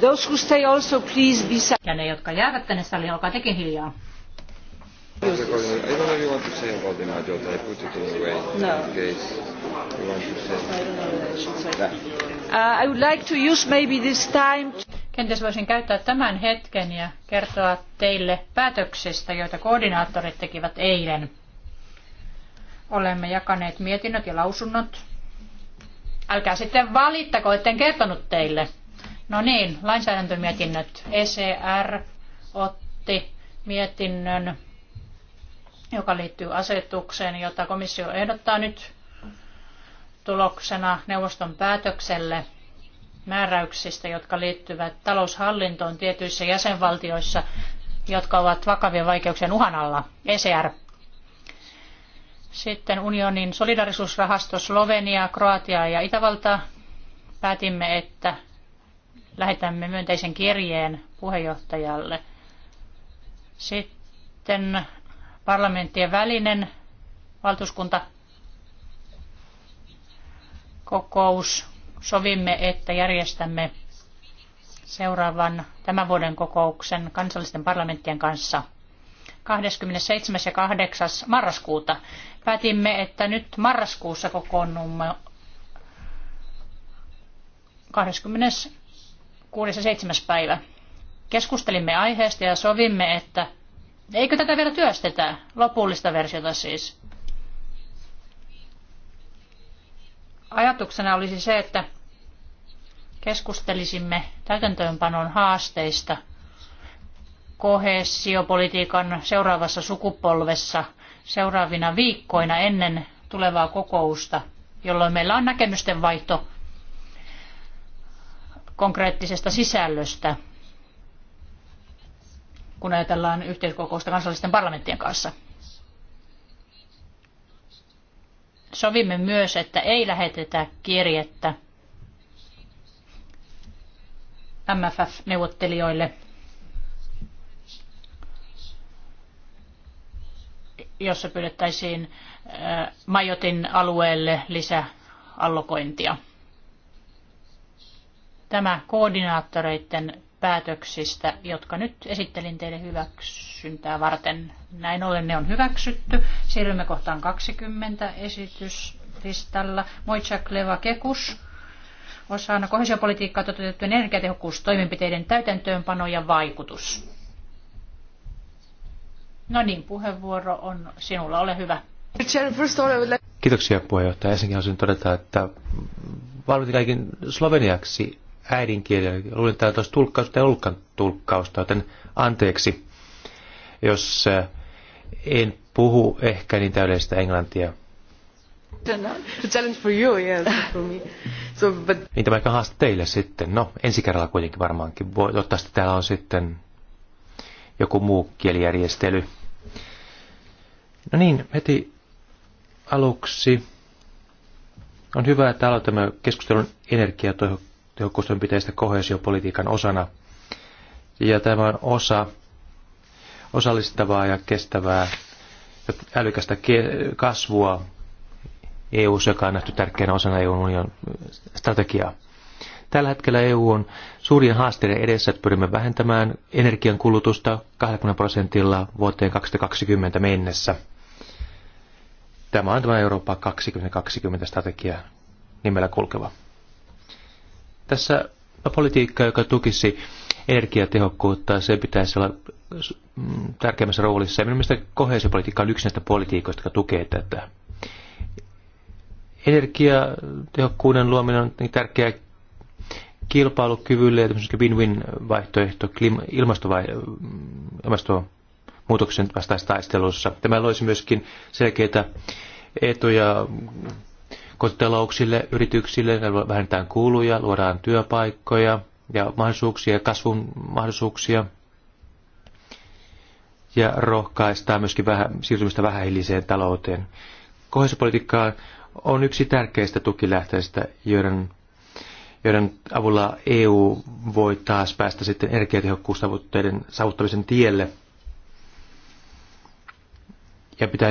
Those who stay also please be... Ja ne, jotka jäävät tänne saliin, olkaa tekin hiljaa. Use this. I don't know if you want to say about the adult. I put it anyway. No. In case you want to say. I don't know what I should say. Yeah. Uh, I would like to use maybe this time. To... Kenties voisin käyttää tämän hetken ja kertoa teille päätöksistä, joita koordinaattorit tekivät eilen. Olemme jakaneet mietinnöt ja lausunnot. Älkää sitten valittako, etten kertonut teille. No niin, lainsäädäntömietinnöt. ECR otti mietinnön joka liittyy asetukseen, jota komissio ehdottaa nyt tuloksena neuvoston päätökselle määräyksistä, jotka liittyvät taloushallintoon tietyissä jäsenvaltioissa, jotka ovat vakavien vaikeuksien uhan alla, ECR. Sitten unionin solidarisuusrahasto Slovenia, Kroatia ja Itävalta. Päätimme, että lähetämme myönteisen kirjeen puheenjohtajalle. Sitten parlamenttien välinen valtuuskunta kokous. Sovimme, että järjestämme seuraavan tämän vuoden kokouksen kansallisten parlamenttien kanssa 27. ja 8. marraskuuta. Päätimme, että nyt marraskuussa kokoonnumme 26. ja 7. päivä. Keskustelimme aiheesta ja sovimme, että Eikö tätä vielä työstetä? Lopullista versiota siis. Ajatuksena olisi se, että keskustelisimme täytäntöönpanon haasteista kohesiopolitiikan seuraavassa sukupolvessa seuraavina viikkoina ennen tulevaa kokousta, jolloin meillä on näkemysten vaihto konkreettisesta sisällöstä kun ajatellaan yhteiskokousta kansallisten parlamenttien kanssa. Sovimme myös, että ei lähetetä kirjettä MFF-neuvottelijoille, jossa pyydettäisiin äh, Majotin alueelle lisäallokointia. Tämä koordinaattoreiden päätöksistä, jotka nyt esittelin teille hyväksyntää varten. Näin ollen ne on hyväksytty. Siirrymme kohtaan 20 esityslistalla. Moitsak Leva Kekus. Osana kohesiopolitiikkaa toteutettu energiatehokkuustoimenpiteiden täytäntöönpano ja vaikutus. No niin, puheenvuoro on sinulla. Ole hyvä. Kiitoksia puheenjohtaja. Ensinnäkin haluaisin todeta, että valmitin kaikin sloveniaksi äidinkielellä. Luulen, että täällä tulkkausta ja ollutkaan tulkkausta, joten anteeksi, jos eh, en puhu ehkä niin täydellistä englantia. The challenge for you, yes, for me. So, but... Niin tämä ehkä haaste teille sitten. No, ensi kerralla kuitenkin varmaankin. toivottavasti täällä on sitten joku muu kielijärjestely. No niin, heti aluksi on hyvä, että aloitamme keskustelun energiatoihin tehokkuustoimenpiteistä kohesiopolitiikan osana. Ja tämä on osa osallistavaa ja kestävää ja älykästä kasvua EU, joka on nähty tärkeänä osana EUn union strategiaa. Tällä hetkellä EU on suurien haasteiden edessä, että pyrimme vähentämään energian kulutusta 20 prosentilla vuoteen 2020 mennessä. Tämä on tämä Eurooppa 2020 strategia nimellä kulkeva tässä politiikka, joka tukisi energiatehokkuutta, se pitäisi olla mm, tärkeimmässä roolissa. Ja minun mielestä kohesiopolitiikka on yksi näistä politiikoista, joka tukee tätä. Energiatehokkuuden luominen on niin tärkeää kilpailukyvylle ja win-win vaihtoehto mm, ilmastonmuutoksen vastaisessa taistelussa. Tämä loisi myöskin selkeitä etuja kotitalouksille, yrityksille, vähennetään kuluja, luodaan työpaikkoja ja mahdollisuuksia, kasvun mahdollisuuksia. Ja rohkaistaan myöskin vähän, siirtymistä vähähiiliseen talouteen. Kohdistuspolitiikka on yksi tärkeistä tukilähteistä, joiden, joiden avulla EU voi taas päästä sitten energiatehokkuustavoitteiden saavuttamisen tielle. Ja pitää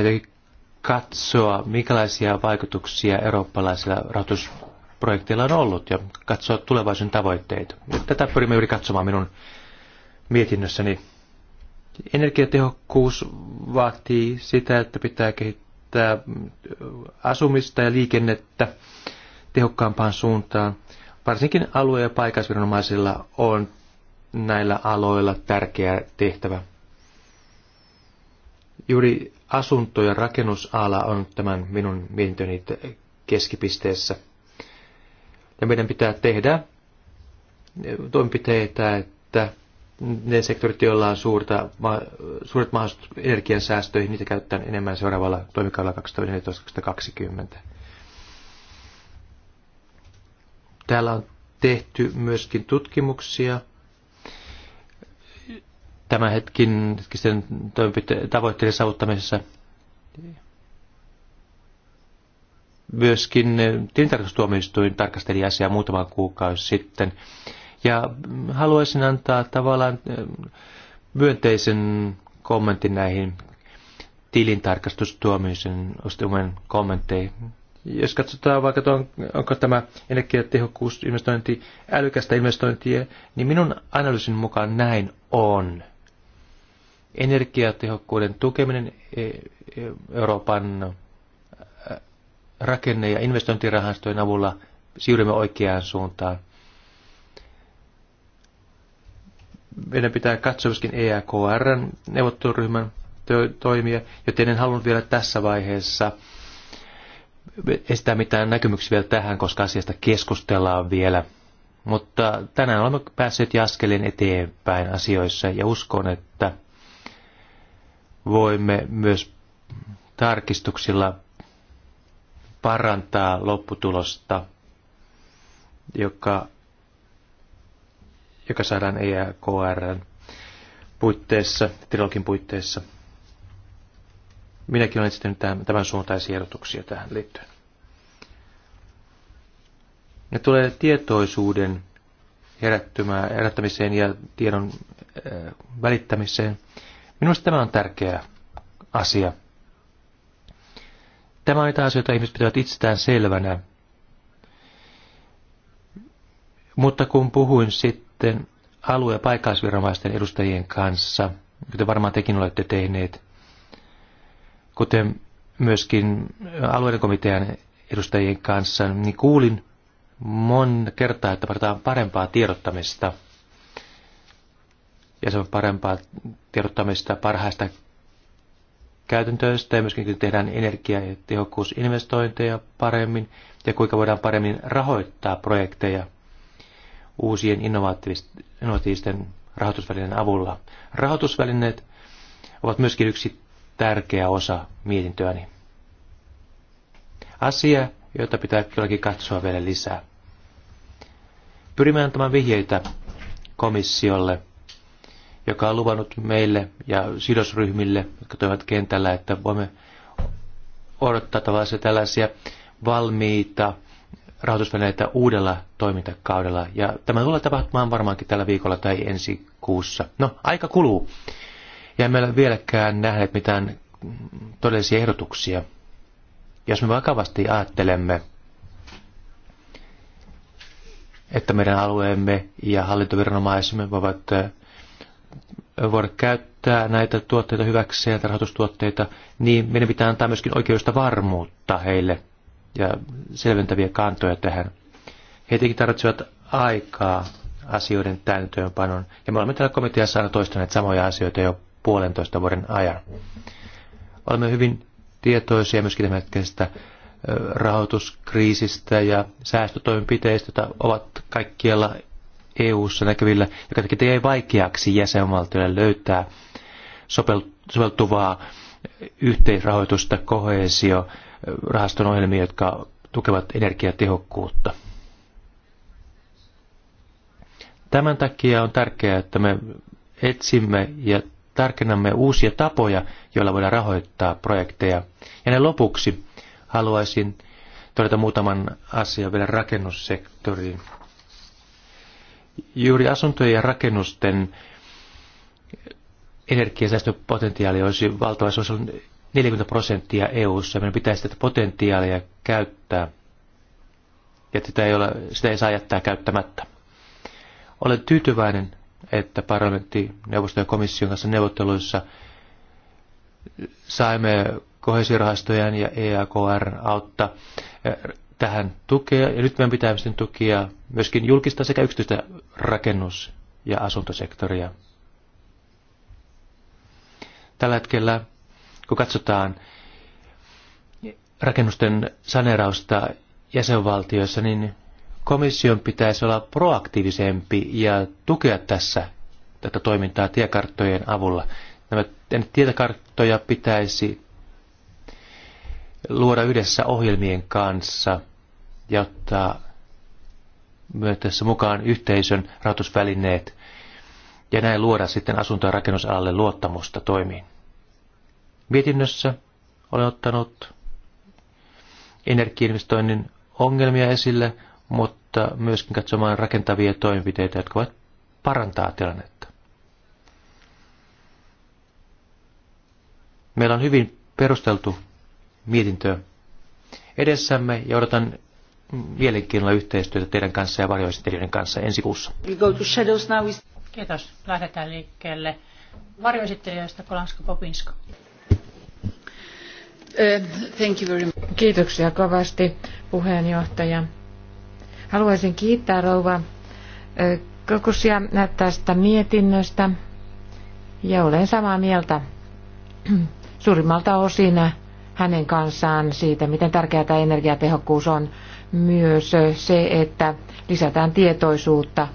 katsoa, minkälaisia vaikutuksia eurooppalaisilla rahoitusprojekteilla on ollut ja katsoa tulevaisuuden tavoitteita. Tätä pyrimme juuri katsomaan minun mietinnössäni. Energiatehokkuus vaatii sitä, että pitää kehittää asumista ja liikennettä tehokkaampaan suuntaan. Varsinkin alue- ja paikallisviranomaisilla on näillä aloilla tärkeä tehtävä. Juuri asunto- ja rakennusala on tämän minun mietintöni keskipisteessä. Ja meidän pitää tehdä toimenpiteitä, että ne sektorit, joilla on suurta, suuret mahdollisuudet energiansäästöihin, niitä käytetään enemmän seuraavalla toimikaudella 2014-2020. Täällä on tehty myöskin tutkimuksia tämän hetkin hetkisten tavoitteiden saavuttamisessa myöskin eh, tilintarkastustuomioistuin tarkasteli asiaa muutama kuukausi sitten. Ja haluaisin antaa tavallaan eh, myönteisen kommentin näihin tilintarkastustuomioistuimen kommentteihin. Jos katsotaan vaikka tuon, onko tämä energiatehokkuusinvestointi älykästä investointia, niin minun analyysin mukaan näin on energiatehokkuuden tukeminen e, e, Euroopan rakenne- ja investointirahastojen avulla siirrymme oikeaan suuntaan. Meidän pitää katsoa myöskin EAKRn neuvotteluryhmän toimia, joten en halunnut vielä tässä vaiheessa estää mitään näkemyksiä vielä tähän, koska asiasta keskustellaan vielä. Mutta tänään olemme päässeet jaskeleen eteenpäin asioissa ja uskon, että voimme myös tarkistuksilla parantaa lopputulosta, joka, joka saadaan EAKRn puitteissa, trilogin puitteissa. Minäkin olen esittänyt tämän, tämän suuntaisia ehdotuksia tähän liittyen. Ne tulee tietoisuuden herättämiseen ja tiedon äh, välittämiseen – Minusta tämä on tärkeä asia. Tämä on niitä asioita, joita ihmiset pitävät itsestään selvänä. Mutta kun puhuin sitten alue- ja paikallisviranomaisten edustajien kanssa, kuten varmaan tekin olette tehneet, kuten myöskin alueiden komitean edustajien kanssa, niin kuulin monta kertaa, että tarvitaan parempaa tiedottamista ja se on parempaa tiedottamista parhaista käytäntöistä ja myöskin kun tehdään energia- ja tehokkuusinvestointeja paremmin ja kuinka voidaan paremmin rahoittaa projekteja uusien innovatiivisten rahoitusvälineiden avulla. Rahoitusvälineet ovat myöskin yksi tärkeä osa mietintöäni. Asia, jota pitää kylläkin katsoa vielä lisää. Pyrimme antamaan vihjeitä komissiolle – joka on luvannut meille ja sidosryhmille, jotka toivat kentällä, että voimme odottaa tavallaan tällaisia valmiita rahoitusvälineitä uudella toimintakaudella. Ja tämä tulee tapahtumaan varmaankin tällä viikolla tai ensi kuussa. No, aika kuluu. Ja emme ole vieläkään nähneet mitään todellisia ehdotuksia. Jos me vakavasti ajattelemme, että meidän alueemme ja hallintoviranomaisemme voivat voida käyttää näitä tuotteita hyväksi ja rahoitustuotteita, niin meidän pitää antaa myöskin oikeudesta varmuutta heille ja selventäviä kantoja tähän. He tietenkin tarvitsevat aikaa asioiden täytäntöönpanon, ja me olemme täällä komiteassa aina toistaneet samoja asioita jo puolentoista vuoden ajan. Olemme hyvin tietoisia myöskin tämänhetkisestä rahoituskriisistä ja säästötoimenpiteistä, joita ovat kaikkialla EU-ssa näkyvillä, joka tekee vaikeaksi jäsenvaltioille löytää soveltuvaa yhteisrahoitusta kohesio rahaston ohjelmia, jotka tukevat energiatehokkuutta. Tämän takia on tärkeää, että me etsimme ja tarkennamme uusia tapoja, joilla voidaan rahoittaa projekteja. Ja ne lopuksi haluaisin todeta muutaman asian vielä rakennussektoriin juuri asuntojen ja rakennusten energiasäästöpotentiaali olisi valtava, se olisi 40 prosenttia EU-ssa. Meidän pitäisi tätä potentiaalia käyttää, ja sitä ei, ole, sitä ei saa jättää käyttämättä. Olen tyytyväinen, että parlamentti, neuvosto ja komission kanssa neuvotteluissa saimme kohesirahastojen ja EAKR autta tähän tukea, ja nyt meidän pitää sitten tukea myöskin julkista sekä yksityistä rakennus- ja asuntosektoria. Tällä hetkellä, kun katsotaan rakennusten saneerausta jäsenvaltioissa, niin komission pitäisi olla proaktiivisempi ja tukea tässä tätä toimintaa tiekarttojen avulla. Nämä tietokarttoja pitäisi luoda yhdessä ohjelmien kanssa – ja ottaa myötässä mukaan yhteisön rahoitusvälineet ja näin luoda sitten asunto- ja rakennusalalle luottamusta toimiin. Mietinnössä olen ottanut energiainvestoinnin ongelmia esille, mutta myöskin katsomaan rakentavia toimenpiteitä, jotka voivat parantaa tilannetta. Meillä on hyvin perusteltu mietintö edessämme ja odotan mielenkiinnolla yhteistyötä teidän kanssa ja varjoesittelijöiden kanssa ensi kuussa. Kiitos. Lähdetään liikkeelle varjoesittelijöistä Kolanska Popinska. Eh, thank you very much. Kiitoksia kovasti puheenjohtaja. Haluaisin kiittää rouva eh, Kokusia tästä mietinnöstä ja olen samaa mieltä suurimmalta osina hänen kanssaan siitä, miten tärkeää tämä energiatehokkuus on myös se, että lisätään tietoisuutta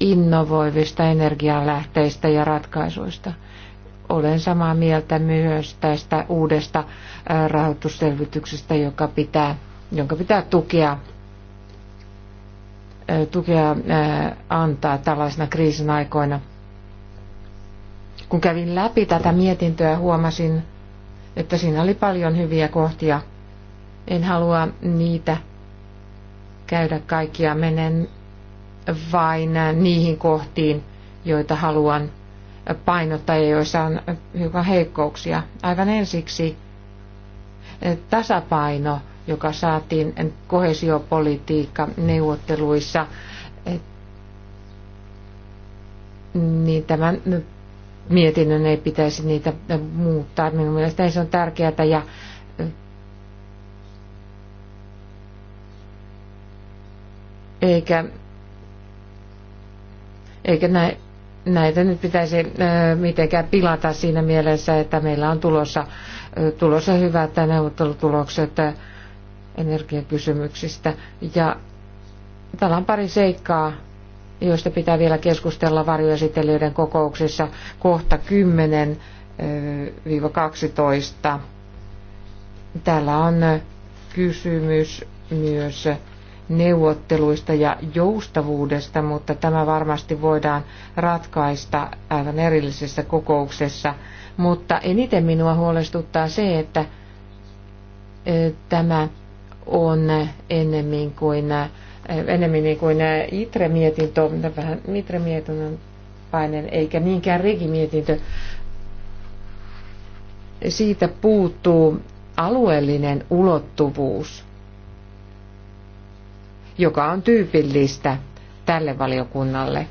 innovoivista energianlähteistä ja ratkaisuista. Olen samaa mieltä myös tästä uudesta äh, rahoitusselvityksestä, joka pitää, jonka pitää tukea, äh, tukea äh, antaa tällaisena kriisin aikoina. Kun kävin läpi tätä mietintöä, huomasin, että siinä oli paljon hyviä kohtia. En halua niitä käydä kaikkia, menen vain niihin kohtiin, joita haluan painottaa ja joissa on hiukan heikkouksia. Aivan ensiksi tasapaino, joka saatiin kohesiopolitiikka neuvotteluissa, niin tämän mietinnön ei pitäisi niitä muuttaa. Minun mielestäni se on tärkeää ja Eikä, eikä näin näitä nyt pitäisi mitenkään pilata siinä mielessä, että meillä on tulossa, tulossa hyvät neuvottelutulokset energiakysymyksistä. Ja täällä on pari seikkaa, joista pitää vielä keskustella varjoesittelijöiden kokouksissa kohta 10-12. Täällä on kysymys myös neuvotteluista ja joustavuudesta, mutta tämä varmasti voidaan ratkaista aivan erillisessä kokouksessa. Mutta eniten minua huolestuttaa se, että tämä on ennemmin kuin, ennemmin niin kuin ITRE-mietintö, vähän ITRE-mietinnön painen, eikä niinkään regimietintö. Siitä puuttuu alueellinen ulottuvuus joka on tyypillistä tälle valiokunnalle.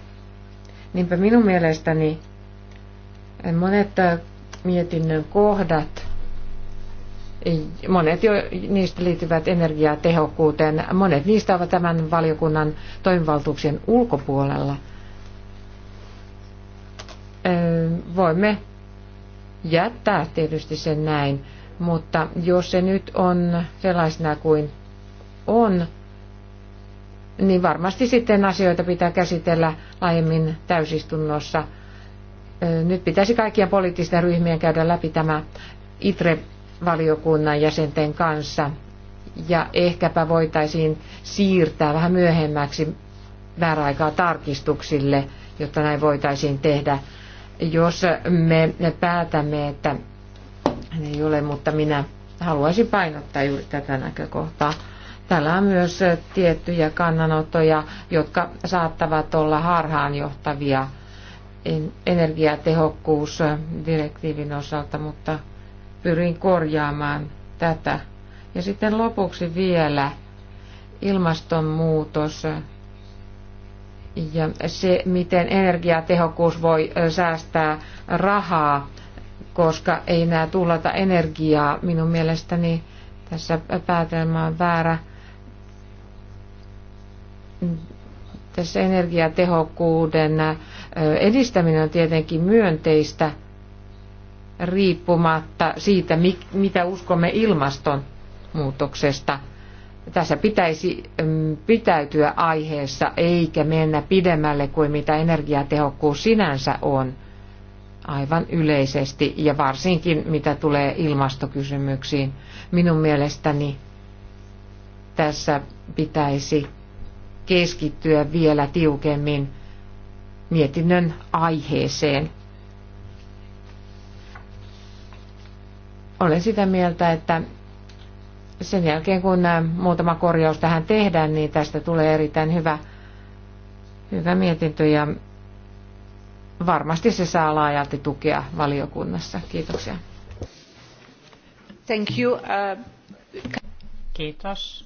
Niinpä minun mielestäni monet äh, mietinnön kohdat, monet jo, niistä liittyvät energiatehokkuuteen, monet niistä ovat tämän valiokunnan toimivaltuuksien ulkopuolella. Äh, voimme jättää tietysti sen näin, mutta jos se nyt on sellaisena kuin on, niin varmasti sitten asioita pitää käsitellä laajemmin täysistunnossa. Nyt pitäisi kaikkien poliittisten ryhmien käydä läpi tämä ITRE-valiokunnan jäsenten kanssa. Ja ehkäpä voitaisiin siirtää vähän myöhemmäksi vääräaikaa tarkistuksille, jotta näin voitaisiin tehdä. Jos me päätämme, että ei ole, mutta minä haluaisin painottaa juuri tätä näkökohtaa. Täällä on myös tiettyjä kannanottoja, jotka saattavat olla harhaanjohtavia energiatehokkuusdirektiivin osalta, mutta pyrin korjaamaan tätä. Ja sitten lopuksi vielä ilmastonmuutos ja se, miten energiatehokkuus voi säästää rahaa, koska ei enää tullata energiaa. Minun mielestäni tässä päätelmä on väärä tässä energiatehokkuuden edistäminen on tietenkin myönteistä riippumatta siitä, mitä uskomme ilmastonmuutoksesta. Tässä pitäisi pitäytyä aiheessa eikä mennä pidemmälle kuin mitä energiatehokkuus sinänsä on aivan yleisesti ja varsinkin mitä tulee ilmastokysymyksiin. Minun mielestäni tässä pitäisi keskittyä vielä tiukemmin mietinnön aiheeseen. Olen sitä mieltä, että sen jälkeen kun äh, muutama korjaus tähän tehdään, niin tästä tulee erittäin hyvä, hyvä mietintö ja varmasti se saa laajalti tukea valiokunnassa. Kiitoksia. Thank you. Uh... Kiitos.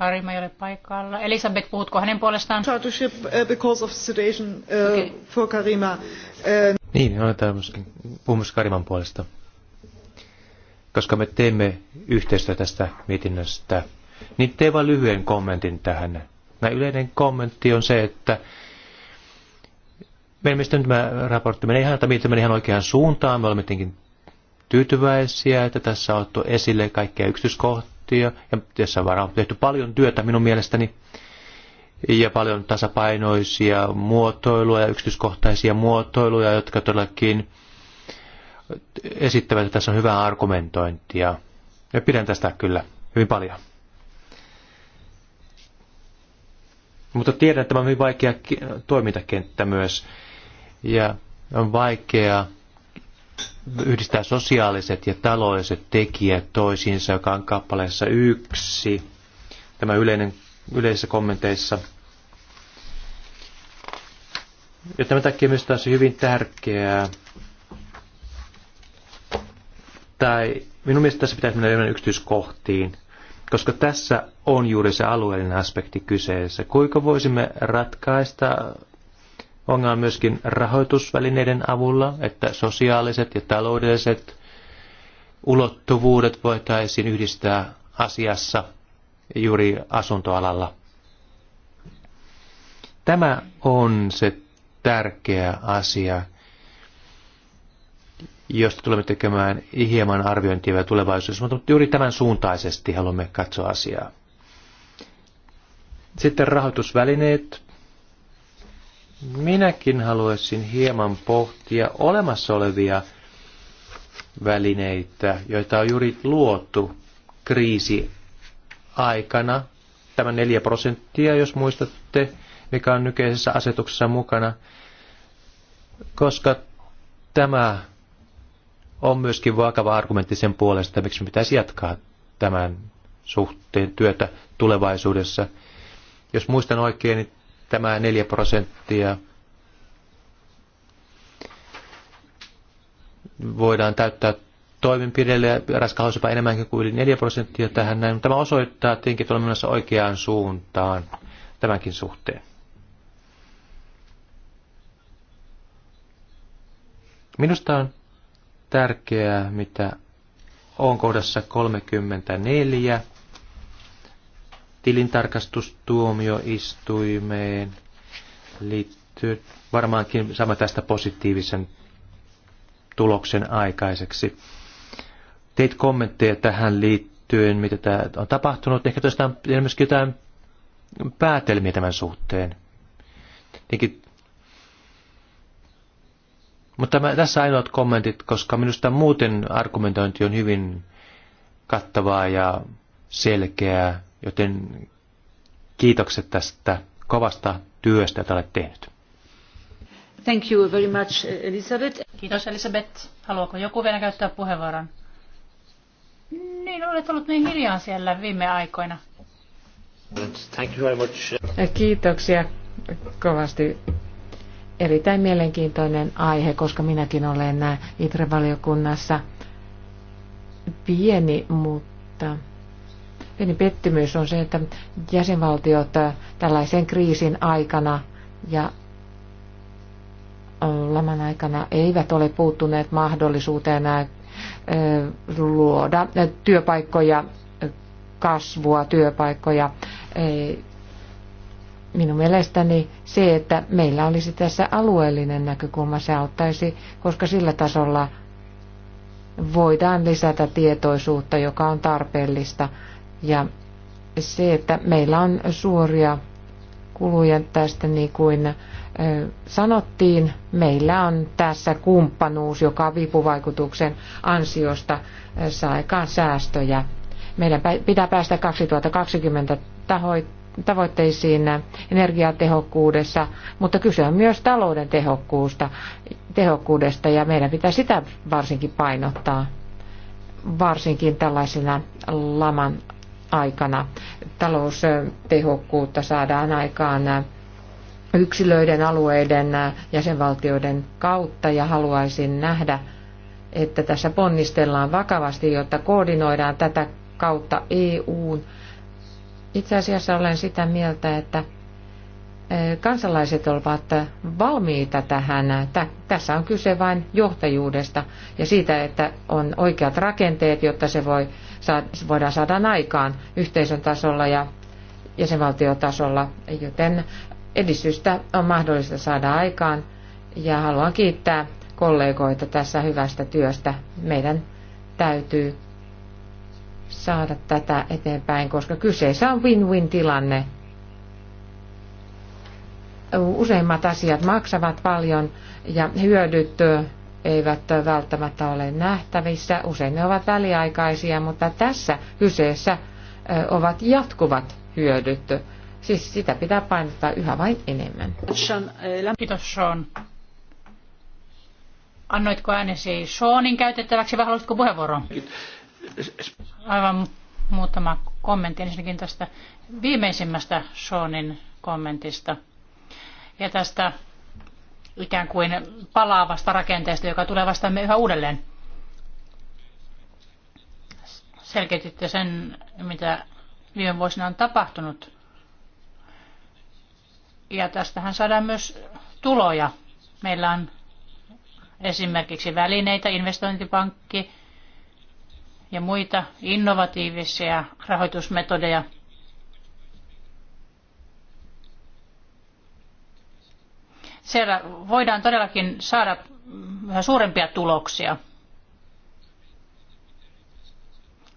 Karima ei ole paikalla. Elisabeth, puhutko hänen puolestaan? Chartership uh, because of sedation uh, okay. for Karima. Uh, niin, olen täällä myöskin puhumassa Kariman puolesta. Koska me teemme yhteistyötä tästä mietinnöstä, niin tee vain lyhyen kommentin tähän. Mä yleinen kommentti on se, että meidän mielestä nyt tämä raportti menee ihan, tai menee ihan oikeaan suuntaan. Me olemme tietenkin tyytyväisiä, että tässä on otettu esille kaikkia yksityiskohtia tehty ja tässä on tehty paljon työtä minun mielestäni ja paljon tasapainoisia muotoiluja, yksityiskohtaisia muotoiluja, jotka todellakin esittävät, että tässä on hyvää argumentointia. Ja pidän tästä kyllä hyvin paljon. Mutta tiedän, että tämä on hyvin vaikea toimintakenttä myös. Ja on vaikea yhdistää sosiaaliset ja taloudelliset tekijät toisiinsa, joka on kappaleessa yksi. Tämä yleinen, yleisissä kommenteissa. Ja tämän takia myös taas hyvin tärkeää, tai minun mielestä tässä pitäisi mennä enemmän yksityiskohtiin, koska tässä on juuri se alueellinen aspekti kyseessä. Kuinka voisimme ratkaista Ongelma myöskin rahoitusvälineiden avulla, että sosiaaliset ja taloudelliset ulottuvuudet voitaisiin yhdistää asiassa juuri asuntoalalla. Tämä on se tärkeä asia, josta tulemme tekemään hieman arviointia vielä tulevaisuudessa, mutta juuri tämän suuntaisesti haluamme katsoa asiaa. Sitten rahoitusvälineet. Minäkin haluaisin hieman pohtia olemassa olevia välineitä, joita on juuri luotu kriisi aikana. Tämä 4 prosenttia, jos muistatte, mikä on nykyisessä asetuksessa mukana, koska tämä on myöskin vakava argumentti sen puolesta, miksi me pitäisi jatkaa tämän suhteen työtä tulevaisuudessa. Jos muistan oikein, niin tämä 4 prosenttia voidaan täyttää toimenpideille ja raskaus enemmänkin kuin yli 4 prosenttia tähän näin. Tämä osoittaa tietenkin, että olemme oikeaan suuntaan tämänkin suhteen. Minusta on tärkeää, mitä on kohdassa 34 tilintarkastustuomioistuimeen liittyy varmaankin sama tästä positiivisen tuloksen aikaiseksi. Teit kommentteja tähän liittyen, mitä tämä on tapahtunut. Ehkä tuosta on myöskin jotain päätelmiä tämän suhteen. Tietenkin mutta mä, tässä ainoat kommentit, koska minusta muuten argumentointi on hyvin kattavaa ja selkeää Joten kiitokset tästä kovasta työstä, jota olet tehnyt. Thank you very much, Elisabeth. Kiitos Elisabeth. Haluaako joku vielä käyttää puheenvuoron? Niin, olet ollut niin hiljaa siellä viime aikoina. Thank you very much. Kiitoksia kovasti. Erittäin mielenkiintoinen aihe, koska minäkin olen ITRE-valiokunnassa pieni, mutta Pieni pettymys on se, että jäsenvaltiot äh, tällaisen kriisin aikana ja äh, laman aikana eivät ole puuttuneet mahdollisuuteen äh, luoda työpaikkoja, kasvua, työpaikkoja. Minun mielestäni se, että meillä olisi tässä alueellinen näkökulma, se auttaisi, koska sillä tasolla voidaan lisätä tietoisuutta, joka on tarpeellista ja se, että meillä on suoria kuluja tästä niin kuin sanottiin, meillä on tässä kumppanuus, joka vipuvaikutuksen ansiosta saa aikaan säästöjä. Meidän pitää päästä 2020 tavoitteisiin energiatehokkuudessa, mutta kyse on myös talouden tehokkuusta, tehokkuudesta ja meidän pitää sitä varsinkin painottaa, varsinkin tällaisena laman aikana. Taloustehokkuutta saadaan aikaan yksilöiden, alueiden, jäsenvaltioiden kautta ja haluaisin nähdä, että tässä ponnistellaan vakavasti, jotta koordinoidaan tätä kautta EUn. Itse asiassa olen sitä mieltä, että kansalaiset ovat valmiita tähän. Tässä on kyse vain johtajuudesta ja siitä, että on oikeat rakenteet, jotta se, voi, se voidaan saada aikaan yhteisön tasolla ja jäsenvaltiotasolla, joten edistystä on mahdollista saada aikaan. Ja haluan kiittää kollegoita tässä hyvästä työstä. Meidän täytyy saada tätä eteenpäin, koska kyseessä on win-win tilanne useimmat asiat maksavat paljon ja hyödyt eivät välttämättä ole nähtävissä. Usein ne ovat väliaikaisia, mutta tässä kyseessä ovat jatkuvat hyödyt. Siis sitä pitää painottaa yhä vain enemmän. Kiitos Sean. Annoitko äänesi Seanin käytettäväksi vai haluaisitko puheenvuoron? Aivan muutama kommentti ensinnäkin tästä viimeisimmästä Seanin kommentista – ja tästä ikään kuin palaavasta rakenteesta, joka tulee vastaamme yhä uudelleen. Selkeytitte sen, mitä viime vuosina on tapahtunut. Ja tästähän saadaan myös tuloja. Meillä on esimerkiksi välineitä, investointipankki ja muita innovatiivisia rahoitusmetodeja – Siellä voidaan todellakin saada vähän suurempia tuloksia.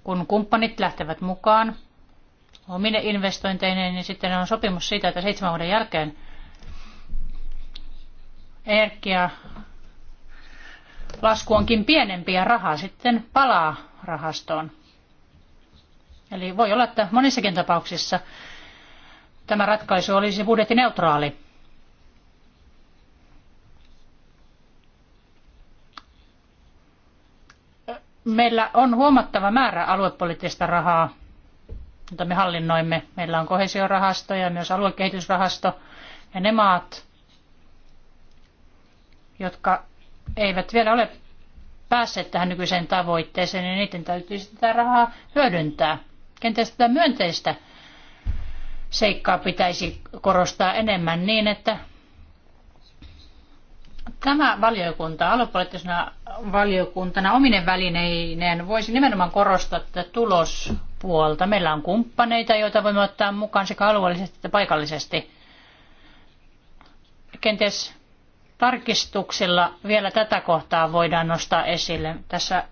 Kun kumppanit lähtevät mukaan omine investointeineen, niin sitten on sopimus siitä, että seitsemän vuoden jälkeen energia lasku onkin pienempi ja raha sitten palaa rahastoon. Eli voi olla, että monissakin tapauksissa tämä ratkaisu olisi budjettineutraali. Meillä on huomattava määrä aluepoliittista rahaa, jota me hallinnoimme. Meillä on kohesiorahasto ja myös aluekehitysrahasto. Ja ne maat, jotka eivät vielä ole päässeet tähän nykyiseen tavoitteeseen, niin niiden täytyy sitä rahaa hyödyntää. Kenties tätä myönteistä seikkaa pitäisi korostaa enemmän niin, että Tämä valiokunta aluepoliittisena valiokuntana ominen välineineen voisi nimenomaan korostaa tätä tulospuolta. Meillä on kumppaneita, joita voimme ottaa mukaan sekä alueellisesti että paikallisesti. Kenties tarkistuksilla vielä tätä kohtaa voidaan nostaa esille. Tässä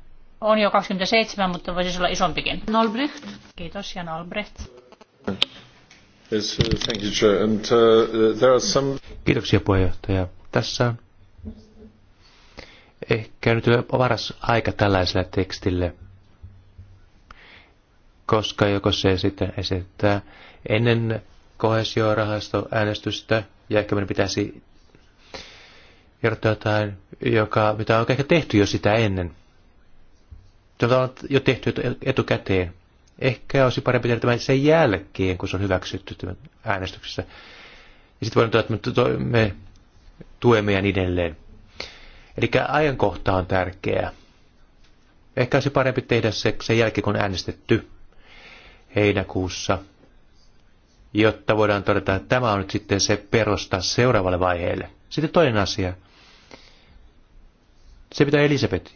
on jo 27, mutta voisi olla isompikin. Nolbrecht. Kiitos, Jan Albrecht. Yes, uh, thank you, And, uh, there are some... Kiitoksia puheenjohtaja. Tässä ehkä nyt varas aika tällaiselle tekstille, koska joko se sitten esittää ennen kohesiorahastoäänestystä, ja ehkä meidän pitäisi kertoa jotain, joka, mitä on ehkä tehty jo sitä ennen. Tämä on jo tehty etukäteen. Ehkä olisi parempi tehdä tämän sen jälkeen, kun se on hyväksytty äänestyksessä. Ja sitten voidaan että me tuemme ja niin edelleen. Eli ajankohta on tärkeää. Ehkä olisi parempi tehdä se sen jälkeen, kun on äänestetty heinäkuussa, jotta voidaan todeta, että tämä on nyt sitten se perusta seuraavalle vaiheelle. Sitten toinen asia. Se mitä Elisabeth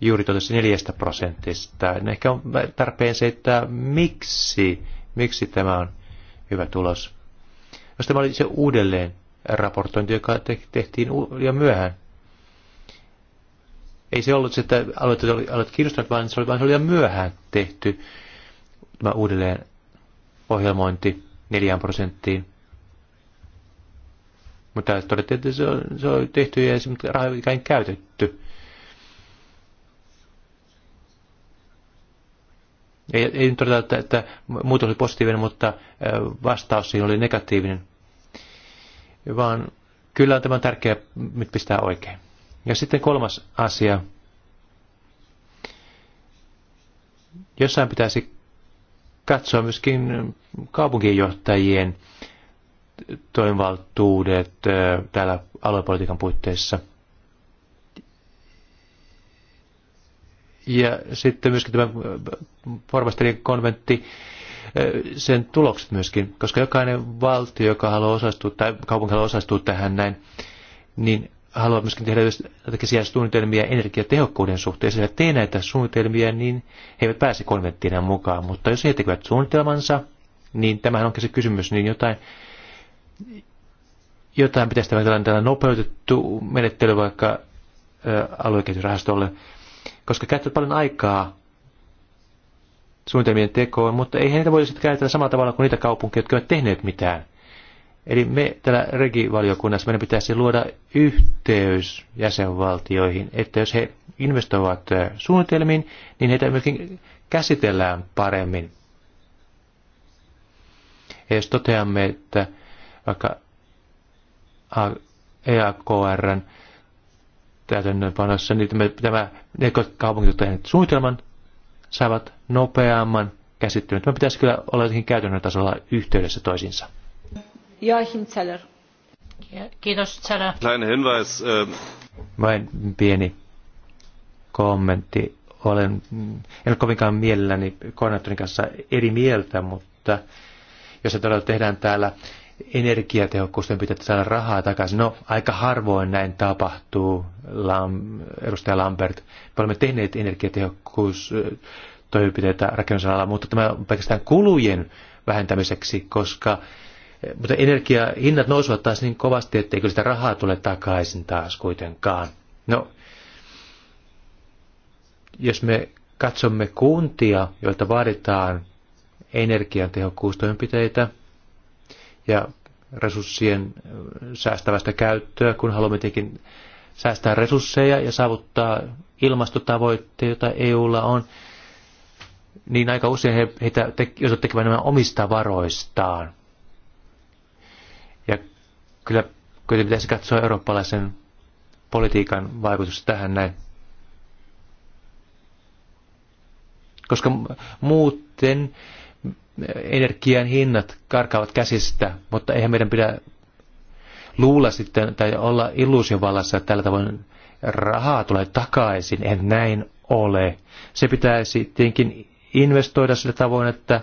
juuri totesi neljästä prosentista. Niin ehkä on tarpeen se, että miksi, miksi tämä on hyvä tulos. Jos tämä oli se uudelleen raportointi, joka tehtiin jo myöhään, ei se ollut se, että aloitteet olivat aloit kiinnostuneet, vaan se oli, vain, se oli liian myöhään tehty tämä uudelleen ohjelmointi neljään prosenttiin. Mutta todettiin, että se on, se on tehty ja se rahaa ei käytetty. Ei, ei nyt todeta, että, että muutos oli positiivinen, mutta vastaus siihen oli negatiivinen. Vaan kyllä on tämä tärkeää nyt pistää oikein. Ja sitten kolmas asia. Jossain pitäisi katsoa myöskin kaupunkijohtajien toimivaltuudet täällä aluepolitiikan puitteissa. Ja sitten myöskin tämä pormestarien konventti, sen tulokset myöskin, koska jokainen valtio, joka haluaa osastua tai kaupunki haluaa osastua tähän näin, niin haluavat myöskin tehdä strategisia suunnitelmia energiatehokkuuden suhteen. Jos he tee näitä suunnitelmia, niin he eivät pääse konventtiin mukaan. Mutta jos he tekevät suunnitelmansa, niin tämähän onkin se kysymys, niin jotain, jotain pitäisi tehdä tällainen nopeutettu menettely vaikka aluekehitysrahastolle, koska käyttää paljon aikaa suunnitelmien tekoon, mutta ei heitä voisi sitten käyttää samalla tavalla kuin niitä kaupunkeja, jotka eivät tehneet mitään – Eli me täällä regivaliokunnassa meidän pitäisi luoda yhteys jäsenvaltioihin, että jos he investoivat suunnitelmiin, niin heitä myöskin käsitellään paremmin. Ja jos toteamme, että vaikka EAKRn täytännönpanossa, niin tämä ne kaupungit, jotka tehneet suunnitelman, saavat nopeamman käsittelyn. Tämä pitäisi kyllä olla jotenkin käytännön tasolla yhteydessä toisiinsa. Joachim Zeller. Kiitos äh, Vain pieni kommentti. Olen, en ole kovinkaan mielelläni koordinaattorin kanssa eri mieltä, mutta jos se todella tehdään täällä energiatehokkuus, niin pitää saada rahaa takaisin. No, aika harvoin näin tapahtuu, Lam, edustaja Lambert. Me olemme tehneet energiatehokkuustoimenpiteitä rakennusalalla, mutta tämä on pelkästään kulujen vähentämiseksi, koska mutta energiahinnat nousevat taas niin kovasti, etteikö sitä rahaa tule takaisin taas kuitenkaan. No, jos me katsomme kuntia, joilta vaaditaan energiantehokkuustoimenpiteitä ja resurssien säästävästä käyttöä, kun haluamme tietenkin säästää resursseja ja saavuttaa ilmastotavoitteita, joita EUlla on, niin aika usein he, heitä te, joutuvat nämä omista varoistaan. Kyllä kyllä pitäisi katsoa eurooppalaisen politiikan vaikutusta tähän näin. Koska muuten energian hinnat karkaavat käsistä, mutta eihän meidän pidä luulla sitten tai olla illuusiovallassa, että tällä tavoin rahaa tulee takaisin. En näin ole. Se pitäisi tietenkin investoida sillä tavoin, että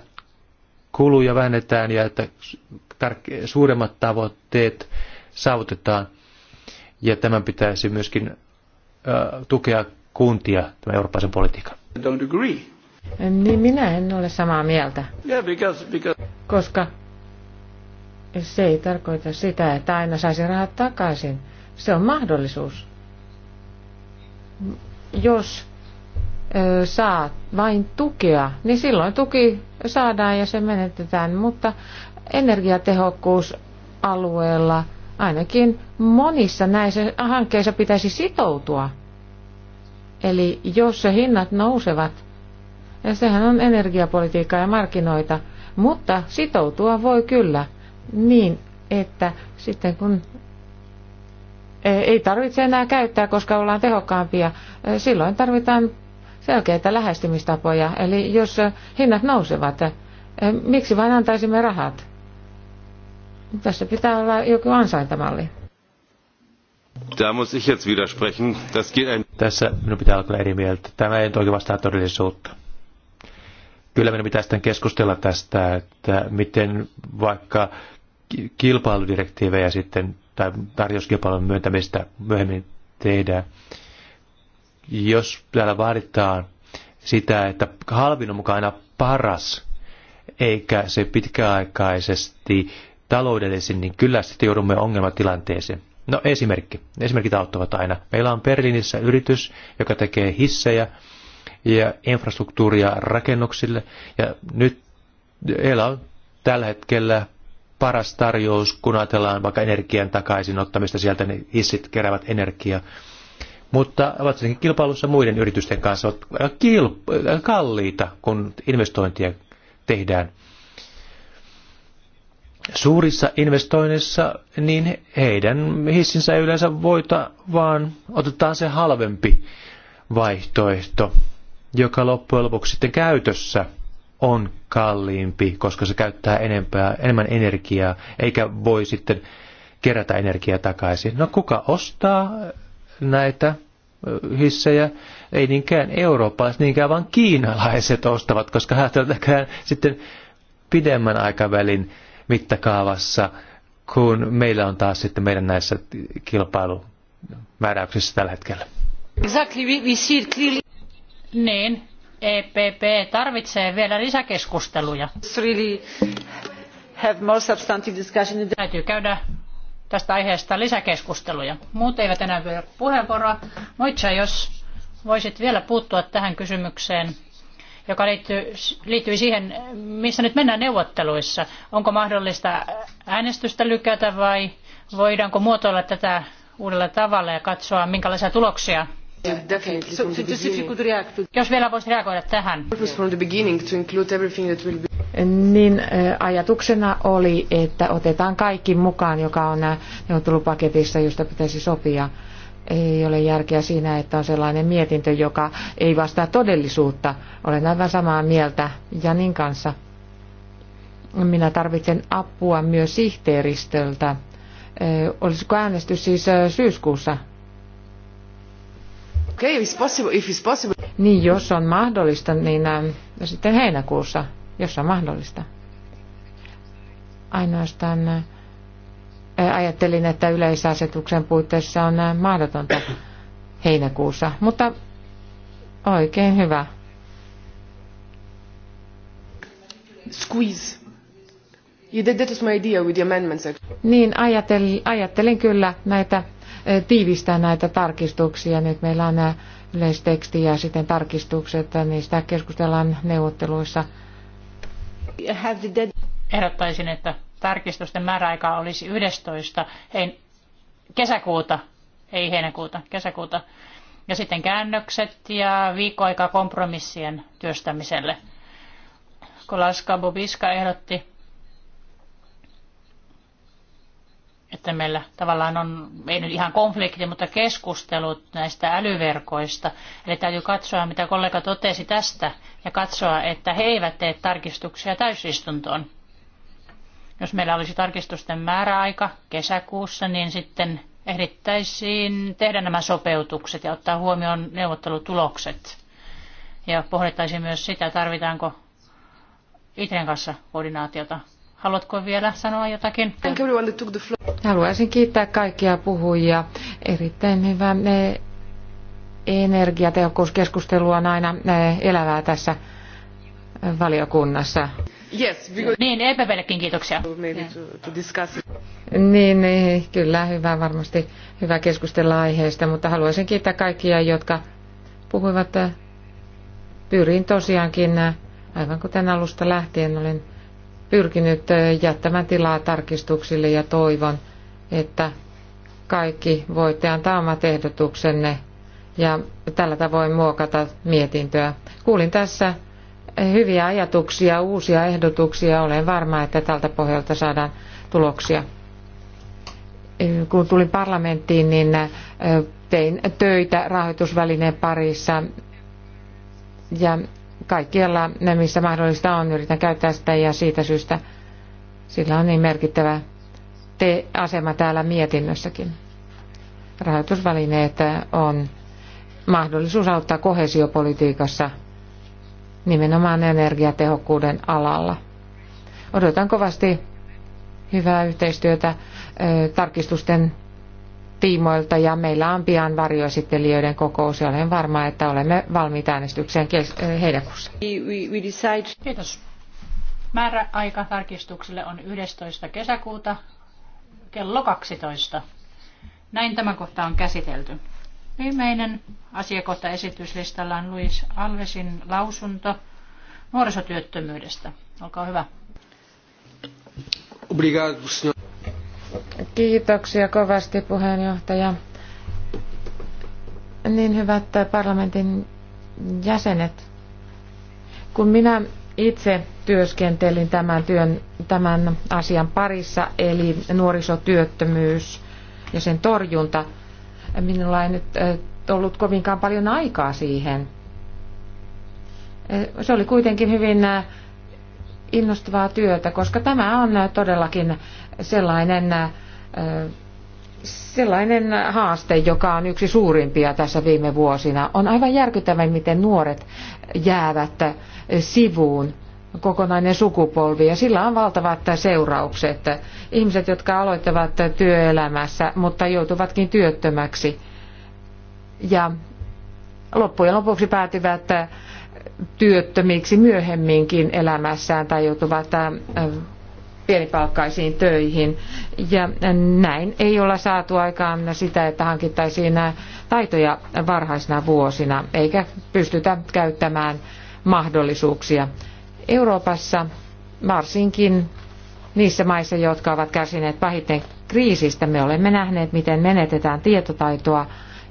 kuluja vähennetään ja että suuremmat tavoitteet saavutetaan. Ja tämän pitäisi myöskin äh, tukea kuntia tämän eurooppalaisen politiikan. Don't agree. Niin minä en ole samaa mieltä. Yeah, because, because... Koska se ei tarkoita sitä, että aina saisi rahat takaisin. Se on mahdollisuus. Jos saa vain tukea, niin silloin tuki saadaan ja se menetetään, mutta energiatehokkuusalueella ainakin monissa näissä hankkeissa pitäisi sitoutua. Eli jos se hinnat nousevat, ja sehän on energiapolitiikkaa ja markkinoita, mutta sitoutua voi kyllä niin, että sitten kun e, ei tarvitse enää käyttää, koska ollaan tehokkaampia, e, silloin tarvitaan selkeitä lähestymistapoja. Eli jos e, hinnat nousevat, miksi vain antaisimme rahat? Tässä pitää olla joku ansaintamalli. Da muss ich jetzt widersprechen. Das geht ein... Tässä minun pitää olla eri mieltä. Tämä ei toki vastaa todellisuutta. Kyllä meidän pitää sitten keskustella tästä, että miten vaikka kilpailudirektiivejä sitten tai tarjouskilpailun myöntämistä myöhemmin tehdään. Jos täällä vaaditaan sitä, että halvin on mukana paras, eikä se pitkäaikaisesti taloudellisin, niin kyllä sitten joudumme ongelmatilanteeseen. No esimerkki. Esimerkit auttavat aina. Meillä on Berliinissä yritys, joka tekee hissejä ja infrastruktuuria rakennuksille. Ja nyt heillä on tällä hetkellä paras tarjous, kun ajatellaan vaikka energian takaisin ottamista sieltä, niin hissit keräävät energiaa. Mutta ovat sitten kilpailussa muiden yritysten kanssa ovat kalliita, kun investointia tehdään suurissa investoinneissa, niin heidän hissinsä ei yleensä voita, vaan otetaan se halvempi vaihtoehto, joka loppujen lopuksi sitten käytössä on kalliimpi, koska se käyttää enempää, enemmän energiaa, eikä voi sitten kerätä energiaa takaisin. No kuka ostaa näitä hissejä? Ei niinkään eurooppalaiset, niinkään vaan kiinalaiset ostavat, koska he sitten pidemmän aikavälin mittakaavassa, kun meillä on taas sitten meidän näissä kilpailumääräyksissä tällä hetkellä. Exactly, we see it clearly. Niin, EPP tarvitsee vielä lisäkeskusteluja. Really have more substantive discussion. Täytyy käydä tästä aiheesta lisäkeskusteluja. Muut eivät enää vielä puheenvuoroa. Moitsa, jos voisit vielä puuttua tähän kysymykseen joka liittyy, liittyy siihen, missä nyt mennään neuvotteluissa. Onko mahdollista äänestystä lykätä vai voidaanko muotoilla tätä uudella tavalla ja katsoa, minkälaisia tuloksia jos vielä voisi reagoida tähän. Niin eh, ajatuksena oli, että otetaan kaikki mukaan, joka on neuvottelupaketissa, josta pitäisi sopia ei ole järkeä siinä, että on sellainen mietintö, joka ei vastaa todellisuutta. Olen aivan samaa mieltä Janin kanssa. Minä tarvitsen apua myös sihteeristöltä. Olisiko äänestys siis syyskuussa? Okay, if it's possible, if it's possible. Niin, jos on mahdollista, niin äh, sitten heinäkuussa, jos on mahdollista. Ainoastaan ajattelin, että yleisasetuksen puitteissa on mahdotonta heinäkuussa, mutta oikein hyvä. Squeeze. That was my idea with the amendments. Niin, ajattelin, ajattelin kyllä näitä, tiivistää näitä tarkistuksia. Nyt meillä on nämä yleisteksti ja sitten tarkistukset, niistä keskustellaan neuvotteluissa. Ehdottaisin, että tarkistusten määräaika olisi 11. kesäkuuta, ei heinäkuuta, kesäkuuta. Ja sitten käännökset ja viikkoaika kompromissien työstämiselle. Kolaska Bobiska ehdotti, että meillä tavallaan on, ei nyt ihan konflikti, mutta keskustelut näistä älyverkoista. Eli täytyy katsoa, mitä kollega totesi tästä, ja katsoa, että he eivät tee tarkistuksia täysistuntoon. Jos meillä olisi tarkistusten määräaika kesäkuussa, niin sitten ehdittäisiin tehdä nämä sopeutukset ja ottaa huomioon neuvottelutulokset. Ja pohdittaisiin myös sitä, tarvitaanko Itren kanssa koordinaatiota. Haluatko vielä sanoa jotakin? Haluaisin kiittää kaikkia puhujia. Erittäin hyvä energiatehokkuuskeskustelu on aina elävää tässä valiokunnassa. Niin, EPPllekin kiitoksia. niin, niin, kyllä, hyvä varmasti, hyvä keskustella aiheesta, mutta haluaisin kiittää kaikkia, jotka puhuivat. Pyrin tosiaankin, aivan kuten alusta lähtien olen pyrkinyt jättämään tilaa tarkistuksille ja toivon, että kaikki voitte antaa omat ehdotuksenne ja tällä tavoin muokata mietintöä. Kuulin tässä hyviä ajatuksia, uusia ehdotuksia. Olen varma, että tältä pohjalta saadaan tuloksia. Kun tulin parlamenttiin, niin tein töitä rahoitusvälineen parissa ja kaikkialla, missä mahdollista on, yritän käyttää sitä ja siitä syystä sillä on niin merkittävä te asema täällä mietinnössäkin. Rahoitusvälineet on mahdollisuus auttaa kohesiopolitiikassa – nimenomaan energiatehokkuuden alalla. Odotan kovasti hyvää yhteistyötä tarkistusten tiimoilta ja meillä on pian varjoesittelijöiden kokous ja olen varma, että olemme valmiita äänestykseen heinäkuussa. Kiitos. Määräaika tarkistukselle on 11. kesäkuuta kello 12. Näin tämä kohta on käsitelty. Viimeinen asiakohta esityslistalla on Luis Alvesin lausunto nuorisotyöttömyydestä. Olkaa hyvä. Kiitoksia kovasti puheenjohtaja. Niin hyvät parlamentin jäsenet. Kun minä itse työskentelin tämän, työn, tämän asian parissa, eli nuorisotyöttömyys ja sen torjunta, Minulla ei nyt ollut kovinkaan paljon aikaa siihen. Se oli kuitenkin hyvin innostavaa työtä, koska tämä on todellakin sellainen, sellainen haaste, joka on yksi suurimpia tässä viime vuosina. On aivan järkyttävää, miten nuoret jäävät sivuun kokonainen sukupolvi ja sillä on valtavat seuraukset. Ihmiset, jotka aloittavat työelämässä, mutta joutuvatkin työttömäksi ja loppujen lopuksi päätyvät työttömiksi myöhemminkin elämässään tai joutuvat äh, pienipalkkaisiin töihin. Ja näin ei olla saatu aikaan sitä, että hankittaisiin taitoja varhaisina vuosina, eikä pystytä käyttämään mahdollisuuksia Euroopassa, varsinkin niissä maissa, jotka ovat kärsineet pahiten kriisistä, me olemme nähneet, miten menetetään tietotaitoa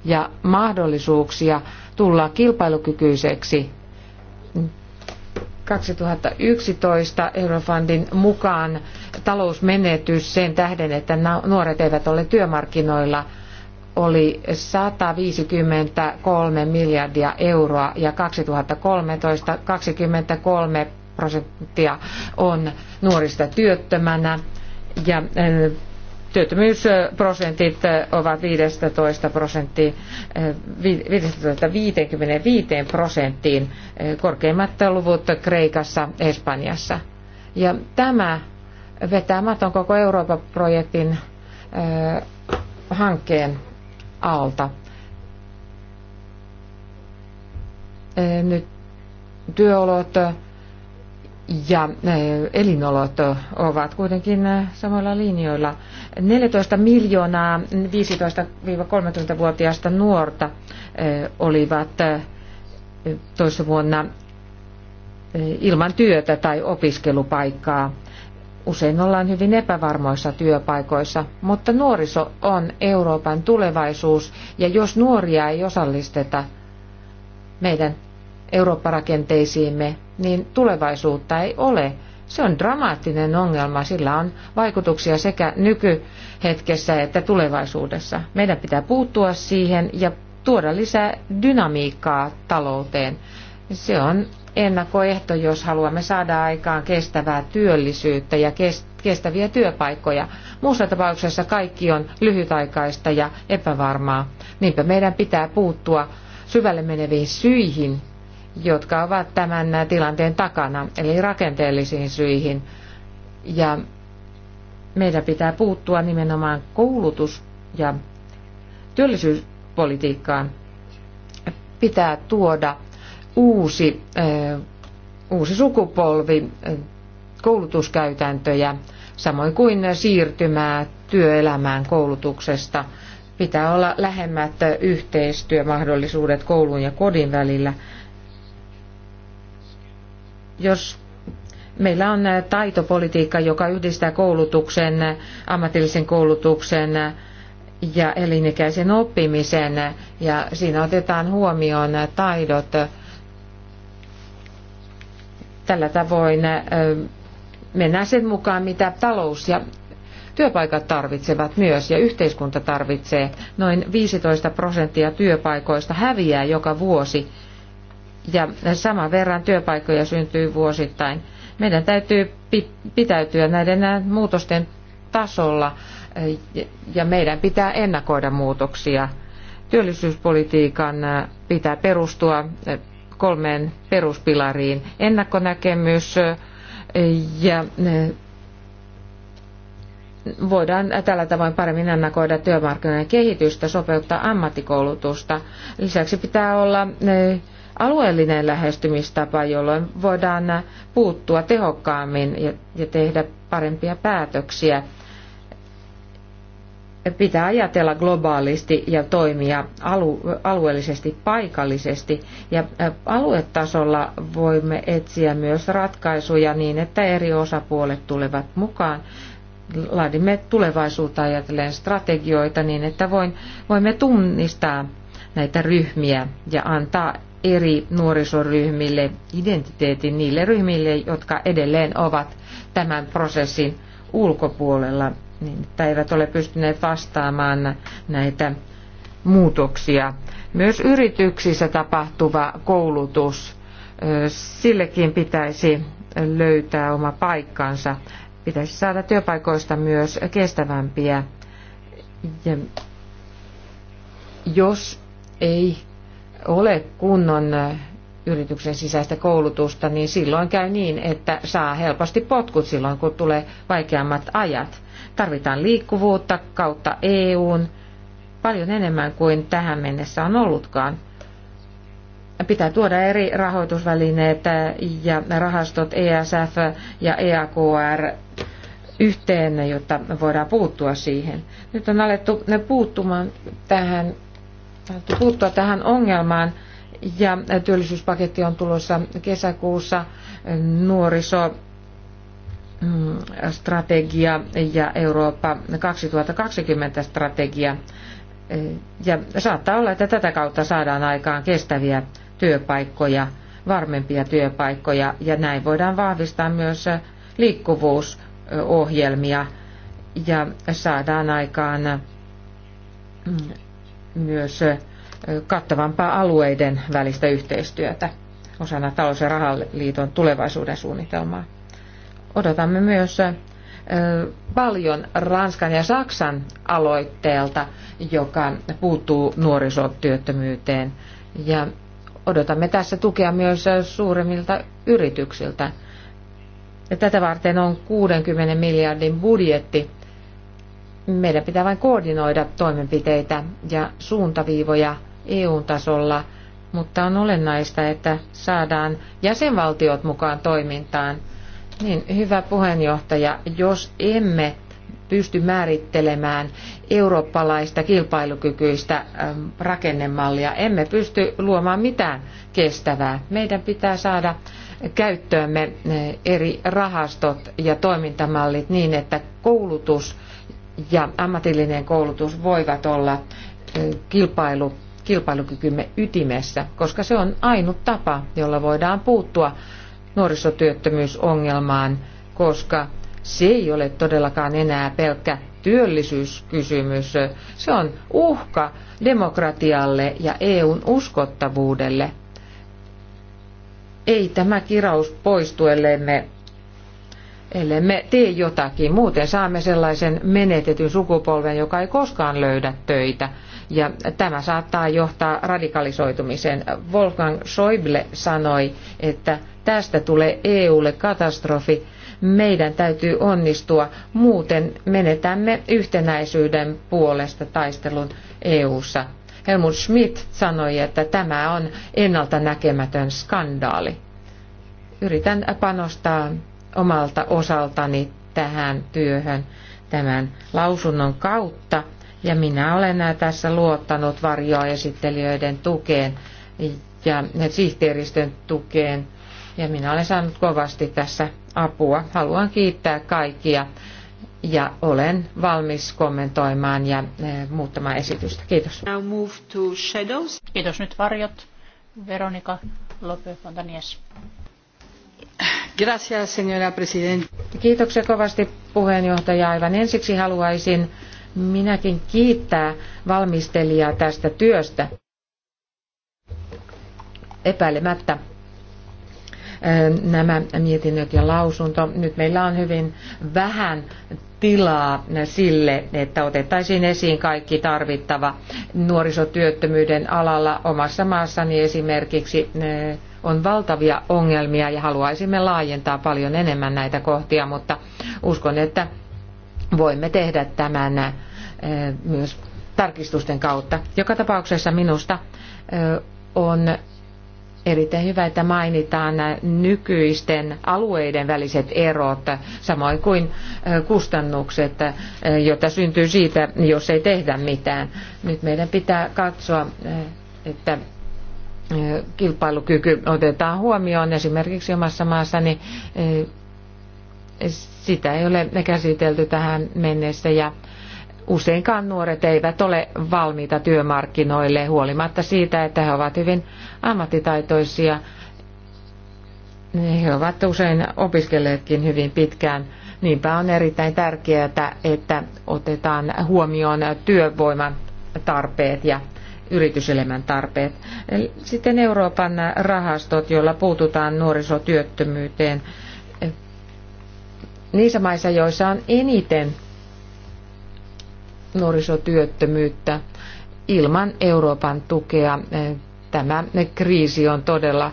ja mahdollisuuksia tulla kilpailukykyiseksi 2011 Eurofundin mukaan talousmenetys sen tähden, että nuoret eivät ole työmarkkinoilla, oli 153 miljardia euroa ja 2013 23 prosenttia on nuorista työttömänä ja työttömyysprosentit ovat 15 prosenttiin, 55 prosenttiin korkeimmat luvut Kreikassa, Espanjassa. Ja tämä vetää maton koko Euroopan projektin hankkeen alta. Nyt työolot ja eh, elinolot ovat kuitenkin eh, samoilla linjoilla. 14 miljoonaa 15-30-vuotiaista nuorta eh, olivat toissa vuonna ilman työtä tai opiskelupaikkaa. Usein ollaan hyvin epävarmoissa työpaikoissa, mutta nuoriso on Euroopan tulevaisuus ja jos nuoria ei osallisteta, meidän Eurooppa-rakenteisiimme, niin tulevaisuutta ei ole. Se on dramaattinen ongelma, sillä on vaikutuksia sekä nykyhetkessä että tulevaisuudessa. Meidän pitää puuttua siihen ja tuoda lisää dynamiikkaa talouteen. Se on ennakkoehto, jos haluamme saada aikaan kestävää työllisyyttä ja kestäviä työpaikkoja. Muussa tapauksessa kaikki on lyhytaikaista ja epävarmaa. Niinpä meidän pitää puuttua syvälle meneviin syihin jotka ovat tämän tilanteen takana, eli rakenteellisiin syihin. Ja meidän pitää puuttua nimenomaan koulutus- ja työllisyyspolitiikkaan. Pitää tuoda uusi, eh, uusi sukupolvi eh, koulutuskäytäntöjä, samoin kuin siirtymää työelämään koulutuksesta. Pitää olla lähemmät yhteistyömahdollisuudet koulun ja kodin välillä jos meillä on taitopolitiikka, joka yhdistää koulutuksen, ammatillisen koulutuksen ja elinikäisen oppimisen, ja siinä otetaan huomioon taidot. Tällä tavoin mennään sen mukaan, mitä talous ja Työpaikat tarvitsevat myös ja yhteiskunta tarvitsee. Noin 15 prosenttia työpaikoista häviää joka vuosi ja saman verran työpaikkoja syntyy vuosittain. Meidän täytyy pitäytyä näiden muutosten tasolla ja meidän pitää ennakoida muutoksia. Työllisyyspolitiikan pitää perustua kolmeen peruspilariin. Ennakkonäkemys ja voidaan tällä tavoin paremmin ennakoida työmarkkinoiden kehitystä, sopeuttaa ammattikoulutusta. Lisäksi pitää olla alueellinen lähestymistapa, jolloin voidaan puuttua tehokkaammin ja, tehdä parempia päätöksiä. Pitää ajatella globaalisti ja toimia alueellisesti, paikallisesti. Ja aluetasolla voimme etsiä myös ratkaisuja niin, että eri osapuolet tulevat mukaan laadimme tulevaisuutta ajatellen strategioita niin, että voimme tunnistaa näitä ryhmiä ja antaa eri nuorisoryhmille identiteetin niille ryhmille, jotka edelleen ovat tämän prosessin ulkopuolella, niin että eivät ole pystyneet vastaamaan näitä muutoksia. Myös yrityksissä tapahtuva koulutus, sillekin pitäisi löytää oma paikkansa. Pitäisi saada työpaikoista myös kestävämpiä. Ja jos ei ole kunnon yrityksen sisäistä koulutusta, niin silloin käy niin, että saa helposti potkut silloin, kun tulee vaikeammat ajat. Tarvitaan liikkuvuutta kautta EUn paljon enemmän kuin tähän mennessä on ollutkaan. Pitää tuoda eri rahoitusvälineet ja rahastot ESF ja EAKR yhteen, jotta voidaan puuttua siihen. Nyt on alettu puuttumaan tähän puuttua tähän ongelmaan ja työllisyyspaketti on tulossa kesäkuussa nuoriso mm, strategia ja Eurooppa 2020 strategia. Ja saattaa olla, että tätä kautta saadaan aikaan kestäviä työpaikkoja, varmempia työpaikkoja ja näin voidaan vahvistaa myös liikkuvuusohjelmia ja saadaan aikaan mm, myös kattavampaa alueiden välistä yhteistyötä osana talous- ja rahaliiton tulevaisuuden suunnitelmaa. Odotamme myös paljon Ranskan ja Saksan aloitteelta, joka puuttuu nuorisotyöttömyyteen. Ja odotamme tässä tukea myös suuremmilta yrityksiltä. ja Tätä varten on 60 miljardin budjetti meidän pitää vain koordinoida toimenpiteitä ja suuntaviivoja EU-tasolla, mutta on olennaista, että saadaan jäsenvaltiot mukaan toimintaan. Niin, hyvä puheenjohtaja, jos emme pysty määrittelemään eurooppalaista kilpailukykyistä ähm, rakennemallia, emme pysty luomaan mitään kestävää. Meidän pitää saada käyttöömme äh, eri rahastot ja toimintamallit niin, että koulutus ja ammatillinen koulutus voivat olla kilpailu, kilpailukykymme ytimessä, koska se on ainut tapa, jolla voidaan puuttua nuorisotyöttömyysongelmaan, koska se ei ole todellakaan enää pelkkä työllisyyskysymys. Se on uhka demokratialle ja EUn uskottavuudelle. Ei tämä kiraus poistu, ellei me ellemme tee jotakin. Muuten saamme sellaisen menetetyn sukupolven, joka ei koskaan löydä töitä. Ja tämä saattaa johtaa radikalisoitumiseen. Wolfgang Schäuble sanoi, että tästä tulee EUlle katastrofi. Meidän täytyy onnistua, muuten menetämme yhtenäisyyden puolesta taistelun EUssa. Helmut Schmidt sanoi, että tämä on ennalta näkemätön skandaali. Yritän panostaa omalta osaltani tähän työhön tämän lausunnon kautta. Ja minä olen tässä luottanut varjoesittelijöiden tukeen ja sihteeristön tukeen. Ja minä olen saanut kovasti tässä apua. Haluan kiittää kaikkia ja olen valmis kommentoimaan ja eh, muuttamaan esitystä. Kiitos. Now move to shadows. Kiitos nyt varjot. Veronika Lope-Fontanies. Kiitoksia kovasti puheenjohtaja. Aivan ensiksi haluaisin minäkin kiittää valmistelijaa tästä työstä. Epäilemättä äh, nämä mietinnöt ja lausunto. Nyt meillä on hyvin vähän tilaa sille, että otettaisiin esiin kaikki tarvittava nuorisotyöttömyyden alalla omassa maassani esimerkiksi äh, on valtavia ongelmia ja haluaisimme laajentaa paljon enemmän näitä kohtia, mutta uskon, että voimme tehdä tämän eh, myös tarkistusten kautta. Joka tapauksessa minusta eh, on erittäin hyvä, että mainitaan nykyisten alueiden väliset erot, samoin kuin eh, kustannukset, joita syntyy siitä, jos ei tehdä mitään. Nyt meidän pitää katsoa, että kilpailukyky otetaan huomioon esimerkiksi omassa maassani. Sitä ei ole käsitelty tähän mennessä ja useinkaan nuoret eivät ole valmiita työmarkkinoille huolimatta siitä, että he ovat hyvin ammattitaitoisia. He ovat usein opiskelleetkin hyvin pitkään. Niinpä on erittäin tärkeää, että otetaan huomioon työvoiman tarpeet ja yrityselämän tarpeet. Sitten Euroopan rahastot, joilla puututaan nuorisotyöttömyyteen niissä maissa, joissa on eniten nuorisotyöttömyyttä ilman Euroopan tukea. Tämä kriisi on todella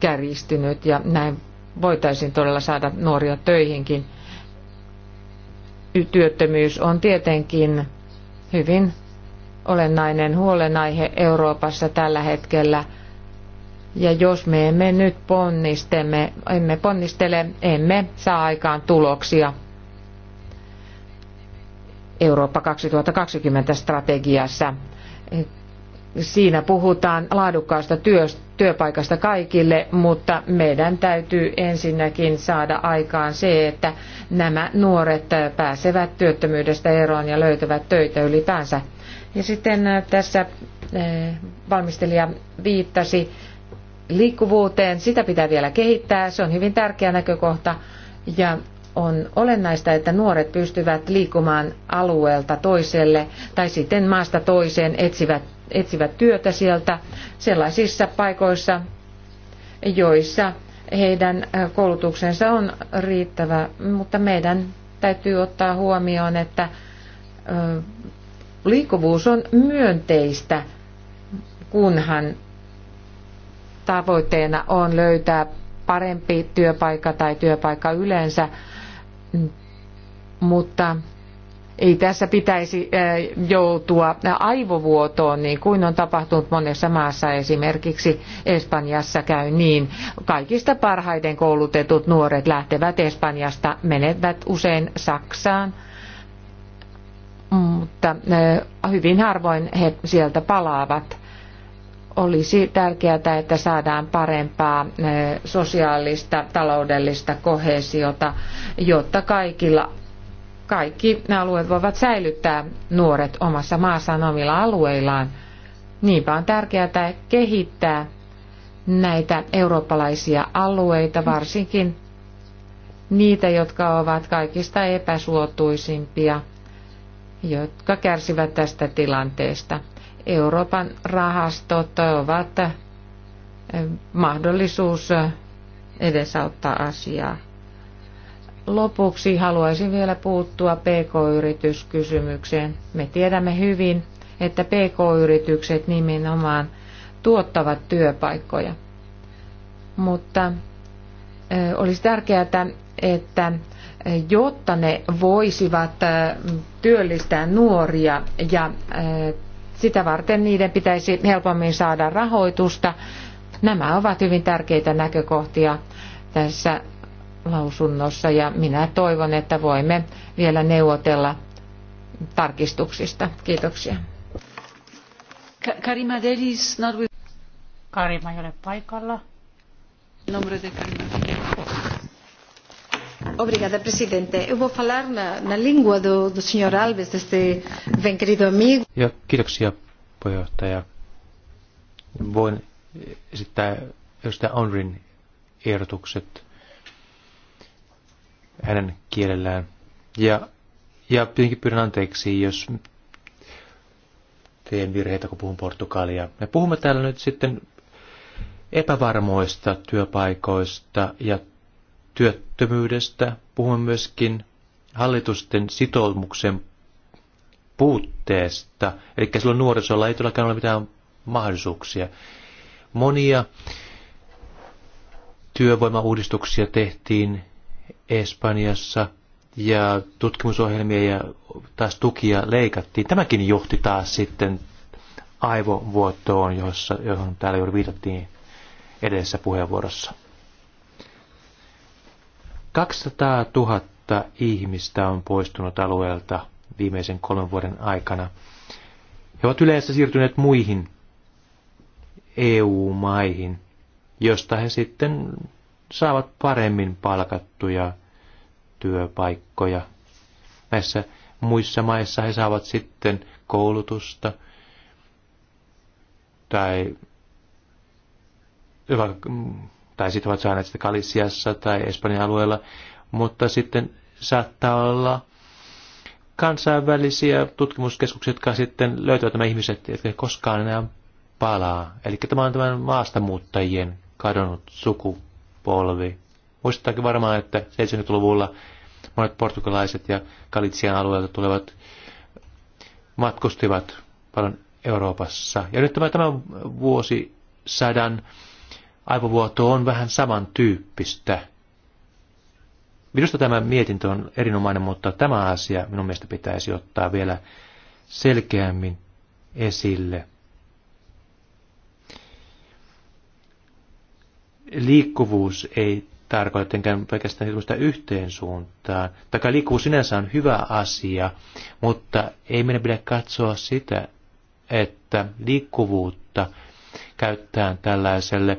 kärjistynyt ja näin voitaisiin todella saada nuoria töihinkin. Työttömyys on tietenkin hyvin olennainen huolenaihe Euroopassa tällä hetkellä. Ja jos me emme nyt ponnistemme, emme ponnistele, emme saa aikaan tuloksia Eurooppa 2020 strategiassa. Siinä puhutaan laadukkaasta työpaikasta kaikille, mutta meidän täytyy ensinnäkin saada aikaan se, että nämä nuoret pääsevät työttömyydestä eroon ja löytävät töitä ylipäänsä ja sitten äh, tässä äh, valmistelija viittasi liikkuvuuteen. Sitä pitää vielä kehittää. Se on hyvin tärkeä näkökohta. Ja on olennaista, että nuoret pystyvät liikkumaan alueelta toiselle tai sitten maasta toiseen, etsivät, etsivät työtä sieltä sellaisissa paikoissa, joissa heidän äh, koulutuksensa on riittävä, mutta meidän täytyy ottaa huomioon, että liikkuvuus on myönteistä, kunhan tavoitteena on löytää parempi työpaikka tai työpaikka yleensä, mutta ei tässä pitäisi joutua aivovuotoon, niin kuin on tapahtunut monessa maassa, esimerkiksi Espanjassa käy niin. Kaikista parhaiten koulutetut nuoret lähtevät Espanjasta, menevät usein Saksaan – mutta hyvin harvoin he sieltä palaavat. Olisi tärkeää, että saadaan parempaa sosiaalista, taloudellista kohesiota, jotta kaikilla kaikki alueet voivat säilyttää nuoret omassa maassaan omilla alueillaan. Niinpä on tärkeää kehittää näitä eurooppalaisia alueita, varsinkin niitä, jotka ovat kaikista epäsuotuisimpia jotka kärsivät tästä tilanteesta. Euroopan rahastot ovat eh, mahdollisuus eh, edesauttaa asiaa. Lopuksi haluaisin vielä puuttua pk-yrityskysymykseen. Me tiedämme hyvin, että pk-yritykset nimenomaan tuottavat työpaikkoja. Mutta eh, olisi tärkeää, että jotta ne voisivat äh, työllistää nuoria ja äh, sitä varten niiden pitäisi helpommin saada rahoitusta. Nämä ovat hyvin tärkeitä näkökohtia tässä lausunnossa ja minä toivon, että voimme vielä neuvotella tarkistuksista. Kiitoksia. Karima Karima ei ole paikalla. de Karima. Obrigada, Presidente. Eu vou falar na, na língua do, do Sr. Alves, deste bem querido amigo. Ja, kiitoksia, puheenjohtaja. Voin esittää edustaja Onrin ehdotukset hänen kielellään. Ja, ja tietenkin pyydän anteeksi, jos teen virheitä, kun puhun portugalia. Me puhumme täällä nyt sitten epävarmoista työpaikoista ja työttömyydestä, puhumme myöskin hallitusten sitoumuksen puutteesta, eli silloin nuorisolla ei todellakaan ole mitään mahdollisuuksia. Monia työvoimauudistuksia tehtiin Espanjassa ja tutkimusohjelmia ja taas tukia leikattiin. Tämäkin johti taas sitten aivovuotoon, jossa, johon täällä juuri viitattiin edellisessä puheenvuorossa. 200 000 ihmistä on poistunut alueelta viimeisen kolmen vuoden aikana. He ovat yleensä siirtyneet muihin EU-maihin, josta he sitten saavat paremmin palkattuja työpaikkoja. Näissä muissa maissa he saavat sitten koulutusta tai vaikka tai sitten ovat saaneet sitä Kalisiassa tai Espanjan alueella, mutta sitten saattaa olla kansainvälisiä tutkimuskeskuksia, jotka sitten löytävät nämä ihmiset, jotka koskaan enää palaa. Eli tämä on tämän maastamuuttajien kadonnut sukupolvi. Muistetaankin varmaan, että 70-luvulla monet portugalaiset ja Kalitsian alueelta tulevat matkustivat paljon Euroopassa. Ja nyt tämä, tämä vuosisadan aivovuoto on vähän samantyyppistä. Minusta tämä mietintö on erinomainen, mutta tämä asia minun mielestä pitäisi ottaa vielä selkeämmin esille. Liikkuvuus ei tarkoita tietenkään pelkästään yhteen suuntaan. Taka liikkuvuus sinänsä on hyvä asia, mutta ei meidän pidä katsoa sitä, että liikkuvuutta käyttää tällaiselle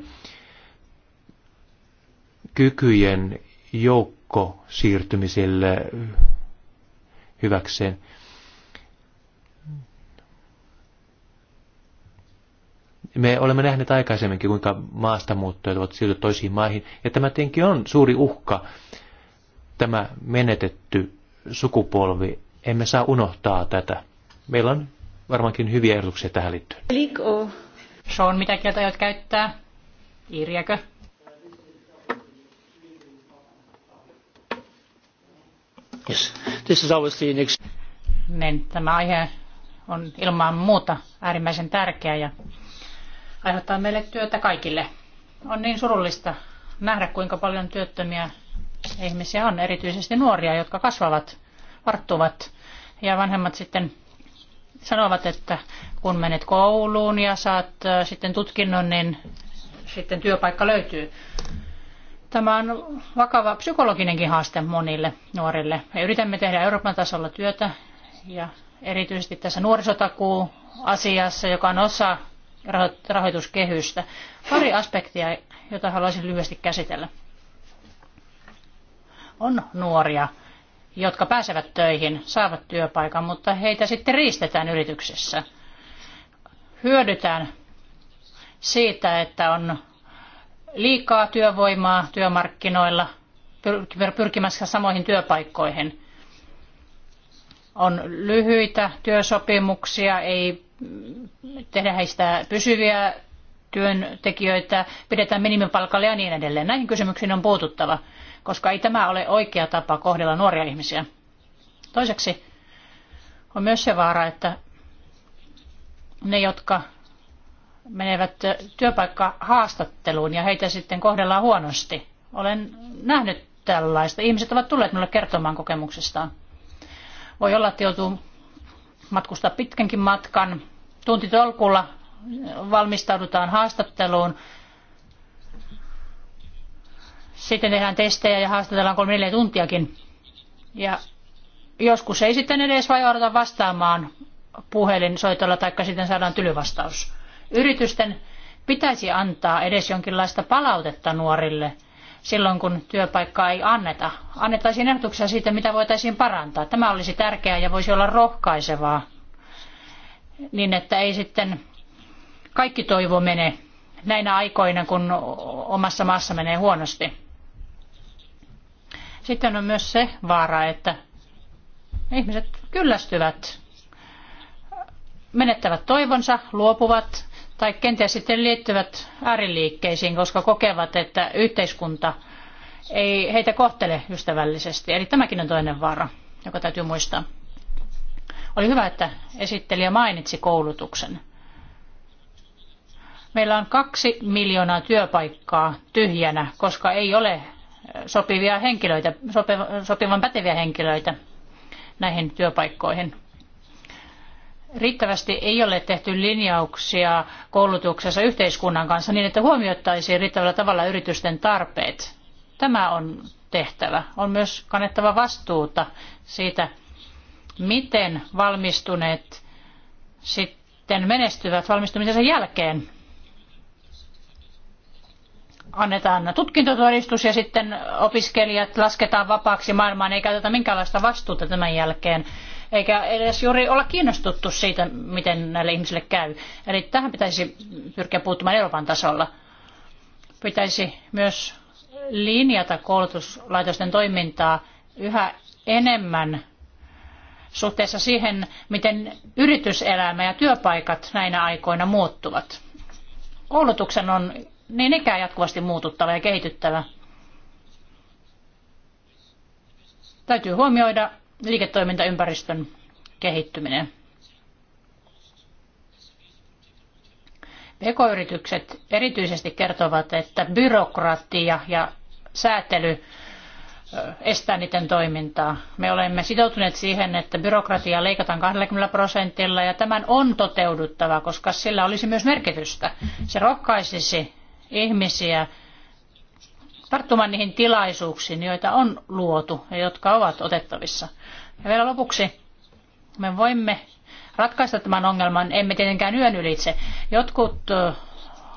kykyjen joukko siirtymisille hyväkseen. Me olemme nähneet aikaisemminkin, kuinka maastamuuttajat ovat siirtyneet toisiin maihin, ja tämä tietenkin on suuri uhka, tämä menetetty sukupolvi. Emme saa unohtaa tätä. Meillä on varmaankin hyviä ehdotuksia tähän liittyen. Sean, mitä kieltä aiot käyttää? Irjäkö? Yes. This is obviously an niin, tämä aihe on ilman muuta äärimmäisen tärkeä ja aiheuttaa meille työtä kaikille. On niin surullista nähdä, kuinka paljon työttömiä ihmisiä on, erityisesti nuoria, jotka kasvavat, varttuvat ja vanhemmat sitten sanovat, että kun menet kouluun ja saat äh, sitten tutkinnon, niin sitten työpaikka löytyy. Tämä on vakava psykologinenkin haaste monille nuorille. Me yritämme tehdä Euroopan tasolla työtä ja erityisesti tässä nuorisotakuu-asiassa, joka on osa rahoituskehystä. Pari aspektia, jota haluaisin lyhyesti käsitellä. On nuoria, jotka pääsevät töihin, saavat työpaikan, mutta heitä sitten riistetään yrityksessä. Hyödytään siitä, että on liikaa työvoimaa työmarkkinoilla pyrkimässä samoihin työpaikkoihin. On lyhyitä työsopimuksia, ei tehdä heistä pysyviä työntekijöitä, pidetään minimipalkalle ja niin edelleen. Näihin kysymyksiin on puututtava, koska ei tämä ole oikea tapa kohdella nuoria ihmisiä. Toiseksi on myös se vaara, että ne, jotka menevät työpaikkahaastatteluun ja heitä sitten kohdellaan huonosti. Olen nähnyt tällaista. Ihmiset ovat tulleet minulle kertomaan kokemuksestaan. Voi olla, että joutuu matkustaa pitkänkin matkan. Tuntitolkulla valmistaudutaan haastatteluun. Sitten tehdään testejä ja haastatellaan kolme neljä tuntiakin. Ja joskus ei sitten edes vajauduta vastaamaan puhelinsoitolla, taikka sitten saadaan tylyvastaus. Yritysten pitäisi antaa edes jonkinlaista palautetta nuorille silloin, kun työpaikkaa ei anneta. Annettaisiin ehdotuksia siitä, mitä voitaisiin parantaa. Tämä olisi tärkeää ja voisi olla rohkaisevaa, niin että ei sitten kaikki toivo mene näinä aikoina, kun omassa maassa menee huonosti. Sitten on myös se vaara, että ihmiset kyllästyvät, menettävät toivonsa, luopuvat tai kenties sitten liittyvät ääriliikkeisiin, koska kokevat, että yhteiskunta ei heitä kohtele ystävällisesti. Eli tämäkin on toinen vaara, joka täytyy muistaa. Oli hyvä, että esittelijä mainitsi koulutuksen. Meillä on kaksi miljoonaa työpaikkaa tyhjänä, koska ei ole sopivia henkilöitä, sopivan päteviä henkilöitä näihin työpaikkoihin riittävästi ei ole tehty linjauksia koulutuksessa yhteiskunnan kanssa niin, että huomioittaisiin riittävällä tavalla yritysten tarpeet. Tämä on tehtävä. On myös kannettava vastuuta siitä, miten valmistuneet sitten menestyvät valmistumisensa jälkeen. Annetaan tutkintotodistus ja sitten opiskelijat lasketaan vapaaksi maailmaan, ei käytetä minkäänlaista vastuuta tämän jälkeen eikä edes juuri olla kiinnostuttu siitä, miten näille ihmisille käy. Eli tähän pitäisi pyrkiä puuttumaan Euroopan tasolla. Pitäisi myös linjata koulutuslaitosten toimintaa yhä enemmän suhteessa siihen, miten yrityselämä ja työpaikat näinä aikoina muuttuvat. Koulutuksen on niin ikään jatkuvasti muututtava ja kehityttävä. Täytyy huomioida liiketoimintaympäristön kehittyminen. PK-yritykset erityisesti kertovat, että byrokratia ja säätely estää niiden toimintaa. Me olemme sitoutuneet siihen, että byrokratia leikataan 20 prosentilla ja tämän on toteuduttava, koska sillä olisi myös merkitystä. Se rohkaisisi ihmisiä tarttumaan niihin tilaisuuksiin, joita on luotu ja jotka ovat otettavissa. Ja vielä lopuksi me voimme ratkaista tämän ongelman, emme tietenkään yön ylitse. Jotkut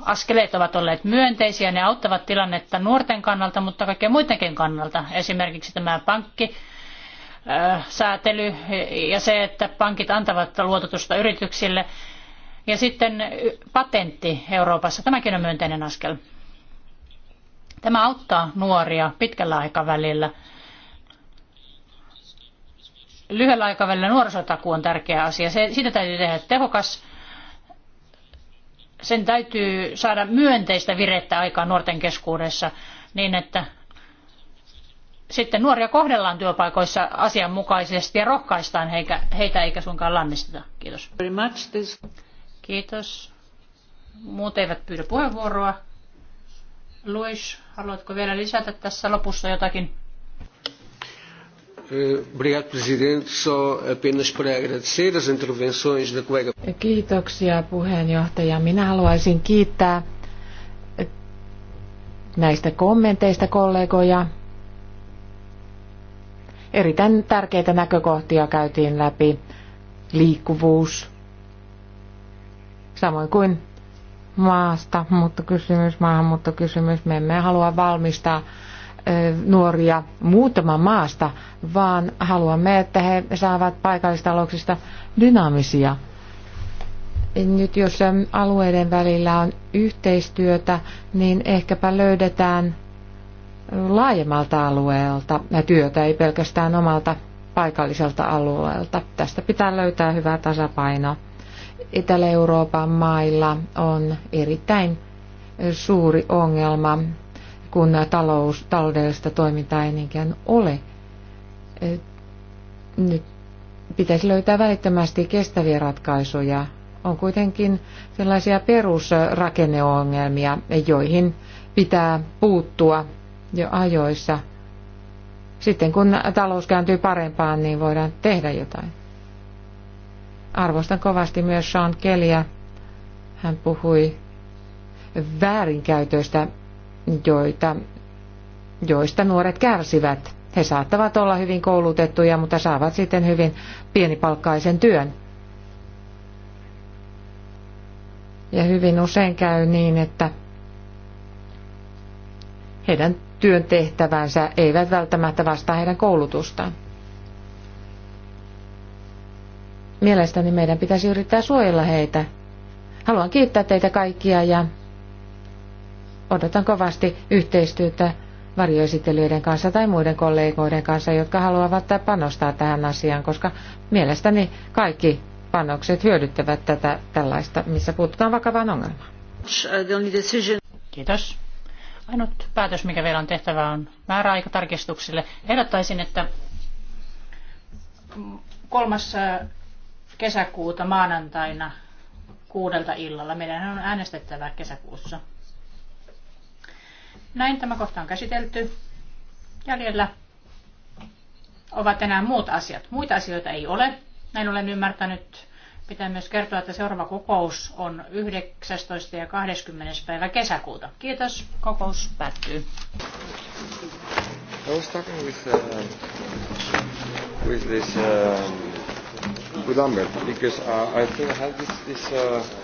askeleet ovat olleet myönteisiä, ne auttavat tilannetta nuorten kannalta, mutta kaikkien muidenkin kannalta. Esimerkiksi tämä pankki, säätely ja se, että pankit antavat luototusta yrityksille. Ja sitten patentti Euroopassa, tämäkin on myönteinen askel. Tämä auttaa nuoria pitkällä aikavälillä. Lyhyellä aikavälillä nuorisotaku on tärkeä asia. Se, siitä täytyy tehdä tehokas. Sen täytyy saada myönteistä virettä aikaa nuorten keskuudessa niin, että sitten nuoria kohdellaan työpaikoissa asianmukaisesti ja rohkaistaan heitä, heitä eikä suinkaan lannisteta. Kiitos. Kiitos. Muut eivät pyydä puheenvuoroa. Luis Haluatko vielä lisätä tässä lopussa jotakin? Eh, obrigado, Presidente. Só apenas para agradecer as intervenções da colega. Kiitoksia, puheenjohtaja. Minä haluaisin kiittää näistä kommenteista kollegoja. Erittäin tärkeitä näkökohtia käytiin läpi. Liikkuvuus, samoin kuin maasta, mutta kysymys, maahanmuuttokysymys, me emme halua valmistaa nuoria muutaman maasta, vaan haluamme, että he saavat paikallistalouksista dynaamisia. Nyt jos alueiden välillä on yhteistyötä, niin ehkäpä löydetään laajemmalta alueelta työtä, ei pelkästään omalta paikalliselta alueelta. Tästä pitää löytää hyvä tasapaino. Etelä-Euroopan mailla on erittäin suuri ongelma, kun talous, taloudellista toimintaa ei niinkään ole. Nyt pitäisi löytää välittömästi kestäviä ratkaisuja. On kuitenkin sellaisia perusrakenneongelmia, joihin pitää puuttua jo ajoissa. Sitten kun talous kääntyy parempaan, niin voidaan tehdä jotain. Arvostan kovasti myös Sean Kellyä. Hän puhui väärinkäytöistä, joita, joista nuoret kärsivät. He saattavat olla hyvin koulutettuja, mutta saavat sitten hyvin pienipalkkaisen työn. Ja hyvin usein käy niin, että heidän työntehtävänsä eivät välttämättä vastaa heidän koulutustaan. mielestäni meidän pitäisi yrittää suojella heitä. Haluan kiittää teitä kaikkia ja odotan kovasti yhteistyötä varjoesittelyiden kanssa tai muiden kollegoiden kanssa, jotka haluavat panostaa tähän asiaan, koska mielestäni kaikki panokset hyödyttävät tätä tällaista, missä puututaan vakavaan ongelmaan. Kiitos. Ainut päätös, mikä vielä on tehtävä, on määräaikatarkistuksille. Ehdottaisin, että kolmas kesäkuuta maanantaina kuudelta illalla. Meidän on äänestettävä kesäkuussa. Näin tämä kohta on käsitelty. Jäljellä ovat enää muut asiat. Muita asioita ei ole. Näin olen ymmärtänyt. Pitää myös kertoa, että seuraava kokous on 19. ja 20. päivä kesäkuuta. Kiitos. Kokous päättyy. I was talking with, uh, with this, uh, Lambert, because uh, I think I have this, this uh,